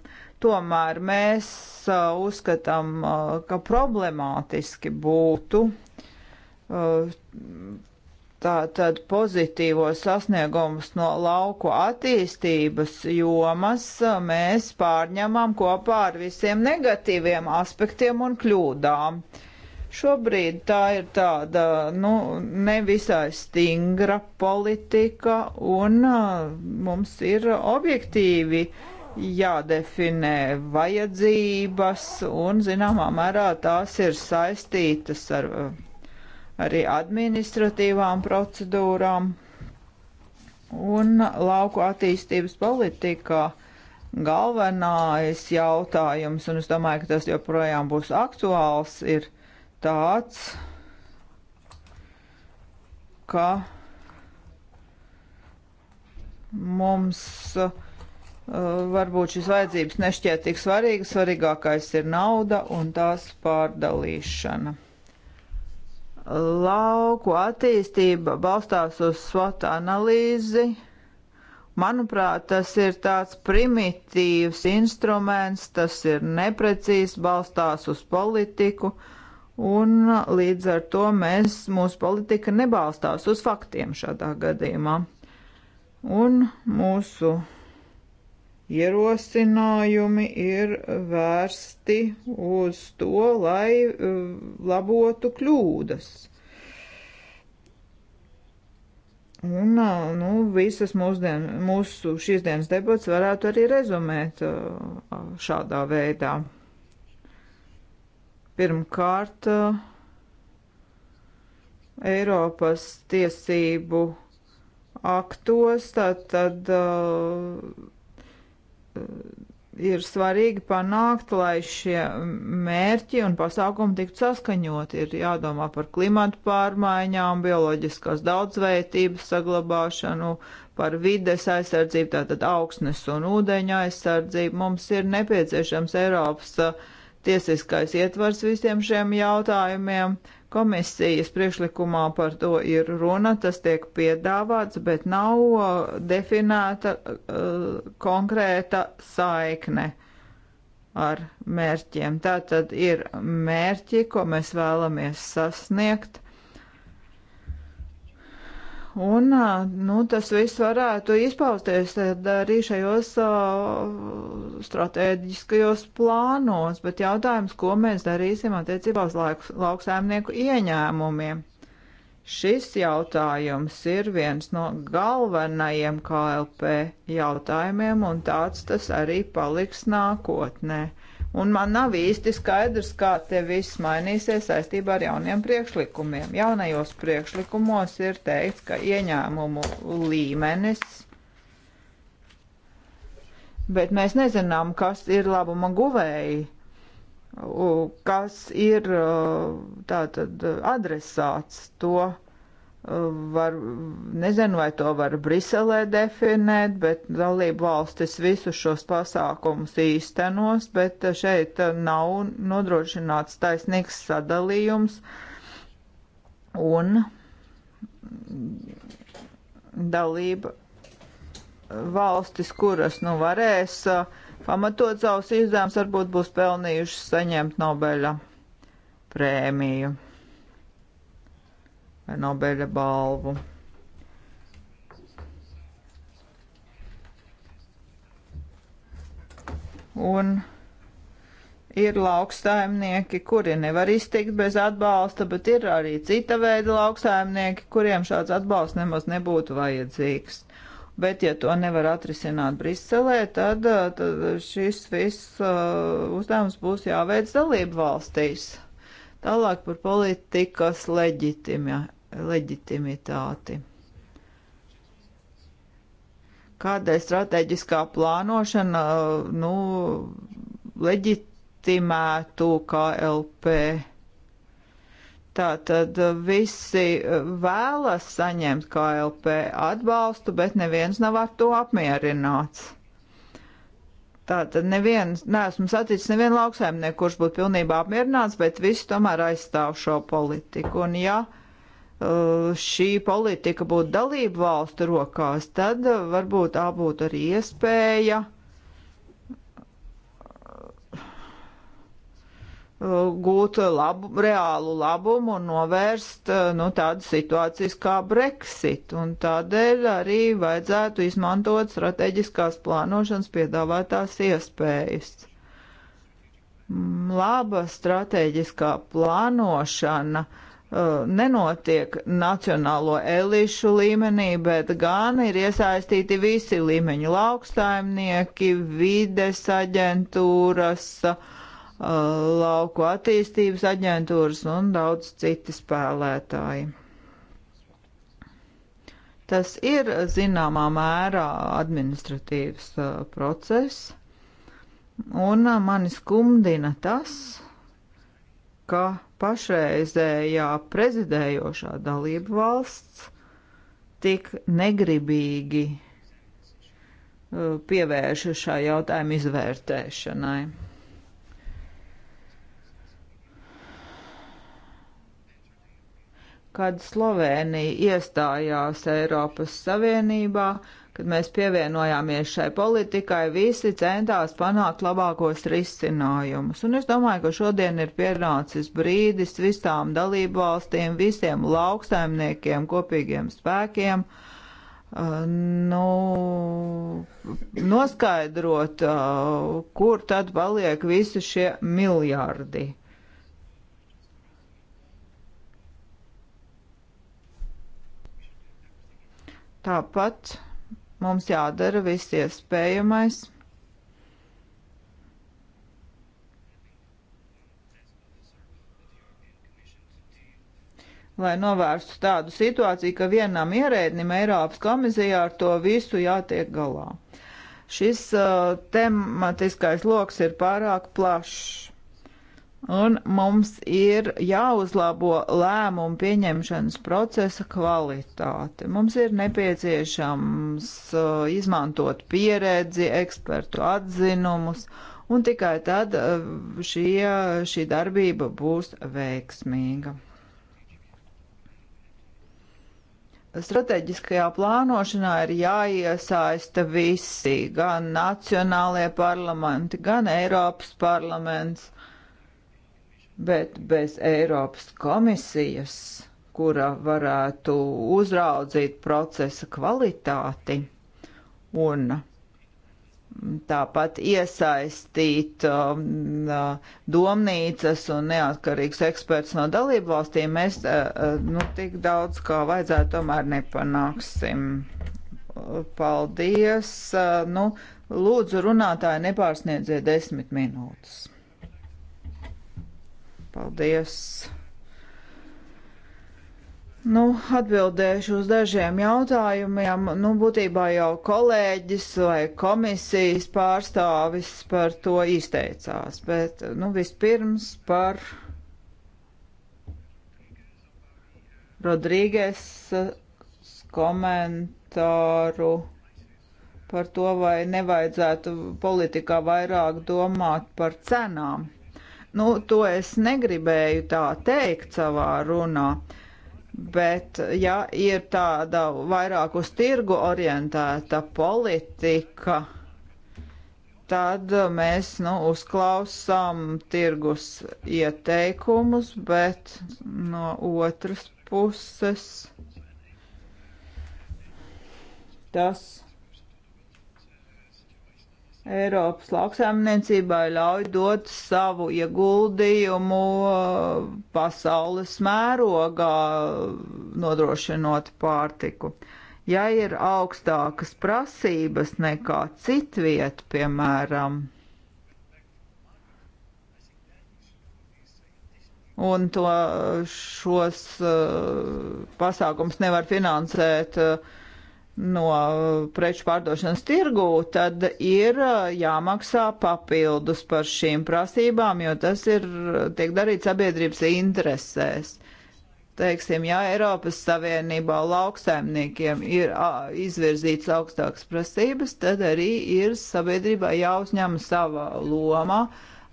Tomēr mēs uh, uzskatām, uh, ka problemātiski būtu uh, tātad pozitīvos sasniegumus no lauku attīstības jomas uh, mēs pārņemam kopā ar visiem negatīviem aspektiem un kļūdām. Uh, Šobrīd tā ir tāda, nu, nevisai stingra politika, un mums ir objektīvi jādefinē vajadzības, un, zināmā mērā, tās ir saistītas ar arī administratīvām procedūrām un lauku attīstības politikā galvenais jautājums, un es domāju, ka tas joprojām būs aktuāls, ir tāds, ka mums uh, varbūt šīs vajadzības nešķiet tik svarīgas, svarīgākais ir nauda un tās pārdalīšana. Lauku attīstība balstās uz SWOT analīzi. Manuprāt, tas ir tāds primitīvs instruments, tas ir neprecīzs, balstās uz politiku. Uh, un līdz ar to mēs, mūsu politika nebalstās uz faktiem šādā gadījumā. Un mūsu ierosinājumi ir vērsti uz to, lai eh, labotu kļūdas. Un eh, nu, visas mūsdien, mūsu šīs dienas debats varētu arī rezumēt eh, šādā veidā. Pirmkārt, eh, Eiropas tiesību aktos, tad, tad uh, ir svarīgi panākt, lai šie mērķi un pasākumi tiktu saskaņot. Ir jādomā par klimatu pārmaiņām, bioloģiskās daudzveitības saglabāšanu, par vides aizsardzību, tātad augsnes un ūdeņa aizsardzību. Mums ir nepieciešams Eiropas uh, tiesiskais ietvars visiem šiem jautājumiem. Komisijas priekšlikumā par to ir runa, tas tiek piedāvāts, bet nav uh, definēta uh, konkrēta saikne ar mērķiem. Tā tad ir mērķi, ko mēs vēlamies sasniegt, Un nu, tas viss varētu izpausties arī šajos uh, strateģiskajos plānos, bet jautājums, ko mēs darīsim attiecībā uz lauksaimnieku ieņēmumiem. Šis jautājums ir viens no galvenajiem KLP jautājumiem, un tāds tas arī paliks nākotnē un man nav īsti skaidrs, kā te viss mainīsies saistībā ar jauniem priekšlikumiem. Jaunajos priekšlikumos ir teikts, ka ieņēmumu līmenis, bet mēs nezinām, kas ir labuma guvēji, kas ir uh, tātad adresāts to var, nezinu, vai to var Briselē definēt, bet dalību valstis visus šos pasākumus īstenos, bet šeit nav nodrošināts taisnīgs sadalījums un dalība valstis, kuras nu varēs uh, pamatot savus izdevumus, varbūt būs pelnījušas saņemt Nobeļa prēmiju. Nobeļa balvu. Un ir lauksaimnieki, kuri nevar iztikt bez atbalsta, bet ir arī cita veida lauksaimnieki, kuriem šāds atbalsts nemaz nebūtu vajadzīgs. Bet, ja to nevar atrisināt Briselē, tad, eh, tad šis viss eh, uzdevums būs jāveic dalību valstīs. Tālāk par politikas leģitimi, leģitimitāti. Kādēļ strateģiskā plānošana, nu, leģitimētu KLP? Tātad visi vēlas saņemt KLP atbalstu, bet neviens nav ar to apmierināts. Tātad neviens, neesmu saticis nevienu lauksaimnieku, kurš būtu pilnībā apmierināts, bet visi tomēr aizstāv šo politiku. Un ja uh, Eh, šī politika būtu dalību valstu rokās, tad eh, varbūt tā būtu arī iespēja eh, gūt labu, reālu labumu un novērst nu, tādas situācijas kā Brexit. Un tādēļ arī vajadzētu izmantot strateģiskās plānošanas piedāvātās iespējas. Mm, laba strateģiskā plānošana uh, nenotiek nacionālo elišu līmenī, bet gan ir iesaistīti visi līmeņi - lauksaimnieki, vides aģentūras, lauku attīstības aģentūras un daudz citi spēlētāji. Tas ir zināmā mērā administratīvs process, un mani skumdina tas, ka pašreizējā prezidējošā dalība valsts tik negribīgi uh, pievērša šā jautājuma izvērtēšanai. Kad Slovēnija iestājās Eiropas Savienībā, kad mēs pievienojāmies šai politikai, visi centās panākt labākos risinājumus. Un es domāju, ka šodien ir pienācis brīdis visām dalību valstīm, visiem lauksaimniekiem, kopīgiem spēkiem. Uh, nu, noskaidrot, uh, kur tad paliek visi šie miljardi. Tāpat Mums jādara viss iespējamais. Lai novērstu tādu situāciju, ka vienam ierēdnim Eiropas komisijā ar to visu jātiek galā. Šis uh, tematiskais loks ir pārāk plašs Un mums ir jāuzlabo lēmumu pieņemšanas procesa kvalitāte. Mums ir nepieciešams uh, izmantot pieredzi, ekspertu atzinumus, un tikai tad uh, šie, šī darbība būs veiksmīga. Strateģiskajā plānošanā ir jāiesaista visi, gan nacionālie parlamenti, gan Eiropas parlaments bet bez Eiropas komisijas, kura varētu uzraudzīt procesa kvalitāti un tāpat iesaistīt um, uh, domnīcas un neatkarīgs eksperts no dalību valstīm, mēs uh, uh, nu, tik daudz kā vajadzētu tomēr nepanāksim. Paldies! Uh, nu, lūdzu, runātāji, nepārsniedziet desmit minūtes. Paldies! Nu, atbildēšu uz dažiem jautājumiem. Nu, būtībā jau kolēģis vai komisijas pārstāvis par to izteicās, bet nu, vispirms par Rodrīgas komentāru par to, vai nevajadzētu politikā vairāk domāt par cenām. Nu, to es negribēju tā teikt savā runā. Bet, ja ir tāda vairāk uz tirgu orientēta politika, tad mēs nu, uzklausām tirgus ieteikumus, bet no otras puses tas Eiropas lauksaimniecībai ļauj dot savu ieguldījumu eh, pasaules mērogā, nodrošinot pārtiku. Ja ir augstākas prasības nekā citviet, piemēram, un to eh, šos uh, pasākums nevar finansēt uh, no uh, preču pārdošanas tirgū, tad ir uh, jāmaksā papildus par šīm prasībām, jo tas ir, uh, tiek darīts sabiedrības interesēs. Teiksim, ja Eiropas Savienībā lauksaimniekiem ir a, izvirzīts augstākas prasības, tad arī ir sabiedrībā jāuzņem sava loma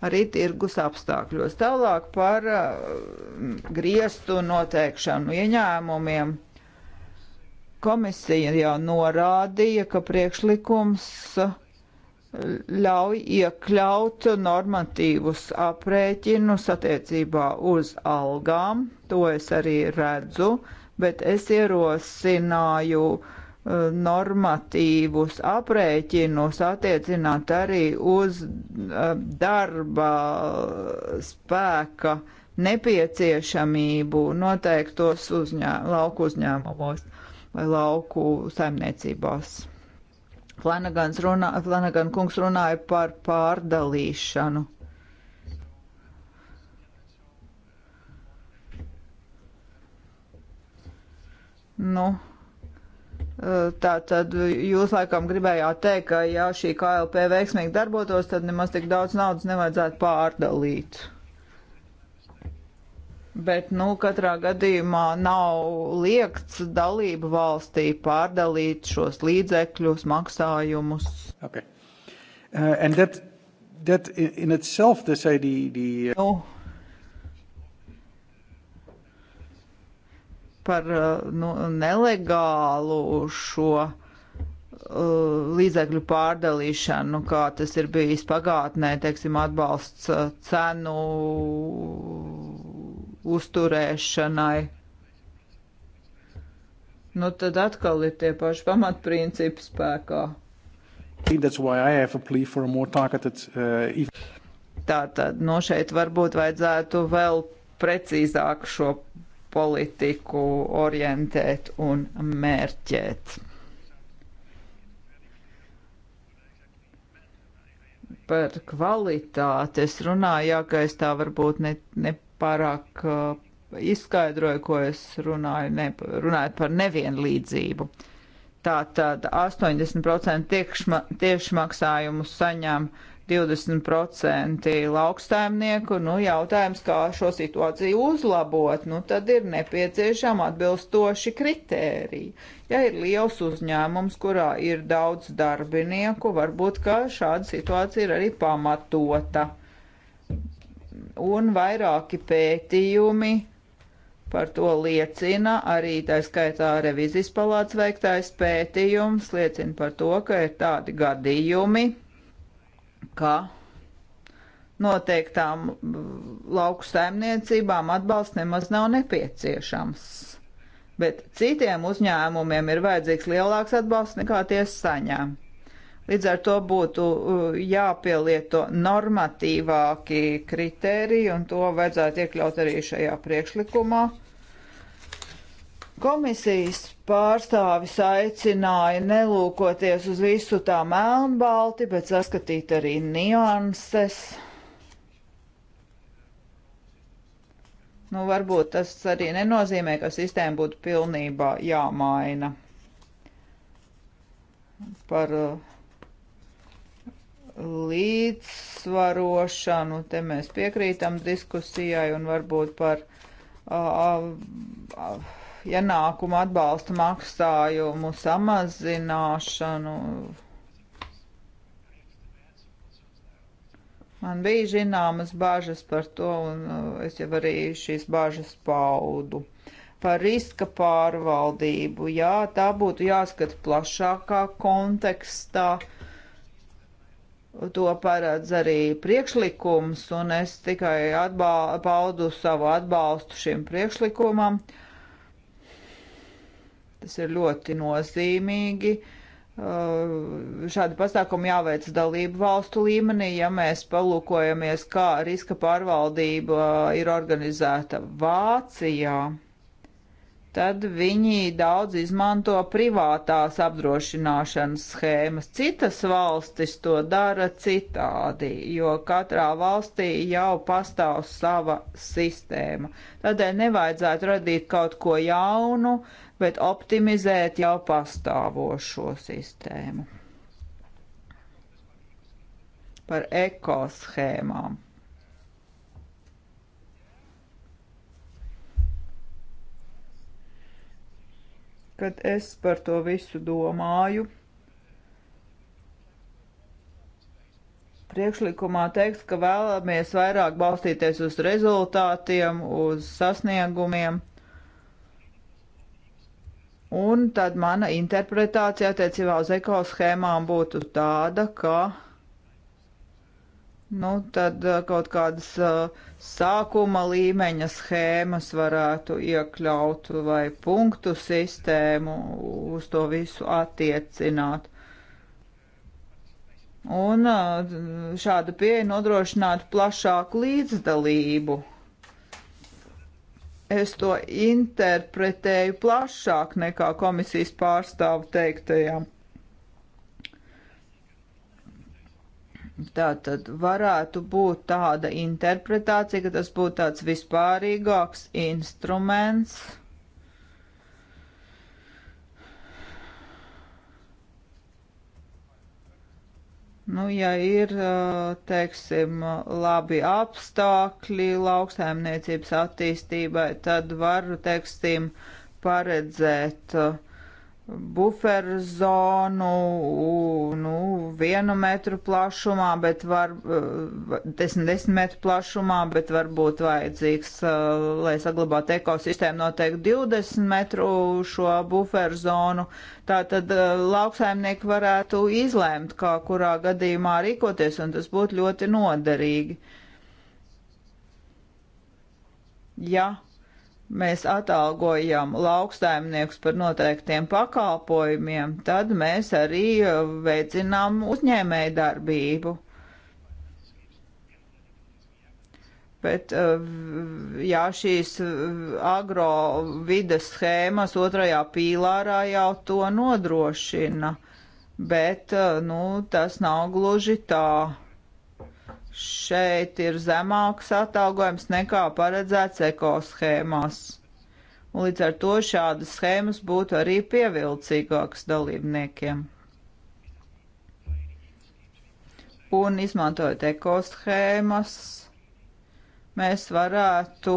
arī tirgus apstākļos. Tālāk par a, griestu noteikšanu ieņēmumiem. Ja Komisija jau norādīja, ka priekšlikums ļauj iekļaut normatīvus aprēķinus attiecībā uz algām, to es arī redzu, bet es ierosināju uh, normatīvus aprēķinus attiecināt arī uz uh, darba spēka nepieciešamību noteiktos uzņē, lauku uzņēmumos vai lauku saimniecībās. Flanagans, runā, Flanagan kungs runāja par pārdalīšanu. Nu, tā tad jūs laikam gribējāt teikt, ka ja šī KLP veiksmīgi darbotos, tad nemaz tik daudz naudas nevajadzētu pārdalīt. Bet, nu, katrā gadījumā nav liegts dalību valstī pārdalīt šos līdzekļus, maksājumus. Okay. Uh, and that, that in itself, this idea, the... Uh, nu, par uh, nu, nelegālu šo uh, līdzekļu pārdalīšanu, kā tas ir bijis pagātnē, teiksim, atbalsts uh, cenu uzturēšanai. Nu, tad atkal ir tie paši pamatprincipi spēkā. Targeted, uh, Tātad, nu, šeit varbūt vajadzētu vēl precīzāk šo politiku orientēt un mērķēt. Par kvalitāti es runāju, jā, ka es tā varbūt ne, ne pārāk eh, izskaidroju, ko es runāju, ne, runājot par nevienlīdzību. Tātad 80% tiekšma, tiešmaksājumu saņem 20% lauksaimnieku. Nu, jautājums, kā šo situāciju uzlabot, nu, tad ir nepieciešama atbilstoši kritēriji. Ja ir liels uzņēmums, kurā ir daudz darbinieku, varbūt kā šāda situācija ir arī pamatota un vairāki pētījumi par to liecina arī tā skaitā revizijas palāts veiktais pētījums, liecina par to, ka ir tādi gadījumi, ka noteiktām lauku saimniecībām atbalsts nemaz nav nepieciešams. Bet citiem uzņēmumiem ir vajadzīgs lielāks atbalsts nekā tie saņem. Līdz ar to būtu uh, jāpielieto normatīvāki kriteriji, un to vajadzētu iekļaut arī šajā priekšlikumā. Komisijas pārstāvis aicināja nelūkoties uz visu tā melnbalti, bet saskatīt arī nianses. Nu, varbūt tas arī nenozīmē, ka sistēma būtu pilnībā jāmaina. Par uh, līdzsvarošanu. Te mēs piekrītam diskusijai un varbūt par ienākumu ja atbalsta maksājumu samazināšanu. Man bija zināmas bāžas par to, un es jau arī šīs bāžas paudu. Par riska pārvaldību, jā, tā būtu jāskata plašākā kontekstā. Uh, To parādz arī priekšlikums, un es tikai atbal, paudu savu atbalstu šim priekšlikumam. Tas ir ļoti nozīmīgi. Uh, šādi pasākumi jāveic dalību valstu līmenī, ja mēs palūkojamies, kā riska pārvaldība ir organizēta Vācijā tad viņi daudz izmanto privātās apdrošināšanas schēmas. Citas valstis to dara citādi, jo katrā valstī jau pastāv sava sistēma. Tādēļ nevajadzētu radīt kaut ko jaunu, bet optimizēt jau pastāvošo sistēmu. Par ekoshēmām. kad es par to visu domāju. Priekšlikumā teiks, ka vēlamies vairāk balstīties uz rezultātiem, uz sasniegumiem. Un tad mana interpretācija attiecībā uz ekoshēmām būtu tāda, ka nu, tad eh, kaut kādas eh, sākuma līmeņa schēmas varētu iekļaut vai punktu sistēmu uz to visu attiecināt. Un eh, šāda pieeja nodrošinātu plašāku līdzdalību. Es to interpretēju plašāk nekā komisijas pārstāvu teiktajām. Ja Tā tad varētu būt tāda interpretācija, ka tas būtu tāds vispārīgāks instruments. Nu, ja ir, teiksim, labi apstākļi lauksaimniecības attīstībai, tad var, teiksim, paredzēt uh, buferu zonu, nu, vienu metru plašumā, bet var, eh, desmit, desmit metru plašumā, bet varbūt vajadzīgs, eh, lai saglabātu ekosistēmu, noteikti 20 metru šo buferu zonu. Tātad eh, lauksaimnieki varētu izlēmt, kā kurā gadījumā rīkoties, un tas būtu ļoti noderīgi. Ja mēs atalgojam lauksaimniekus par noteiktiem pakalpojumiem, tad mēs arī e, veicinām uzņēmēju darbību. Bet, e, jā, šīs e, agrovides schēmas otrajā pīlārā jau to nodrošina, bet, nu, tas nav gluži tā šeit ir zemāks atalgojums nekā paredzēts ekoshēmās. Un līdz ar to šādas schēmas būtu arī pievilcīgākas dalībniekiem. Un izmantojot ekoshēmas, mēs varētu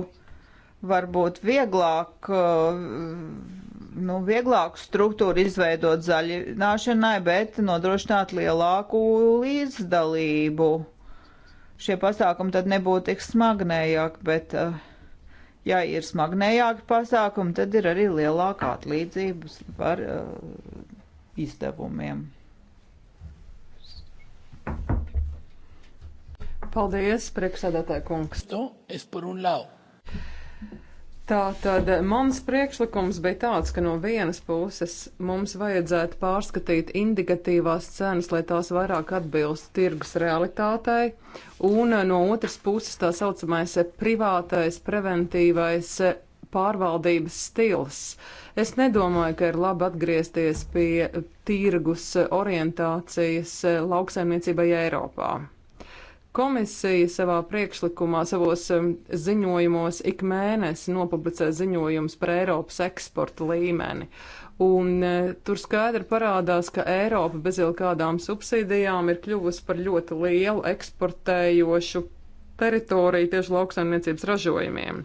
varbūt vieglāk, uh, nu, vieglāku struktūru izveidot zaļināšanai, bet nodrošināt lielāku līdzdalību šie pasākumi tad nebūtu tik smagnējāki, bet, eh, ja ir smagnējāki pasākumi, tad ir arī lielākā atlīdzības par eh, izdevumiem. Paldies, priekšsēdētāja kungs. To es par un lau. Tā tad mans priekšlikums bija tāds, ka no vienas puses mums vajadzētu pārskatīt indikatīvās cenas, lai tās vairāk atbilst tirgus realitātei, un no otras puses tā saucamais privātais preventīvais pārvaldības stils. Es nedomāju, ka ir labi atgriezties pie tirgus orientācijas lauksaimniecībai Eiropā. Komisija savā priekšlikumā, savos ziņojumos ik mēnesi nopublicē ziņojums par Eiropas eksporta līmeni. Un e, tur skaidri parādās, ka Eiropa bez jau kādām subsīdijām ir kļuvusi par ļoti lielu eksportējošu teritoriju tieši lauksaimniecības ražojumiem.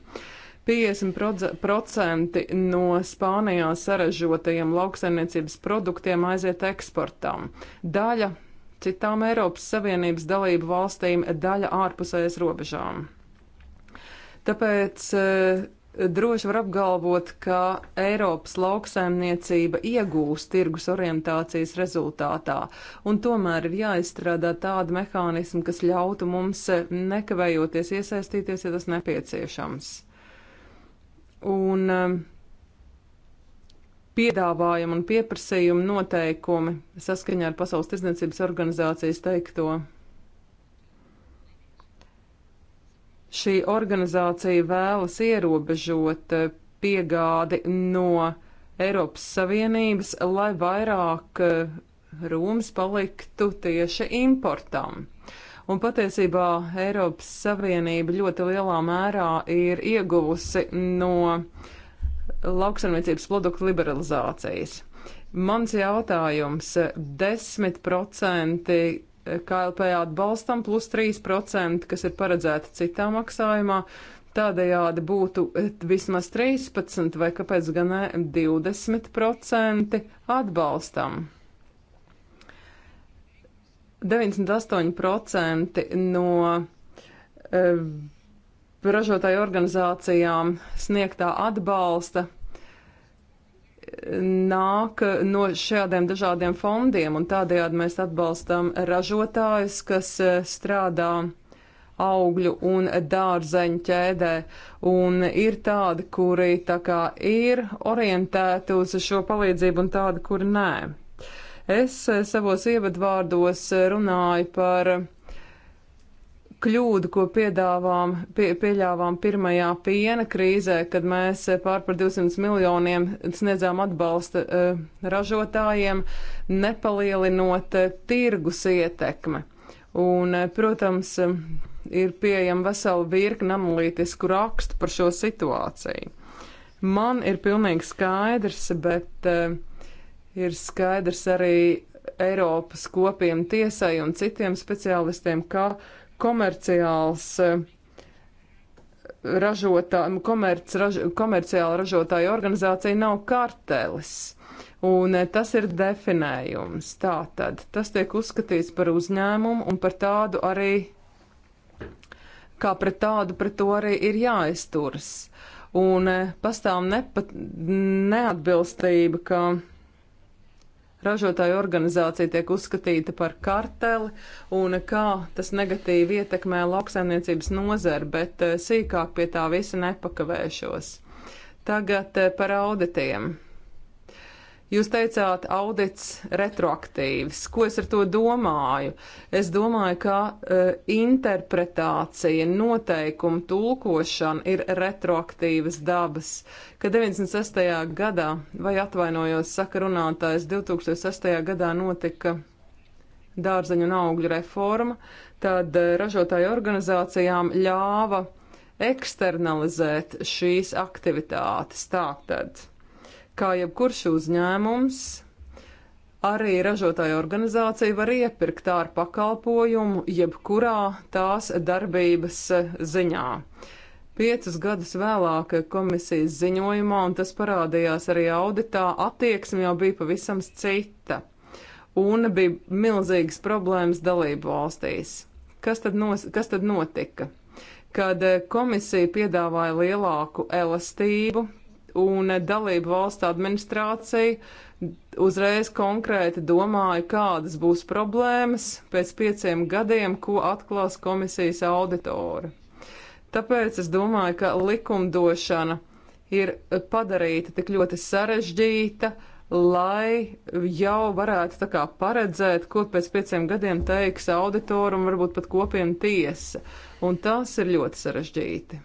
50% no Spānijā saražotajiem lauksaimniecības produktiem aiziet eksportam. Daļa citām Eiropas Savienības dalību valstīm daļa ārpusējas robežām. Tāpēc e, droši var apgalvot, ka Eiropas lauksaimniecība iegūs tirgus orientācijas rezultātā, un tomēr ir jāizstrādā tāda mehānisma, kas ļautu mums nekavējoties iesaistīties, ja tas nepieciešams. Un e, piedāvājuma un pieprasījuma noteikumi saskaņā ar Pasaules tirdzniecības organizācijas teikto. Šī organizācija vēlas ierobežot eh, piegādi no Eiropas Savienības, lai vairāk eh, rūms paliktu tieši importam. Un patiesībā Eiropas Savienība ļoti lielā mērā ir ieguvusi no uh, lauksaimniecības produktu liberalizācijas. Mans jautājums - 10% KLP atbalstam plus 3%, kas ir paredzēta citā maksājumā. Tādējādi būtu vismaz 13 vai kāpēc gan ne 20% atbalstam. 98% no eh, ražotāju organizācijām sniegtā atbalsta nāk no šādiem dažādiem fondiem, un tādējādi mēs atbalstam ražotājus, kas eh, strādā augļu un dārzeņu ķēdē, un ir tādi, kuri tā kā ir orientēti uz šo palīdzību, un tādi, kuri nē. Es eh, savos ievadvārdos eh, runāju par uh, kļūdu, ko piedāvām, pie, pieļāvām pirmajā piena krīzē, kad mēs pār par 200 miljoniem sniedzām atbalsta uh, ražotājiem, nepalielinot uh, tirgus ietekme. Un, uh, protams, uh, ir pieejama vesela virkna analītisku rakstu par šo situāciju. Man ir pilnīgi skaidrs, bet uh, ir skaidrs arī Eiropas kopiem tiesai un citiem speciālistiem, ka uh, komerciāls eh, ražotā, komerc, raž, komerciāla ražotāja organizācija nav kartelis. Un eh, tas ir definējums. Tātad tas tiek uzskatīts par uzņēmumu un par tādu arī, kā pret tādu, pret to arī ir jāizturas. Un eh, pastāv nepat, neatbilstība, ka ražotāju organizācija tiek uzskatīta par karteli un kā tas negatīvi ietekmē lauksaimniecības nozari, bet eh, sīkāk pie tā visa nepakavēšos. Tagad eh, par auditiem. Jūs teicāt, audits retroaktīvs. Ko es ar to domāju? Es domāju, ka uh, interpretācija, noteikuma tulkošana ir retroaktīvas dabas. Ka 96. gadā, vai atvainojos, saka runātājs, 2006. gadā notika dārzeņu un augļu reforma, tad uh, ražotāju organizācijām ļāva eksternalizēt šīs aktivitātes. Tātad kā jebkurš uzņēmums, arī ražotāja organizācija var iepirkt ar pakalpojumu jebkurā tās darbības eh, ziņā. Piecus gadus vēlāk komisijas ziņojumā, un tas parādījās arī auditā, attieksme jau bija pavisam cita, un bija milzīgas problēmas dalību valstīs. Kas tad, nos, kas tad notika? Kad eh, komisija piedāvāja lielāku elastību, un dalību valstu administrācija uzreiz konkrēti domāja, kādas būs problēmas pēc pieciem gadiem, ko atklās komisijas auditori. Tāpēc es domāju, ka likumdošana ir padarīta tik ļoti sarežģīta, lai jau varētu tā kā paredzēt, ko pēc pieciem gadiem teiks auditoru un varbūt pat kopiena tiesa. Un tas ir ļoti sarežģīti.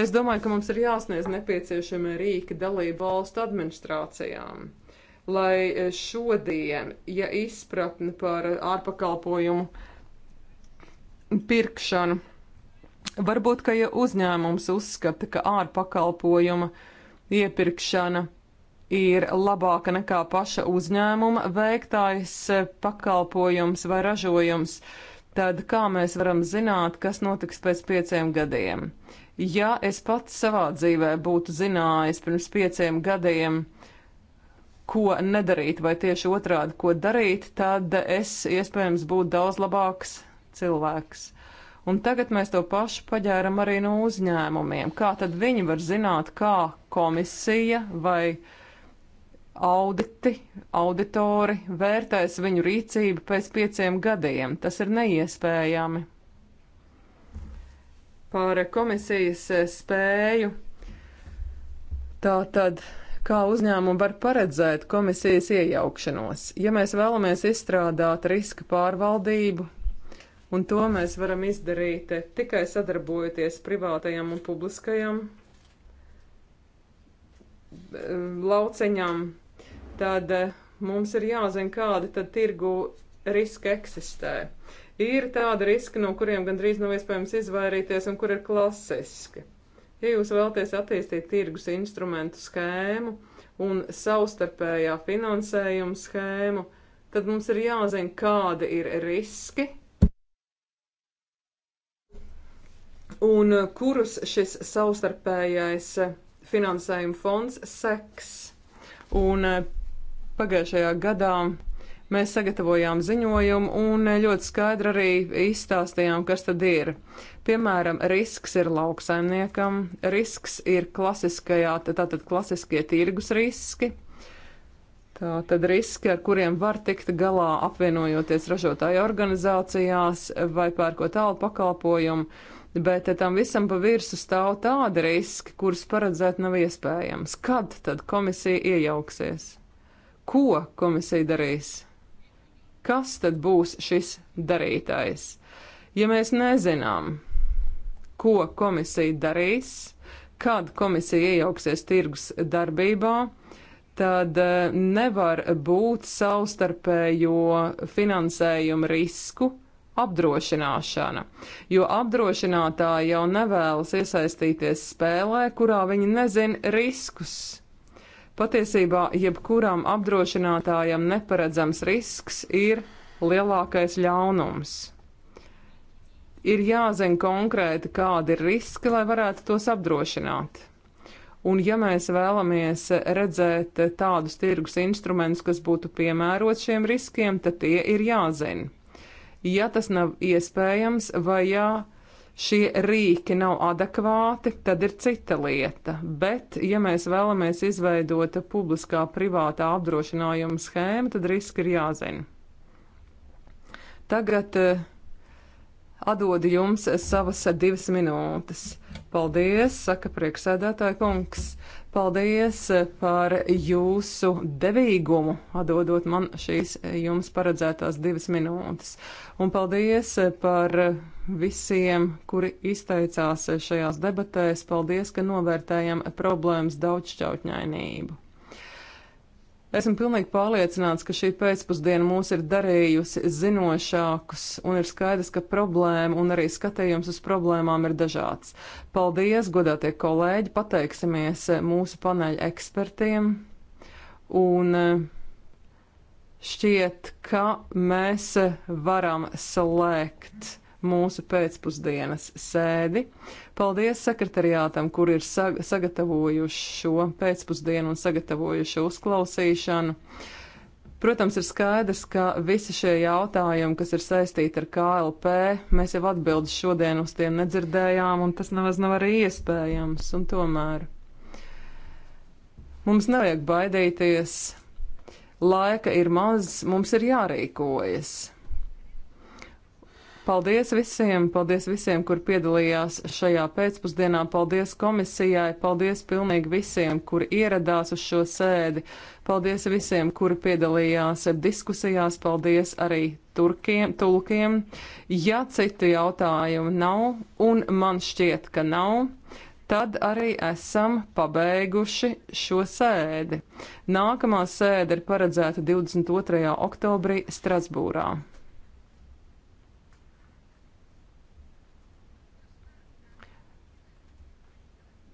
Es domāju, ka mums ir jāsniedz nepieciešamie rīki dalību valstu administrācijām, lai e, šodien, ja izpratni par ārpakalpojumu pirkšanu, varbūt, ka ja uzņēmums uzskata, ka ārpakalpojuma iepirkšana ir labāka nekā paša uzņēmuma veiktājs e, pakalpojums vai ražojums, tad kā mēs varam zināt, kas notiks pēc pieciem gadiem? Ja es pats savā dzīvē būtu zinājis pirms pieciem gadiem, ko nedarīt, vai tieši otrādi, ko darīt, tad es iespējams būtu daudz labāks cilvēks. Un tagad mēs to pašu paģēram arī no uzņēmumiem. Kā tad viņi var zināt, kā komisija vai auditi, auditori vērtēs viņu rīcību pēc pieciem gadiem? Tas ir neiespējami par komisijas eh, spēju. Tā tad, kā uzņēmumi var paredzēt komisijas iejaukšanos, ja mēs vēlamies izstrādāt riska pārvaldību, un to mēs varam izdarīt eh, tikai sadarbojoties privātajam un publiskajam eh, lauciņam, tad mums ir jāzina, kādi tad tirgu riski eksistē ir tādi riski, no kuriem gandrīz nav iespējams izvairīties un kur ir klasiski. Ja jūs vēlaties attīstīt tirgus instrumentu schēmu un savstarpējā finansējuma schēmu, tad mums ir jāzina, kādi ir riski un kurus šis savstarpējais finansējuma fonds seks. Un eh, pagājušajā gadā Mēs sagatavojām ziņojumu un ļoti skaidri arī izstāstījām, kas tad ir. Piemēram, risks ir lauksaimniekam, risks ir klasiskajā, tātad klasiskie tirgus riski, Tā tad riski, ar kuriem var tikt galā apvienojoties ražotāju organizācijās vai pērkot tālu pakalpojumu, bet tam visam pa virsu stāv tādi riski, kurus paredzēt nav iespējams. Kad tad komisija iejauksies? Ko komisija darīs? Kas tad būs šis darītais? Ja mēs nezinām, ko komisija darīs, kad komisija iejauksies tirgus darbībā, tad e, nevar būt savstarpējo finansējumu risku apdrošināšana, jo apdrošinātāji jau nevēlas iesaistīties spēlē, kurā viņi nezin riskus. Patiesībā jebkuram apdrošinātājam neparedzams risks ir lielākais ļaunums. Ir jāzina konkrēti, kādi ir riski, lai varētu tos apdrošināt. Un ja mēs vēlamies redzēt tādus tirgus instrumentus, kas būtu piemērots šiem riskiem, tad tie ir jāzina. Ja tas nav iespējams vai jā. Ja šie rīki nav adekvāti, tad ir cita lieta. Bet, ja mēs vēlamies izveidot publiskā privātā apdrošinājuma schēmu, tad riski ir jāzina. Tagad uh, eh, atdodu jums savas divas minūtes. Paldies, saka prieksēdētāja kungs. Paldies eh, par jūsu devīgumu, atdodot man šīs eh, jums paredzētās divas minūtes. Un paldies par visiem, kuri izteicās šajās debatēs. Paldies, ka novērtējam problēmas daudzšķautņainību. Esmu pilnīgi pārliecināts, ka šī pēcpusdiena mūs ir darījusi zinošākus, un ir skaidrs, ka problēma un arī skatījums uz problēmām ir dažāds. Paldies, godātie kolēģi, pateiksimies mūsu paneļa ekspertiem, un eh, šķiet, ka mēs varam slēgt mūsu pēcpusdienas sēdi. Paldies sekretariātam, kur ir sag sagatavojuši šo pēcpusdienu un sagatavojuši uzklausīšanu. Protams, ir skaidrs, ka visi šie jautājumi, kas ir saistīti ar KLP, mēs jau atbildes šodien uz tiem nedzirdējām, un tas nemaz nav arī iespējams, un tomēr mums nevajag baidīties, laika ir maz, mums ir jārīkojas. Paldies visiem, paldies visiem, kur piedalījās šajā pēcpusdienā, paldies komisijai, paldies pilnīgi visiem, kur ieradās uz šo sēdi, paldies visiem, kuri piedalījās diskusijās, paldies arī turkiem, tulkiem. Ja citu jautājumu nav, un man šķiet, ka nav, tad arī esam pabeiguši šo sēdi. Nākamā sēde ir paredzēta 22. oktobrī Strasbūrā.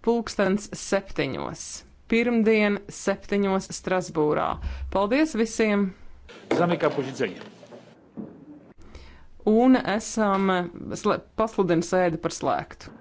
pulkstens septiņos. Pirmdien septiņos Strasbūrā. Paldies visiem! Zamykā pozicija. Un esam, pasludinu sēdi par slēgtu.